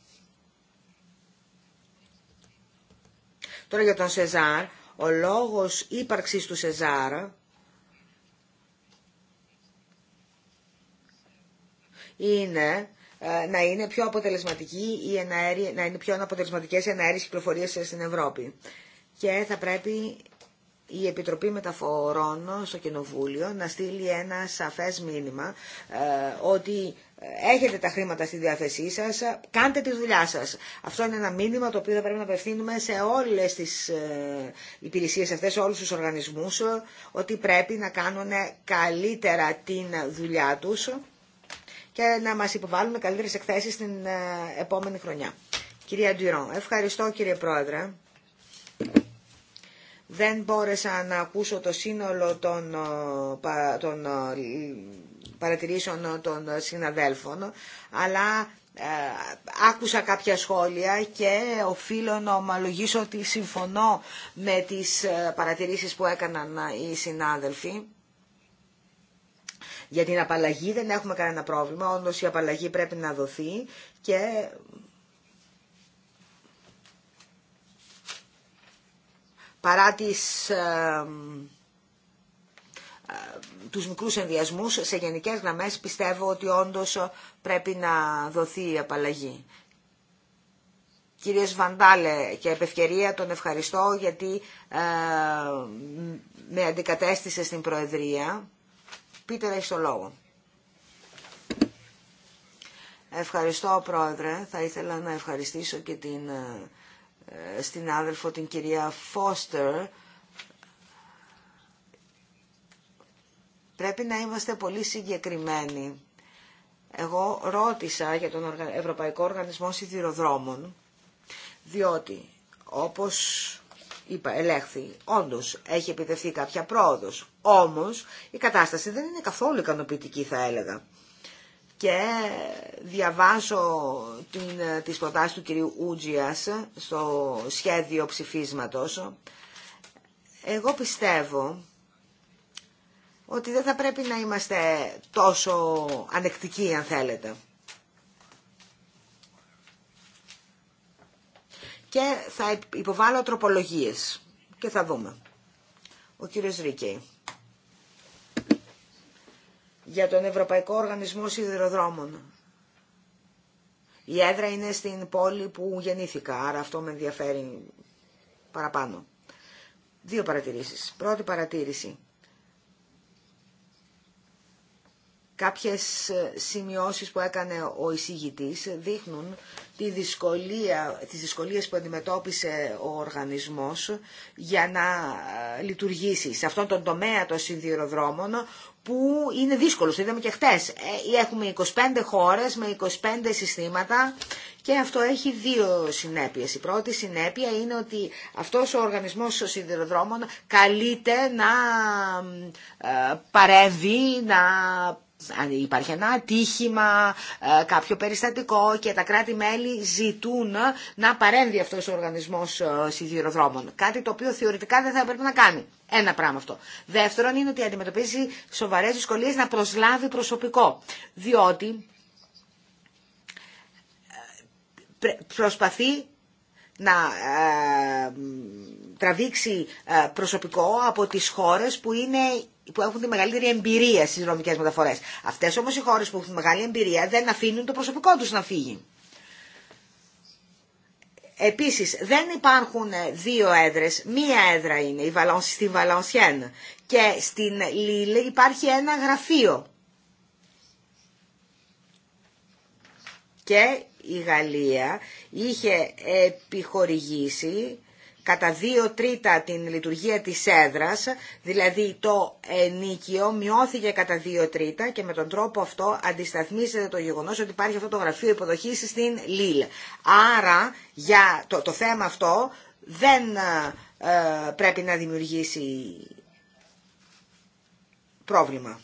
Τώρα για τον Σεζάρ, ο λόγος ύπαρξης του Σεζάρ είναι ε, να είναι πιο αποτελεσματική η να είναι πιο αποτελεσματικές οι εναέρειες κυκλοφορίες στην Ευρώπη. Και θα πρέπει η Επιτροπή Μεταφορών στο Κοινοβούλιο να στείλει ένα σαφές μήνυμα ε, ότι έχετε τα χρήματα στη διάθεσή σας, κάντε τη δουλειά σας. Αυτό είναι ένα μήνυμα το οποίο θα πρέπει να απευθύνουμε σε όλες τις ε, υπηρεσίες αυτές, σε όλους τους οργανισμούς, ότι πρέπει να κάνουν καλύτερα την δουλειά τους και να μας υποβάλουν καλύτερες εκθέσεις την ε, επόμενη χρονιά. Κυρία Ντυρόν, ευχαριστώ κύριε Πρόεδρε δεν μπόρεσα να ακούσω το σύνολο των, ε, των ε, παρατηρήσεων ε, των συναδέλφων, αλλά άκουσα κάποια σχόλια και οφείλω να ομαλογήσω ότι συμφωνώ με τις παρατηρήσεις που έκαναν οι συνάδελφοι. Για την απαλλαγή δεν έχουμε κανένα πρόβλημα, όντως η απαλλαγή πρέπει να δοθεί και παρά τις, ε, τους μικρούς ενδιασμούς, σε γενικές γραμμές πιστεύω ότι όντως πρέπει να δοθεί η απαλλαγή. Κύριε Βαντάλε και επευκαιρία τον ευχαριστώ γιατί ε, με αντικατέστησε στην Προεδρία. Πείτε έχει το λόγο. Ευχαριστώ Πρόεδρε. Θα ήθελα να ευχαριστήσω και την ε, ε, στην άδελφο την κυρία Φώστερ πρέπει να είμαστε πολύ συγκεκριμένοι. Εγώ ρώτησα για τον Ευρωπαϊκό Οργανισμό Σιδηροδρόμων διότι όπως είπα, ελέγχθη. όντως έχει επιτευχθεί κάποια πρόοδος όμως η κατάσταση δεν είναι καθόλου ικανοποιητική, θα έλεγα και διαβάζω την, τις προτάσεις του κυρίου Ούτζιας στο σχέδιο ψηφίσματος. Εγώ πιστεύω ότι δεν θα πρέπει να είμαστε τόσο ανεκτικοί, αν θέλετε. Και θα υποβάλω τροπολογίες και θα δούμε. Ο κύριος Ρίκη για τον Ευρωπαϊκό Οργανισμό Σιδηροδρόμων. Η έδρα είναι στην πόλη που γεννήθηκα, άρα αυτό με ενδιαφέρει παραπάνω. Δύο παρατηρήσεις. Πρώτη παρατήρηση. Κάποιες ε, σημειώσεις που έκανε ο εισηγητής δείχνουν τη δυσκολία, τις δυσκολίες που αντιμετώπισε ο οργανισμός για να ε, λειτουργήσει σε αυτόν τον τομέα των σιδηροδρόμων που είναι δύσκολο, το είδαμε και χτες. Ε, έχουμε 25 χώρες με 25 συστήματα και αυτό έχει δύο συνέπειες. Η πρώτη συνέπεια είναι ότι αυτός ο οργανισμός σιδηροδρόμων καλείται να ε, παρεύει, να αν υπάρχει ένα ατύχημα, ε, κάποιο περιστατικό και τα κράτη-μέλη ζητούν να παρέμβει αυτός ο οργανισμός ε, σιδηροδρόμων. Κάτι το οποίο θεωρητικά δεν θα έπρεπε να κάνει. Ένα πράγμα αυτό. Δεύτερον είναι ότι αντιμετωπίζει σοβαρές δυσκολίες να προσλάβει προσωπικό. Διότι προσπαθεί να ε, τραβήξει ε, προσωπικό από τις χώρες που, είναι, που έχουν τη μεγαλύτερη εμπειρία στις δρομικές μεταφορές. Αυτές όμως οι χώρες που έχουν μεγάλη εμπειρία δεν αφήνουν το προσωπικό τους να φύγει. Επίσης δεν υπάρχουν ε, δύο έδρες, μία έδρα είναι η στην Βαλονσιέν και στην Λίλε υπάρχει ένα γραφείο. Και η Γαλλία είχε επιχορηγήσει κατά δύο τρίτα την λειτουργία της έδρας, δηλαδή το ενίκιο μειώθηκε κατά δύο τρίτα και με τον τρόπο αυτό αντισταθμίζεται το γεγονός ότι υπάρχει αυτό το γραφείο υποδοχής στην ΛΙΛ. Άρα για το, το θέμα αυτό δεν ε, πρέπει να δημιουργήσει πρόβλημα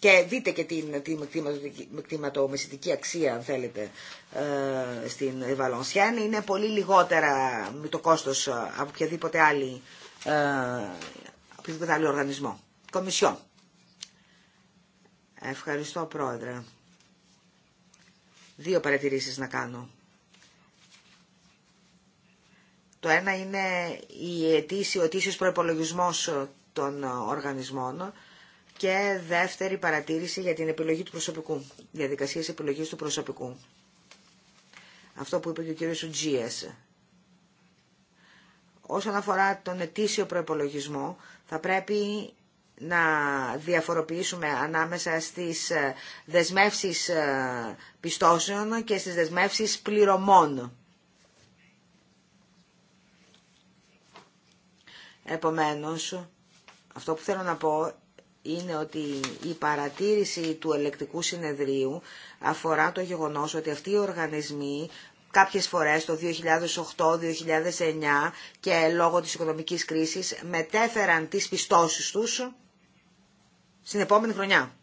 και δείτε και την, την αξία, αν θέλετε, ε, στην Βαλονσιάν. Είναι πολύ λιγότερα με το κόστος ε, από οποιαδήποτε άλλη, ε, άλλο οργανισμό. Κομισιόν. Ευχαριστώ, Πρόεδρε. Δύο παρατηρήσεις να κάνω. Το ένα είναι η αιτήσιο, ο αιτήσιος προϋπολογισμός των οργανισμών και δεύτερη παρατήρηση για την επιλογή του προσωπικού, διαδικασίες επιλογής του προσωπικού. Αυτό που είπε και ο κύριος Ουτζίας. Όσον αφορά τον ετήσιο προπολογισμό, θα πρέπει να διαφοροποιήσουμε ανάμεσα στις ε, δεσμεύσεις ε, πιστώσεων και στις δεσμεύσεις πληρωμών. Επομένως, αυτό που θέλω να πω είναι ότι η παρατήρηση του ελεκτικού συνεδρίου αφορά το γεγονός ότι αυτοί οι οργανισμοί κάποιες φορές το 2008-2009 και λόγω της οικονομικής κρίσης μετέφεραν τις πιστώσεις τους στην επόμενη χρονιά.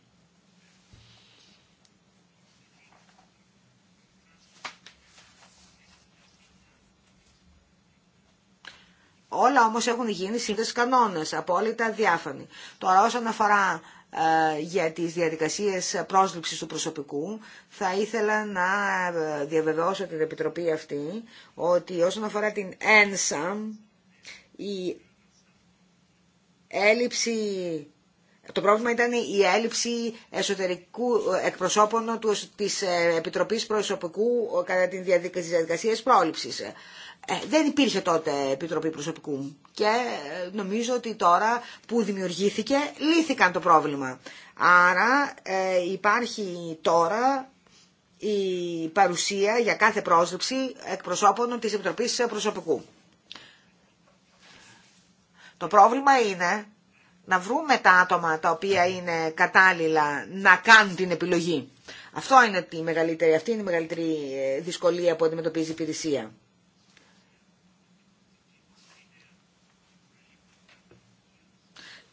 Όλα όμως έχουν γίνει σύμφωνα κανόνες, απόλυτα διάφανοι. Τώρα όσον αφορά ε, για τις διαδικασίες πρόσληψης του προσωπικού. Θα ήθελα να ε, διαβεβαιώσω την Επιτροπή αυτή ότι όσον αφορά την ένσα, η έλλειψη... Το πρόβλημα ήταν η έλλειψη εσωτερικού ε, εκπροσώπων του, της Επιτροπής Προσωπικού κατά τις διαδικασίες πρόληψης. Ε, δεν υπήρχε τότε Επιτροπή Προσωπικού και ε, νομίζω ότι τώρα που δημιουργήθηκε λύθηκαν το πρόβλημα. Άρα ε, υπάρχει τώρα η παρουσία για κάθε πρόσληψη εκπροσώπων της Επιτροπής Προσωπικού. Το πρόβλημα είναι να βρούμε τα άτομα τα οποία είναι κατάλληλα να κάνουν την επιλογή. Αυτό είναι τη μεγαλύτερη, αυτή είναι η μεγαλύτερη δυσκολία που αντιμετωπίζει η υπηρεσία.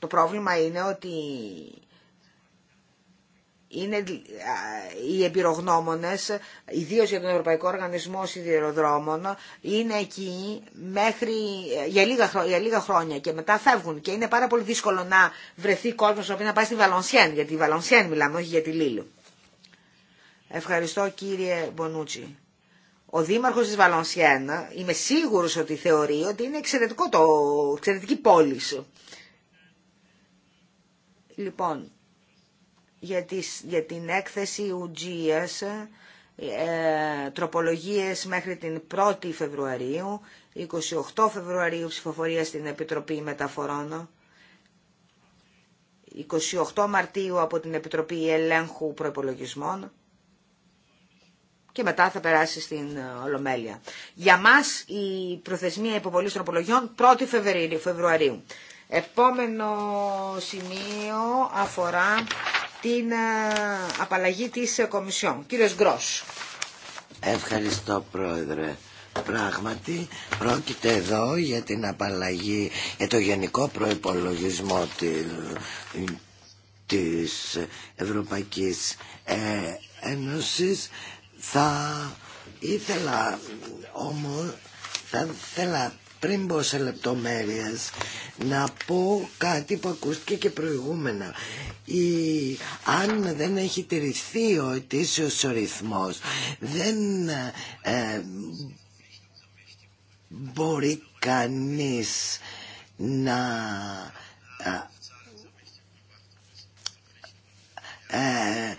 Το πρόβλημα είναι ότι είναι ε, οι εμπειρογνώμονες, ιδίως για τον Ευρωπαϊκό Οργανισμό Σιδηροδρόμων, είναι εκεί μέχρι, ε, για, λίγα, λίγα χρόνια και μετά φεύγουν. Και είναι πάρα πολύ δύσκολο να βρεθεί κόσμος να πάει στη Βαλονσιέν, γιατί η Βαλονσιέν μιλάμε, όχι για τη Λίλου. Ευχαριστώ κύριε Μπονούτσι. Ο Δήμαρχος της Βαλονσιέν, είμαι σίγουρος ότι θεωρεί ότι είναι εξαιρετικό το, εξαιρετική πόλη Λοιπόν, για, την έκθεση UGS, ε, τροπολογίες μέχρι την 1η Φεβρουαρίου, 28 Φεβρουαρίου ψηφοφορία στην Επιτροπή Μεταφορών, 28 Μαρτίου από την Επιτροπή Ελέγχου Προϋπολογισμών και μετά θα περάσει στην ε, Ολομέλεια. Για μας η προθεσμία υποβολής τροπολογιών 1η Φεβρουαρίου. Επόμενο σημείο αφορά την ε, απαλλαγή της ε, Κομισιόν. Κύριος Γκρός. Ευχαριστώ Πρόεδρε. Πράγματι πρόκειται εδώ για την απαλλαγή, για το γενικό προϋπολογισμό της Ευρωπαϊκής ε, Ένωσης. Θα ήθελα όμως, θα ήθελα πριν μπω σε λεπτομέρειες να πω κάτι που ακούστηκε και προηγούμενα. Η... Αν δεν έχει τηρηθεί ο ετήσιος δεν ε, μπορεί κανείς να... Ε, ε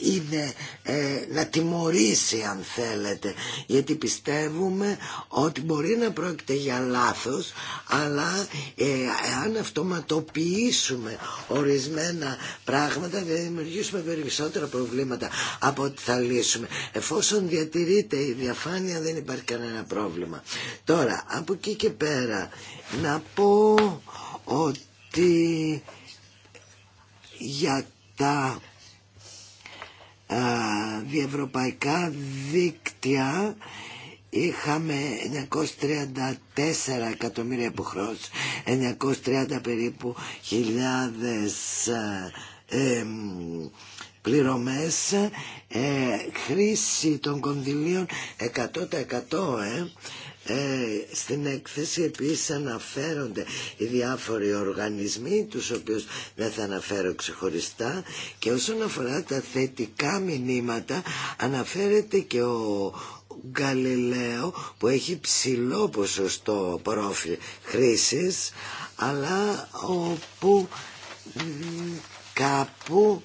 είναι ε, να τιμωρήσει αν θέλετε γιατί πιστεύουμε ότι μπορεί να πρόκειται για λάθος αλλά ε, αν αυτοματοποιήσουμε ορισμένα πράγματα θα δημιουργήσουμε περισσότερα προβλήματα από ό,τι θα λύσουμε εφόσον διατηρείται η διαφάνεια δεν υπάρχει κανένα πρόβλημα τώρα από εκεί και πέρα να πω ότι για τα διευρωπαϊκά δίκτυα είχαμε 934 εκατομμύρια υποχρώσεις 930 περίπου χιλιάδες ε, πληρωμές ε, χρήση των κονδυλίων 100% ε, ε, στην έκθεση επίσης αναφέρονται οι διάφοροι οργανισμοί τους οποίους δεν θα αναφέρω ξεχωριστά και όσον αφορά τα θετικά μηνύματα αναφέρεται και ο Γκαλιλαίο που έχει ψηλό ποσοστό πρόφιλ χρήσης αλλά όπου κάπου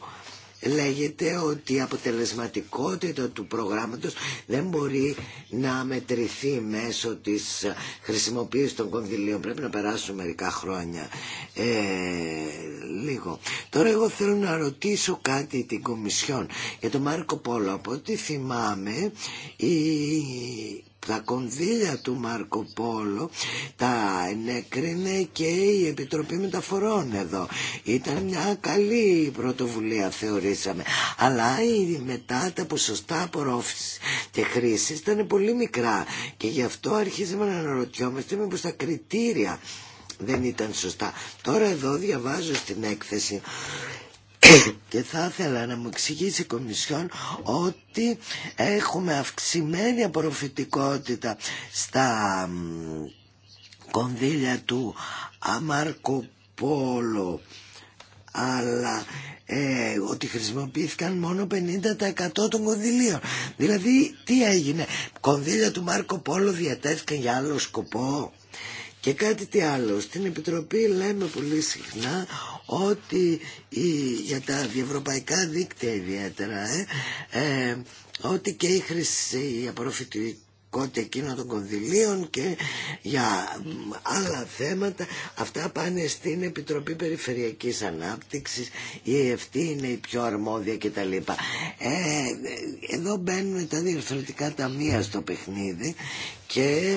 λέγεται ότι η αποτελεσματικότητα του προγράμματος δεν μπορεί να μετρηθεί μέσω της χρησιμοποίησης των κονδυλίων. Πρέπει να περάσουν μερικά χρόνια. Ε, λίγο. Τώρα εγώ θέλω να ρωτήσω κάτι την Κομισιόν. Για τον Μάρκο Πόλο, από ό,τι θυμάμαι, η τα κονδύλια του Μάρκο Πόλο τα ενέκρινε και η Επιτροπή Μεταφορών εδώ. Ήταν μια καλή πρωτοβουλία θεωρήσαμε. Αλλά μετά τα ποσοστά απορρόφησης και χρήσης ήταν πολύ μικρά και γι' αυτό αρχίσαμε να αναρωτιόμαστε μήπως τα κριτήρια δεν ήταν σωστά. Τώρα εδώ διαβάζω στην έκθεση και θα ήθελα να μου εξηγήσει η Κομισιόν ότι έχουμε αυξημένη απορροφητικότητα στα κονδύλια του Αμάρκο Πόλο αλλά ε, ότι χρησιμοποιήθηκαν μόνο 50% των κονδυλίων. Δηλαδή τι έγινε, κονδύλια του Μάρκο Πόλο διατέθηκαν για άλλο σκοπό. Και κάτι τι άλλο, στην Επιτροπή λέμε πολύ συχνά ότι η, για τα ευρωπαϊκά δίκτυα ιδιαίτερα ε, ε, ότι και η χρήση η απορροφητικότητα εκείνων των κονδυλίων και για άλλα θέματα αυτά πάνε στην Επιτροπή Περιφερειακής Ανάπτυξης η αυτή είναι η πιο αρμόδια κτλ. Ε, εδώ μπαίνουν τα διευθυντικά ταμεία στο παιχνίδι και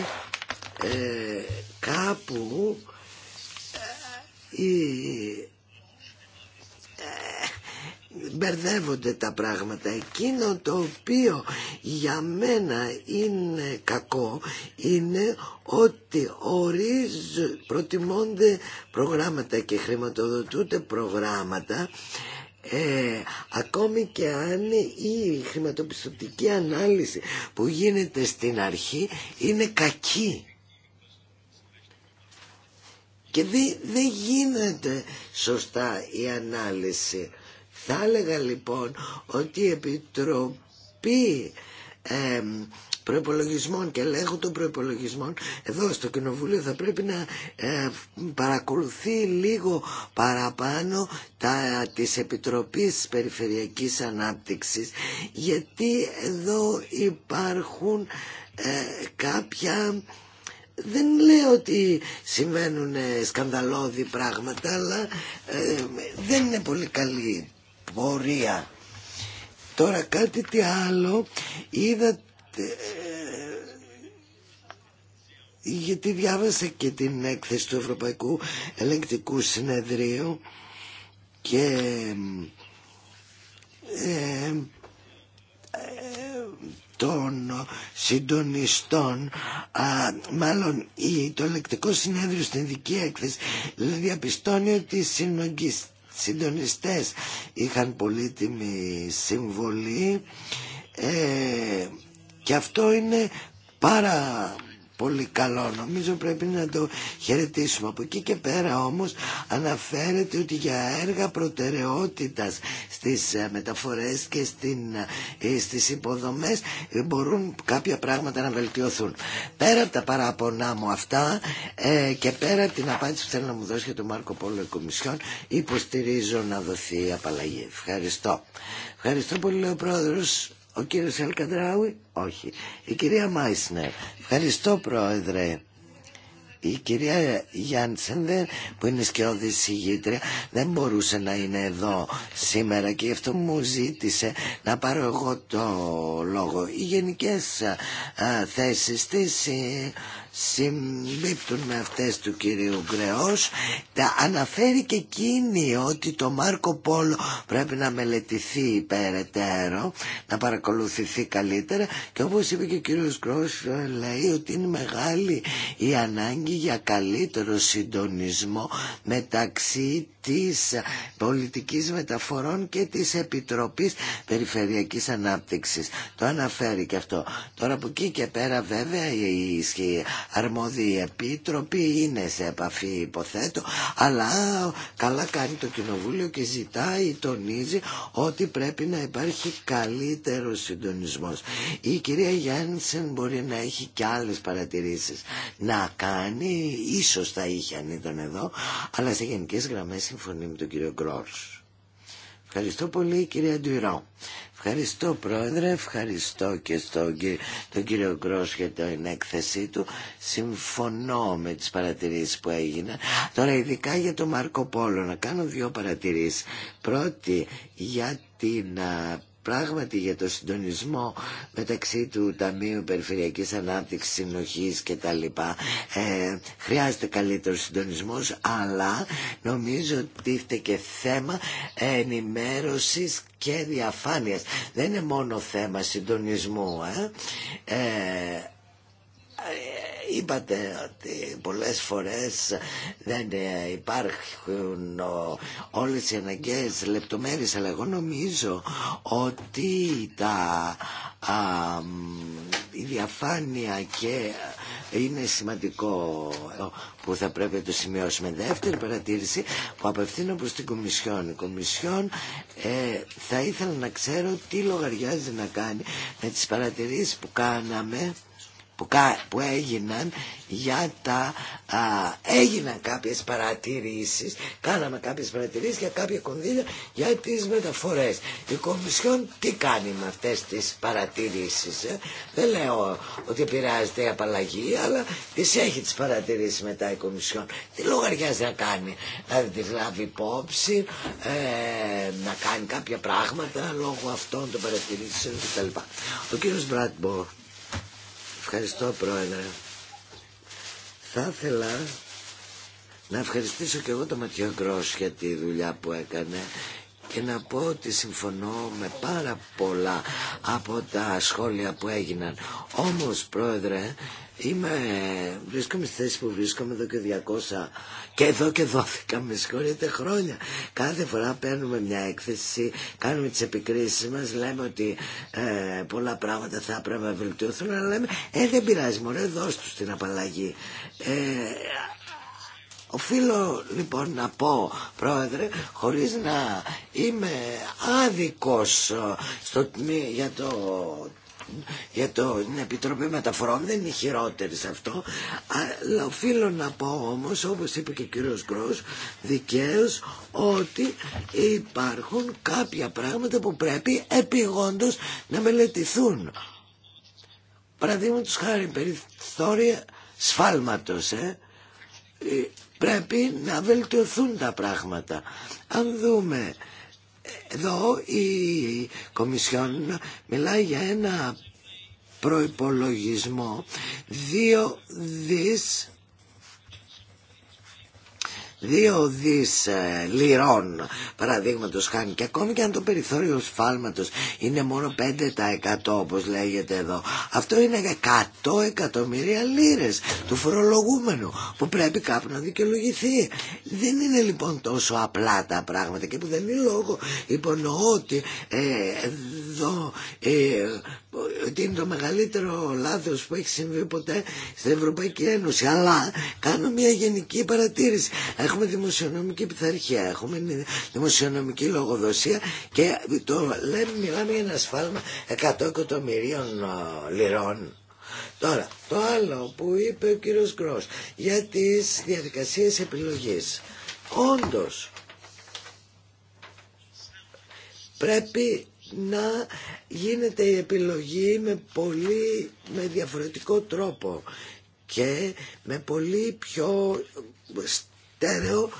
ε, κάπου ε, η μπερδεύονται τα πράγματα. Εκείνο το οποίο για μένα είναι κακό είναι ότι ορίζουν, προτιμώνται προγράμματα και χρηματοδοτούνται προγράμματα ε, ακόμη και αν η χρηματοπιστωτική ανάλυση που γίνεται στην αρχή είναι κακή. Και δεν δε γίνεται σωστά η ανάλυση. Θα έλεγα λοιπόν ότι η Επιτροπή ε, προπολογισμών και ελέγχου των προπολογισμών εδώ στο Κοινοβούλιο θα πρέπει να ε, παρακολουθεί λίγο παραπάνω τα, της Επιτροπής Περιφερειακής Ανάπτυξης γιατί εδώ υπάρχουν ε, κάποια δεν λέω ότι συμβαίνουν σκανδαλώδη πράγματα αλλά ε, δεν είναι πολύ καλή Τώρα κάτι τι άλλο ε, γιατί διάβασα και την έκθεση του Ευρωπαϊκού Ελεγκτικού Συνεδρίου και ε, ε, των συντονιστών α, μάλλον το ελεκτικό συνέδριο στην δική έκθεση δηλαδή, διαπιστώνει ότι οι συντονιστές είχαν πολύτιμη συμβολή ε, και αυτό είναι πάρα πολύ καλό. Νομίζω πρέπει να το χαιρετήσουμε. Από εκεί και πέρα όμως αναφέρεται ότι για έργα προτεραιότητας στις ε, μεταφορές και στην, ε, στις υποδομές ε, μπορούν κάποια πράγματα να βελτιωθούν. Πέρα από τα παράπονά μου αυτά και πέρα από την απάντηση που θέλω να μου δώσει για τον Μάρκο Πόλο Κομισιόν υποστηρίζω να δοθεί απαλλαγή. Ευχαριστώ. Ευχαριστώ πολύ ο Πρόεδρος. Ο κύριο Αλκαντράουι, όχι. Η κυρία Μάισνερ. Ευχαριστώ πρόεδρε. Η κυρία Γιάντσεν που είναι σκιώδη συγγήτρια δεν μπορούσε να είναι εδώ σήμερα και γι' αυτό μου ζήτησε να πάρω εγώ το λόγο. Οι γενικές θέσει θέσεις της ε, συμπίπτουν με αυτές του κυρίου Γκρεός τα αναφέρει και εκείνη ότι το Μάρκο Πόλο πρέπει να μελετηθεί υπεραιτέρω να παρακολουθηθεί καλύτερα και όπως είπε και ο κύριος Γκρεός λέει ότι είναι μεγάλη η ανάγκη για καλύτερο συντονισμό μεταξύ της πολιτικής μεταφορών και της Επιτροπής Περιφερειακής Ανάπτυξης. Το αναφέρει και αυτό. Τώρα από εκεί και πέρα βέβαια η αρμόδιοι επίτροποι είναι σε επαφή υποθέτω αλλά καλά κάνει το Κοινοβούλιο και ζητάει, τονίζει ότι πρέπει να υπάρχει καλύτερο συντονισμός. Η κυρία Γιάννησεν μπορεί να έχει και άλλες παρατηρήσεις να κάνει, ίσως θα είχε αν ήταν εδώ, αλλά σε γενικές γραμμές συμφωνεί με τον κύριο Γκρόρς. Ευχαριστώ πολύ κυρία Ντουιρό. Ευχαριστώ πρόεδρε, ευχαριστώ και στον τον κύριο Γκρός για την έκθεσή του. Συμφωνώ με τις παρατηρήσεις που έγινα. Τώρα ειδικά για τον Μάρκο Πόλο να κάνω δύο παρατηρήσεις. Πρώτη για την πράγματι για το συντονισμό μεταξύ του Ταμείου Περιφερειακής Ανάπτυξης Συνοχής και τα λοιπά ε, χρειάζεται καλύτερο συντονισμός αλλά νομίζω ότι είστε και θέμα ενημέρωσης και διαφάνειας δεν είναι μόνο θέμα συντονισμού ε. Ε, ε, είπατε ότι πολλές φορές δεν ε, υπάρχουν όλες οι αναγκαίες λεπτομέρειες αλλά εγώ νομίζω ότι τα, η διαφάνεια και ε, είναι σημαντικό που θα πρέπει να το σημειώσουμε. Δεύτερη παρατήρηση που απευθύνω προς την Κομισιόν. Η Κομισιόν θα ήθελα να ξέρω τι λογαριάζει να κάνει με τις παρατηρήσεις που κάναμε που, έγιναν για τα έγιναν κάποιες παρατηρήσεις κάναμε κάποιες παρατηρήσεις για κάποια κονδύλια για τις μεταφορές η Κομισιόν τι κάνει με αυτές τις παρατηρήσεις ε? δεν λέω ότι επηρεάζεται η απαλλαγή αλλά τις έχει τις παρατηρήσεις μετά η Κομισιόν τι λογαριάζει να κάνει δηλαδή να τις λάβει υπόψη ε, να κάνει κάποια πράγματα λόγω αυτών των παρατηρήσεων κτλ. Ο κύριος Μπράτμπορ Ευχαριστώ πρόεδρε. Θα ήθελα να ευχαριστήσω και εγώ το Ματιό Γκρός για τη δουλειά που έκανε και να πω ότι συμφωνώ με πάρα πολλά από τα σχόλια που έγιναν. Όμως πρόεδρε Είμαι, βρίσκομαι στη θέση που βρίσκομαι εδώ και 200 και εδώ και 12 με συγχωρείτε χρόνια. Κάθε φορά παίρνουμε μια έκθεση, κάνουμε τις επικρίσεις μας, λέμε ότι ε, πολλά πράγματα θα πρέπει να βελτιωθούν, αλλά λέμε ε δεν πειράζει μωρέ δώσ' τους την απαλλαγή. Ε, Οφείλω λοιπόν να πω πρόεδρε χωρίς να είμαι άδικος στο, για το για την Επιτροπή Μεταφορών δεν είναι χειρότερη σε αυτό αλλά οφείλω να πω όμως όπως είπε και ο κύριος Γκρός δικαίως ότι υπάρχουν κάποια πράγματα που πρέπει επιγόντως να μελετηθούν παραδείγματο χάρη περιθώρια σφάλματος ε. ε, πρέπει να βελτιωθούν τα πράγματα αν δούμε εδώ η Κομισιόν μιλάει για ένα προϋπολογισμό δύο δις Δύο δις ε, λιρών παραδείγματος χάνει και ακόμη και αν το περιθώριο σφάλματος είναι μόνο 5% όπως λέγεται εδώ αυτό είναι 100 εκατομμύρια λίρες του φορολογούμενου που πρέπει κάπου να δικαιολογηθεί δεν είναι λοιπόν τόσο απλά τα πράγματα και που δεν είναι λόγο υπονοώ ότι ε, εδώ ε, ότι είναι το μεγαλύτερο λάθος που έχει συμβεί ποτέ στην Ευρωπαϊκή Ένωση αλλά κάνω μια γενική παρατήρηση έχουμε δημοσιονομική πειθαρχία έχουμε δημοσιονομική λογοδοσία και το λέμε, μιλάμε για ένα σφάλμα 100 εκατομμυρίων λιρών τώρα το άλλο που είπε ο κύριος Γκρός για τις διαδικασίες επιλογής όντως πρέπει να γίνεται η επιλογή με πολύ με διαφορετικό τρόπο και με πολύ πιο στέρεο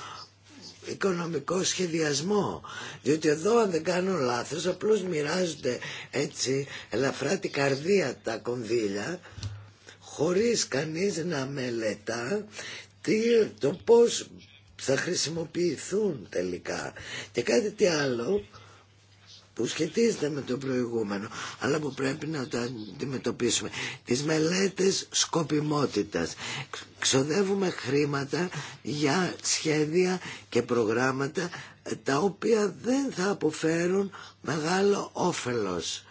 οικονομικό σχεδιασμό διότι εδώ αν δεν κάνω λάθος απλώς μοιράζονται έτσι ελαφρά την καρδία τα κονδύλια χωρίς κανείς να μελετά το πώς θα χρησιμοποιηθούν τελικά και κάτι τι άλλο που σχετίζεται με το προηγούμενο, αλλά που πρέπει να το αντιμετωπίσουμε. Τις μελέτες σκοπιμότητας. Ξοδεύουμε χρήματα για σχέδια και προγράμματα ε, τα οποία δεν θα αποφέρουν μεγάλο όφελος.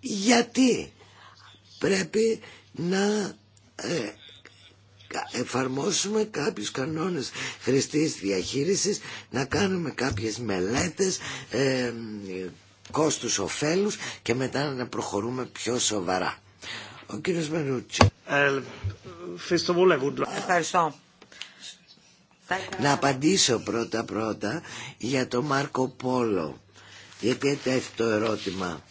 Γιατί πρέπει να ε, εφαρμόσουμε κάποιους κανόνες χρηστής διαχείρισης, να κάνουμε κάποιες μελέτες, ε, κόστους οφέλους και μετά να προχωρούμε πιο σοβαρά. Ο κύριος Μενούτσι. Ε, Ευχαριστώ. Να απαντήσω πρώτα πρώτα για το Μάρκο Πόλο. Γιατί έτσι το ερώτημα.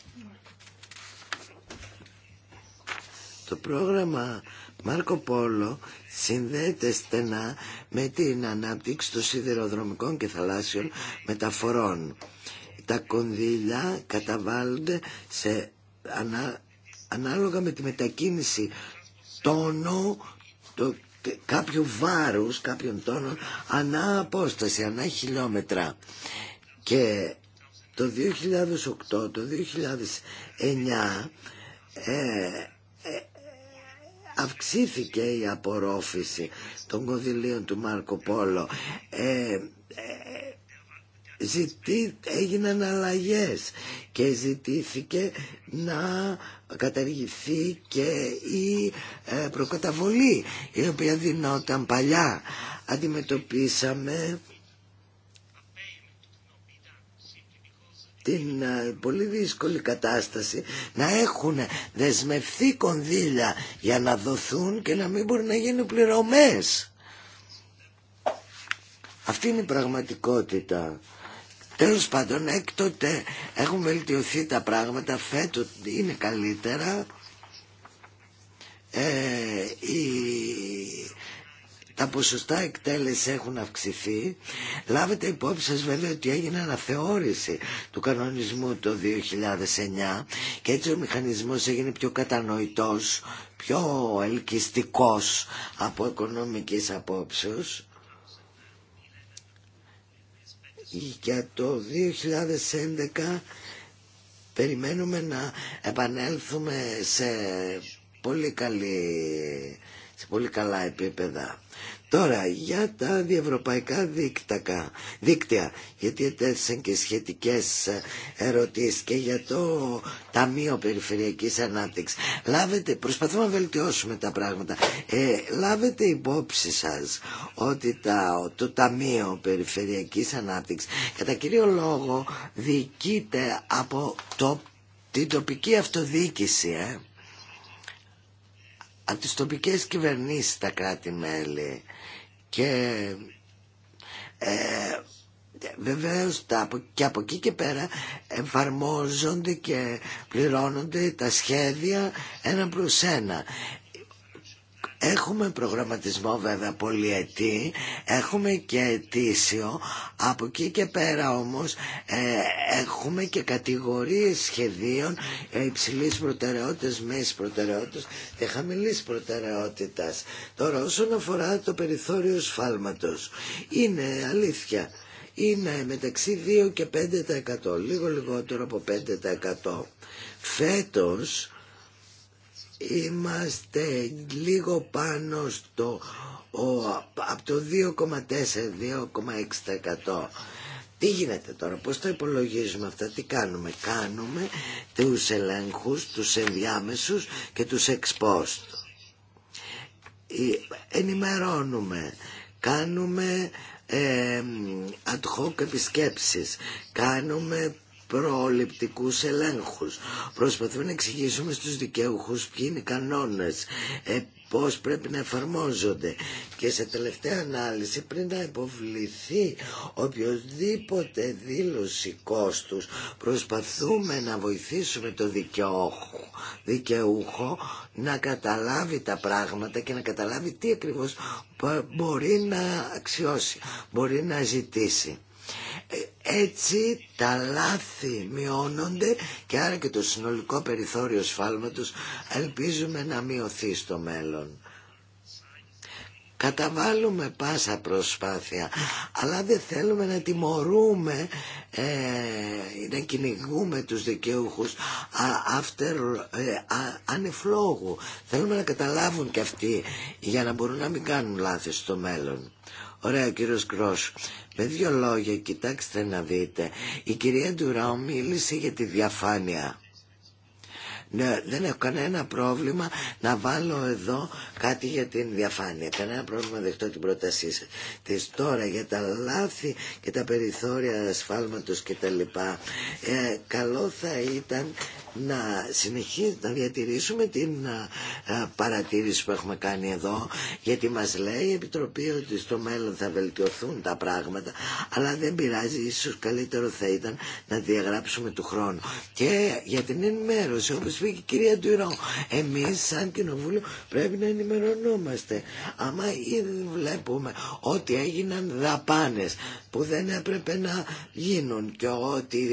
Το πρόγραμμα Μάρκο Πόλο συνδέεται στενά με την ανάπτυξη των σιδηροδρομικών και θαλάσσιων μεταφορών. Τα κονδύλια καταβάλλονται σε, ανάλογα με τη μετακίνηση τόνου το, κάποιου βάρους, κάποιων τόνων ανά απόσταση, ανά χιλιόμετρα και το 2008, το 2009 αυξήθηκε η απορρόφηση των κονδυλίων του Μάρκο Πόλο. Ε, ε, ζητή, έγιναν αλλαγές και ζητήθηκε να καταργηθεί και η ε, προκαταβολή η οποία δινόταν παλιά. Αντιμετωπίσαμε την ε, πολύ δύσκολη κατάσταση να έχουν δεσμευθεί κονδύλια για να δοθούν και να μην μπορούν να γίνουν πληρωμές. Αυτή είναι η πραγματικότητα. Τέλος πάντων, έκτοτε έχουν βελτιωθεί τα πράγματα, φέτο είναι καλύτερα. Ε, τα ποσοστά εκτέλεση έχουν αυξηθεί. Λάβετε υπόψη σας βέβαια ότι έγινε αναθεώρηση του κανονισμού το 2009 και έτσι ο μηχανισμός έγινε πιο κατανοητός, πιο ελκυστικό από οικονομική απόψεω. Για το 2011 περιμένουμε να επανέλθουμε σε πολύ, καλή, σε πολύ καλά επίπεδα. Τώρα για τα διευρωπαϊκά δίκτακα, δίκτυα, γιατί έτσι και σχετικές ε, ερωτήσεις και για το Ταμείο Περιφερειακής Ανάπτυξης. Λάβετε, προσπαθούμε να βελτιώσουμε τα πράγματα. Ε, λάβετε υπόψη σας ότι τα, το Ταμείο Περιφερειακής Ανάπτυξης κατά κύριο λόγο διοικείται από το, την τοπική αυτοδιοίκηση, ε από τις τοπικές κυβερνήσεις τα κράτη-μέλη και ε, Βεβαίω και από εκεί και πέρα εφαρμόζονται και πληρώνονται τα σχέδια ένα προς ένα. Έχουμε προγραμματισμό βέβαια πολυετή, έχουμε και αιτήσιο. από εκεί και πέρα όμως ε, έχουμε και κατηγορίες σχεδίων ε, υψηλής προτεραιότητας, μέσης προτεραιότητας και χαμηλής προτεραιότητας. Τώρα όσον αφορά το περιθώριο σφάλματος, είναι αλήθεια, είναι μεταξύ 2 και 5%, λίγο λιγότερο από 5%. Φέτος είμαστε λίγο πάνω στο από το 2,4-2,6%. Τι γίνεται τώρα, πώς το υπολογίζουμε αυτά, τι κάνουμε. Κάνουμε τους ελέγχους, τους ενδιάμεσους και τους εξπόστ. Ε, ενημερώνουμε, κάνουμε ε, ad hoc επισκέψεις, κάνουμε προληπτικούς ελέγχους. Προσπαθούμε να εξηγήσουμε στους δικαιούχους ποιοι είναι οι κανόνες, ε, πώς πρέπει να εφαρμόζονται και σε τελευταία ανάλυση πριν να υποβληθεί οποιοδήποτε δήλωση κόστους προσπαθούμε να βοηθήσουμε το δικαιούχο, δικαιούχο να καταλάβει τα πράγματα και να καταλάβει τι ακριβώς μπορεί να αξιώσει, μπορεί να ζητήσει. Έτσι τα λάθη μειώνονται και άρα και το συνολικό περιθώριο σφάλματος ελπίζουμε να μειωθεί στο μέλλον. Καταβάλουμε πάσα προσπάθεια, αλλά δεν θέλουμε να τιμωρούμε, ε, να κυνηγούμε τους δικαιούχους after, ε, ανεφλόγου. Θέλουμε να καταλάβουν και αυτοί για να μπορούν να μην κάνουν λάθη στο μέλλον. Ωραία κύριος Κρός. Με δύο λόγια, κοιτάξτε να δείτε. Η κυρία Ντουράου μίλησε για τη διαφάνεια. Ναι, δεν έχω κανένα πρόβλημα να βάλω εδώ κάτι για την διαφάνεια. Κανένα πρόβλημα δεχτώ την πρότασή τώρα για τα λάθη και τα περιθώρια ασφάλματο και τα ε, καλό θα ήταν να συνεχίσουμε να διατηρήσουμε την ε, ε, παρατήρηση που έχουμε κάνει εδώ γιατί μας λέει η Επιτροπή ότι στο μέλλον θα βελτιωθούν τα πράγματα αλλά δεν πειράζει ίσως καλύτερο θα ήταν να διαγράψουμε του χρόνου και για την ενημέρωση όπως και η κυρία Τουρό. εμείς σαν κοινοβούλιο πρέπει να ενημερωνόμαστε άμα βλέπουμε ότι έγιναν δαπάνες που δεν έπρεπε να γίνουν και ότι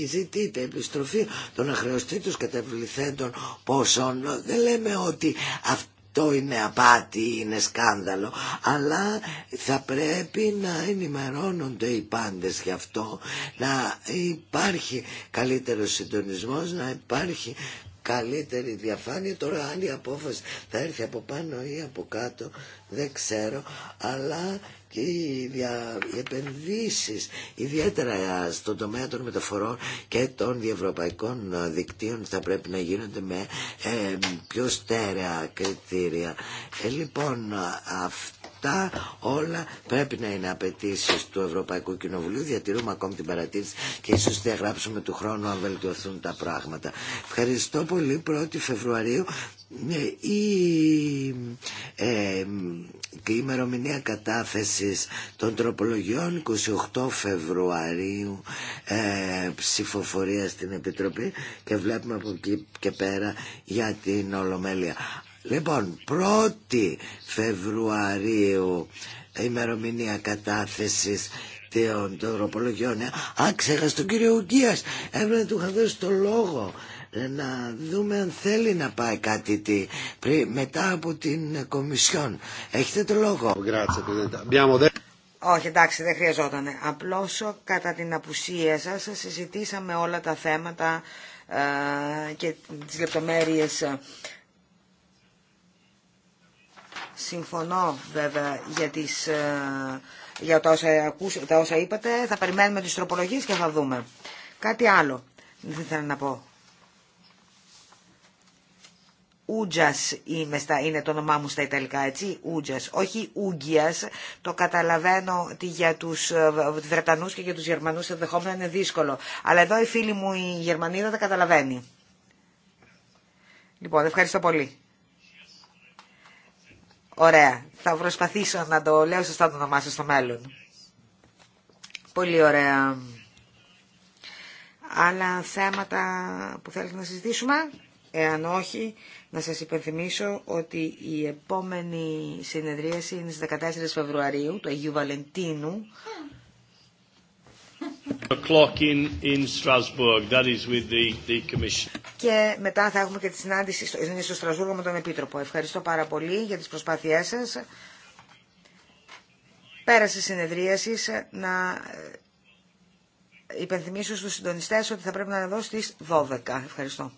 ε, ζητείται επιστροφή των αχρεώσεων εφαρμοστεί τους ποσών. Δεν λέμε ότι αυτό είναι απάτη, είναι σκάνδαλο, αλλά θα πρέπει να ενημερώνονται οι πάντες γι' αυτό, να υπάρχει καλύτερος συντονισμός, να υπάρχει καλύτερη διαφάνεια. Τώρα αν η απόφαση θα έρθει από πάνω ή από κάτω δεν ξέρω, αλλά οι, δια, οι επενδύσεις ιδιαίτερα στον τομέα των μεταφορών και των διευρωπαϊκών δικτύων θα πρέπει να γίνονται με ε, πιο στέρεα κριτήρια. Ε, λοιπόν αυτά όλα πρέπει να είναι απαιτήσει του Ευρωπαϊκού Κοινοβουλίου. Διατηρούμε ακόμη την παρατήρηση και ίσω διαγράψουμε του χρόνου αν βελτιωθούν τα πράγματα. Ευχαριστώ πολύ. 1η Φεβρουαρίου ναι, η, ε, η ημερομηνία κατάθεσης των τροπολογιών 28 Φεβρουαρίου ε, ψηφοφορία στην Επιτροπή και βλέπουμε από εκεί και πέρα για την Ολομέλεια. Λοιπόν, 1η Φεβρουαρίου ημερομηνία κατάθεσης των τροπολογιών. Α, ξέχασε τον κύριο Ουγγίας. Έπρεπε να του είχα δώσει το λόγο. Ε, να δούμε αν θέλει να πάει κάτι τι, μετά από την Κομισιόν. Έχετε το λόγο. Όχι, εντάξει, δεν χρειαζόταν. Απλώς κατά την απουσία σας συζητήσαμε όλα τα θέματα ε, και τις λεπτομέρειες. Συμφωνώ βέβαια για, ε, για τα, όσα τα όσα είπατε. Θα περιμένουμε τις τροπολογίες και θα δούμε. Κάτι άλλο δεν θέλω να πω. Ούτζα είμαι είναι το όνομά μου στα Ιταλικά, έτσι, Ούτζα. όχι Ούγγιας. Το καταλαβαίνω ότι για του ε, Βρετανού και για τους Γερμανούς ενδεχόμενα είναι δύσκολο. Αλλά εδώ η φίλη μου η Γερμανίδα τα καταλαβαίνει. Λοιπόν, ευχαριστώ πολύ. Ωραία. Θα προσπαθήσω να το λέω σωστά το όνομά σα στο μέλλον. Πολύ ωραία. Άλλα θέματα που θέλετε να συζητήσουμε. Εάν όχι, να σας υπενθυμίσω ότι η επόμενη συνεδρίαση είναι στις 14 Φεβρουαρίου του Αγίου Βαλεντίνου. Και μετά θα έχουμε και τη συνάντηση στο, στο Στρασβούργο με τον Επίτροπο. Ευχαριστώ πάρα πολύ για τις προσπάθειές σας. Πέρασε συνεδρίαση να ε, υπενθυμίσω στους συντονιστές ότι θα πρέπει να είναι εδώ στις 12. Ευχαριστώ.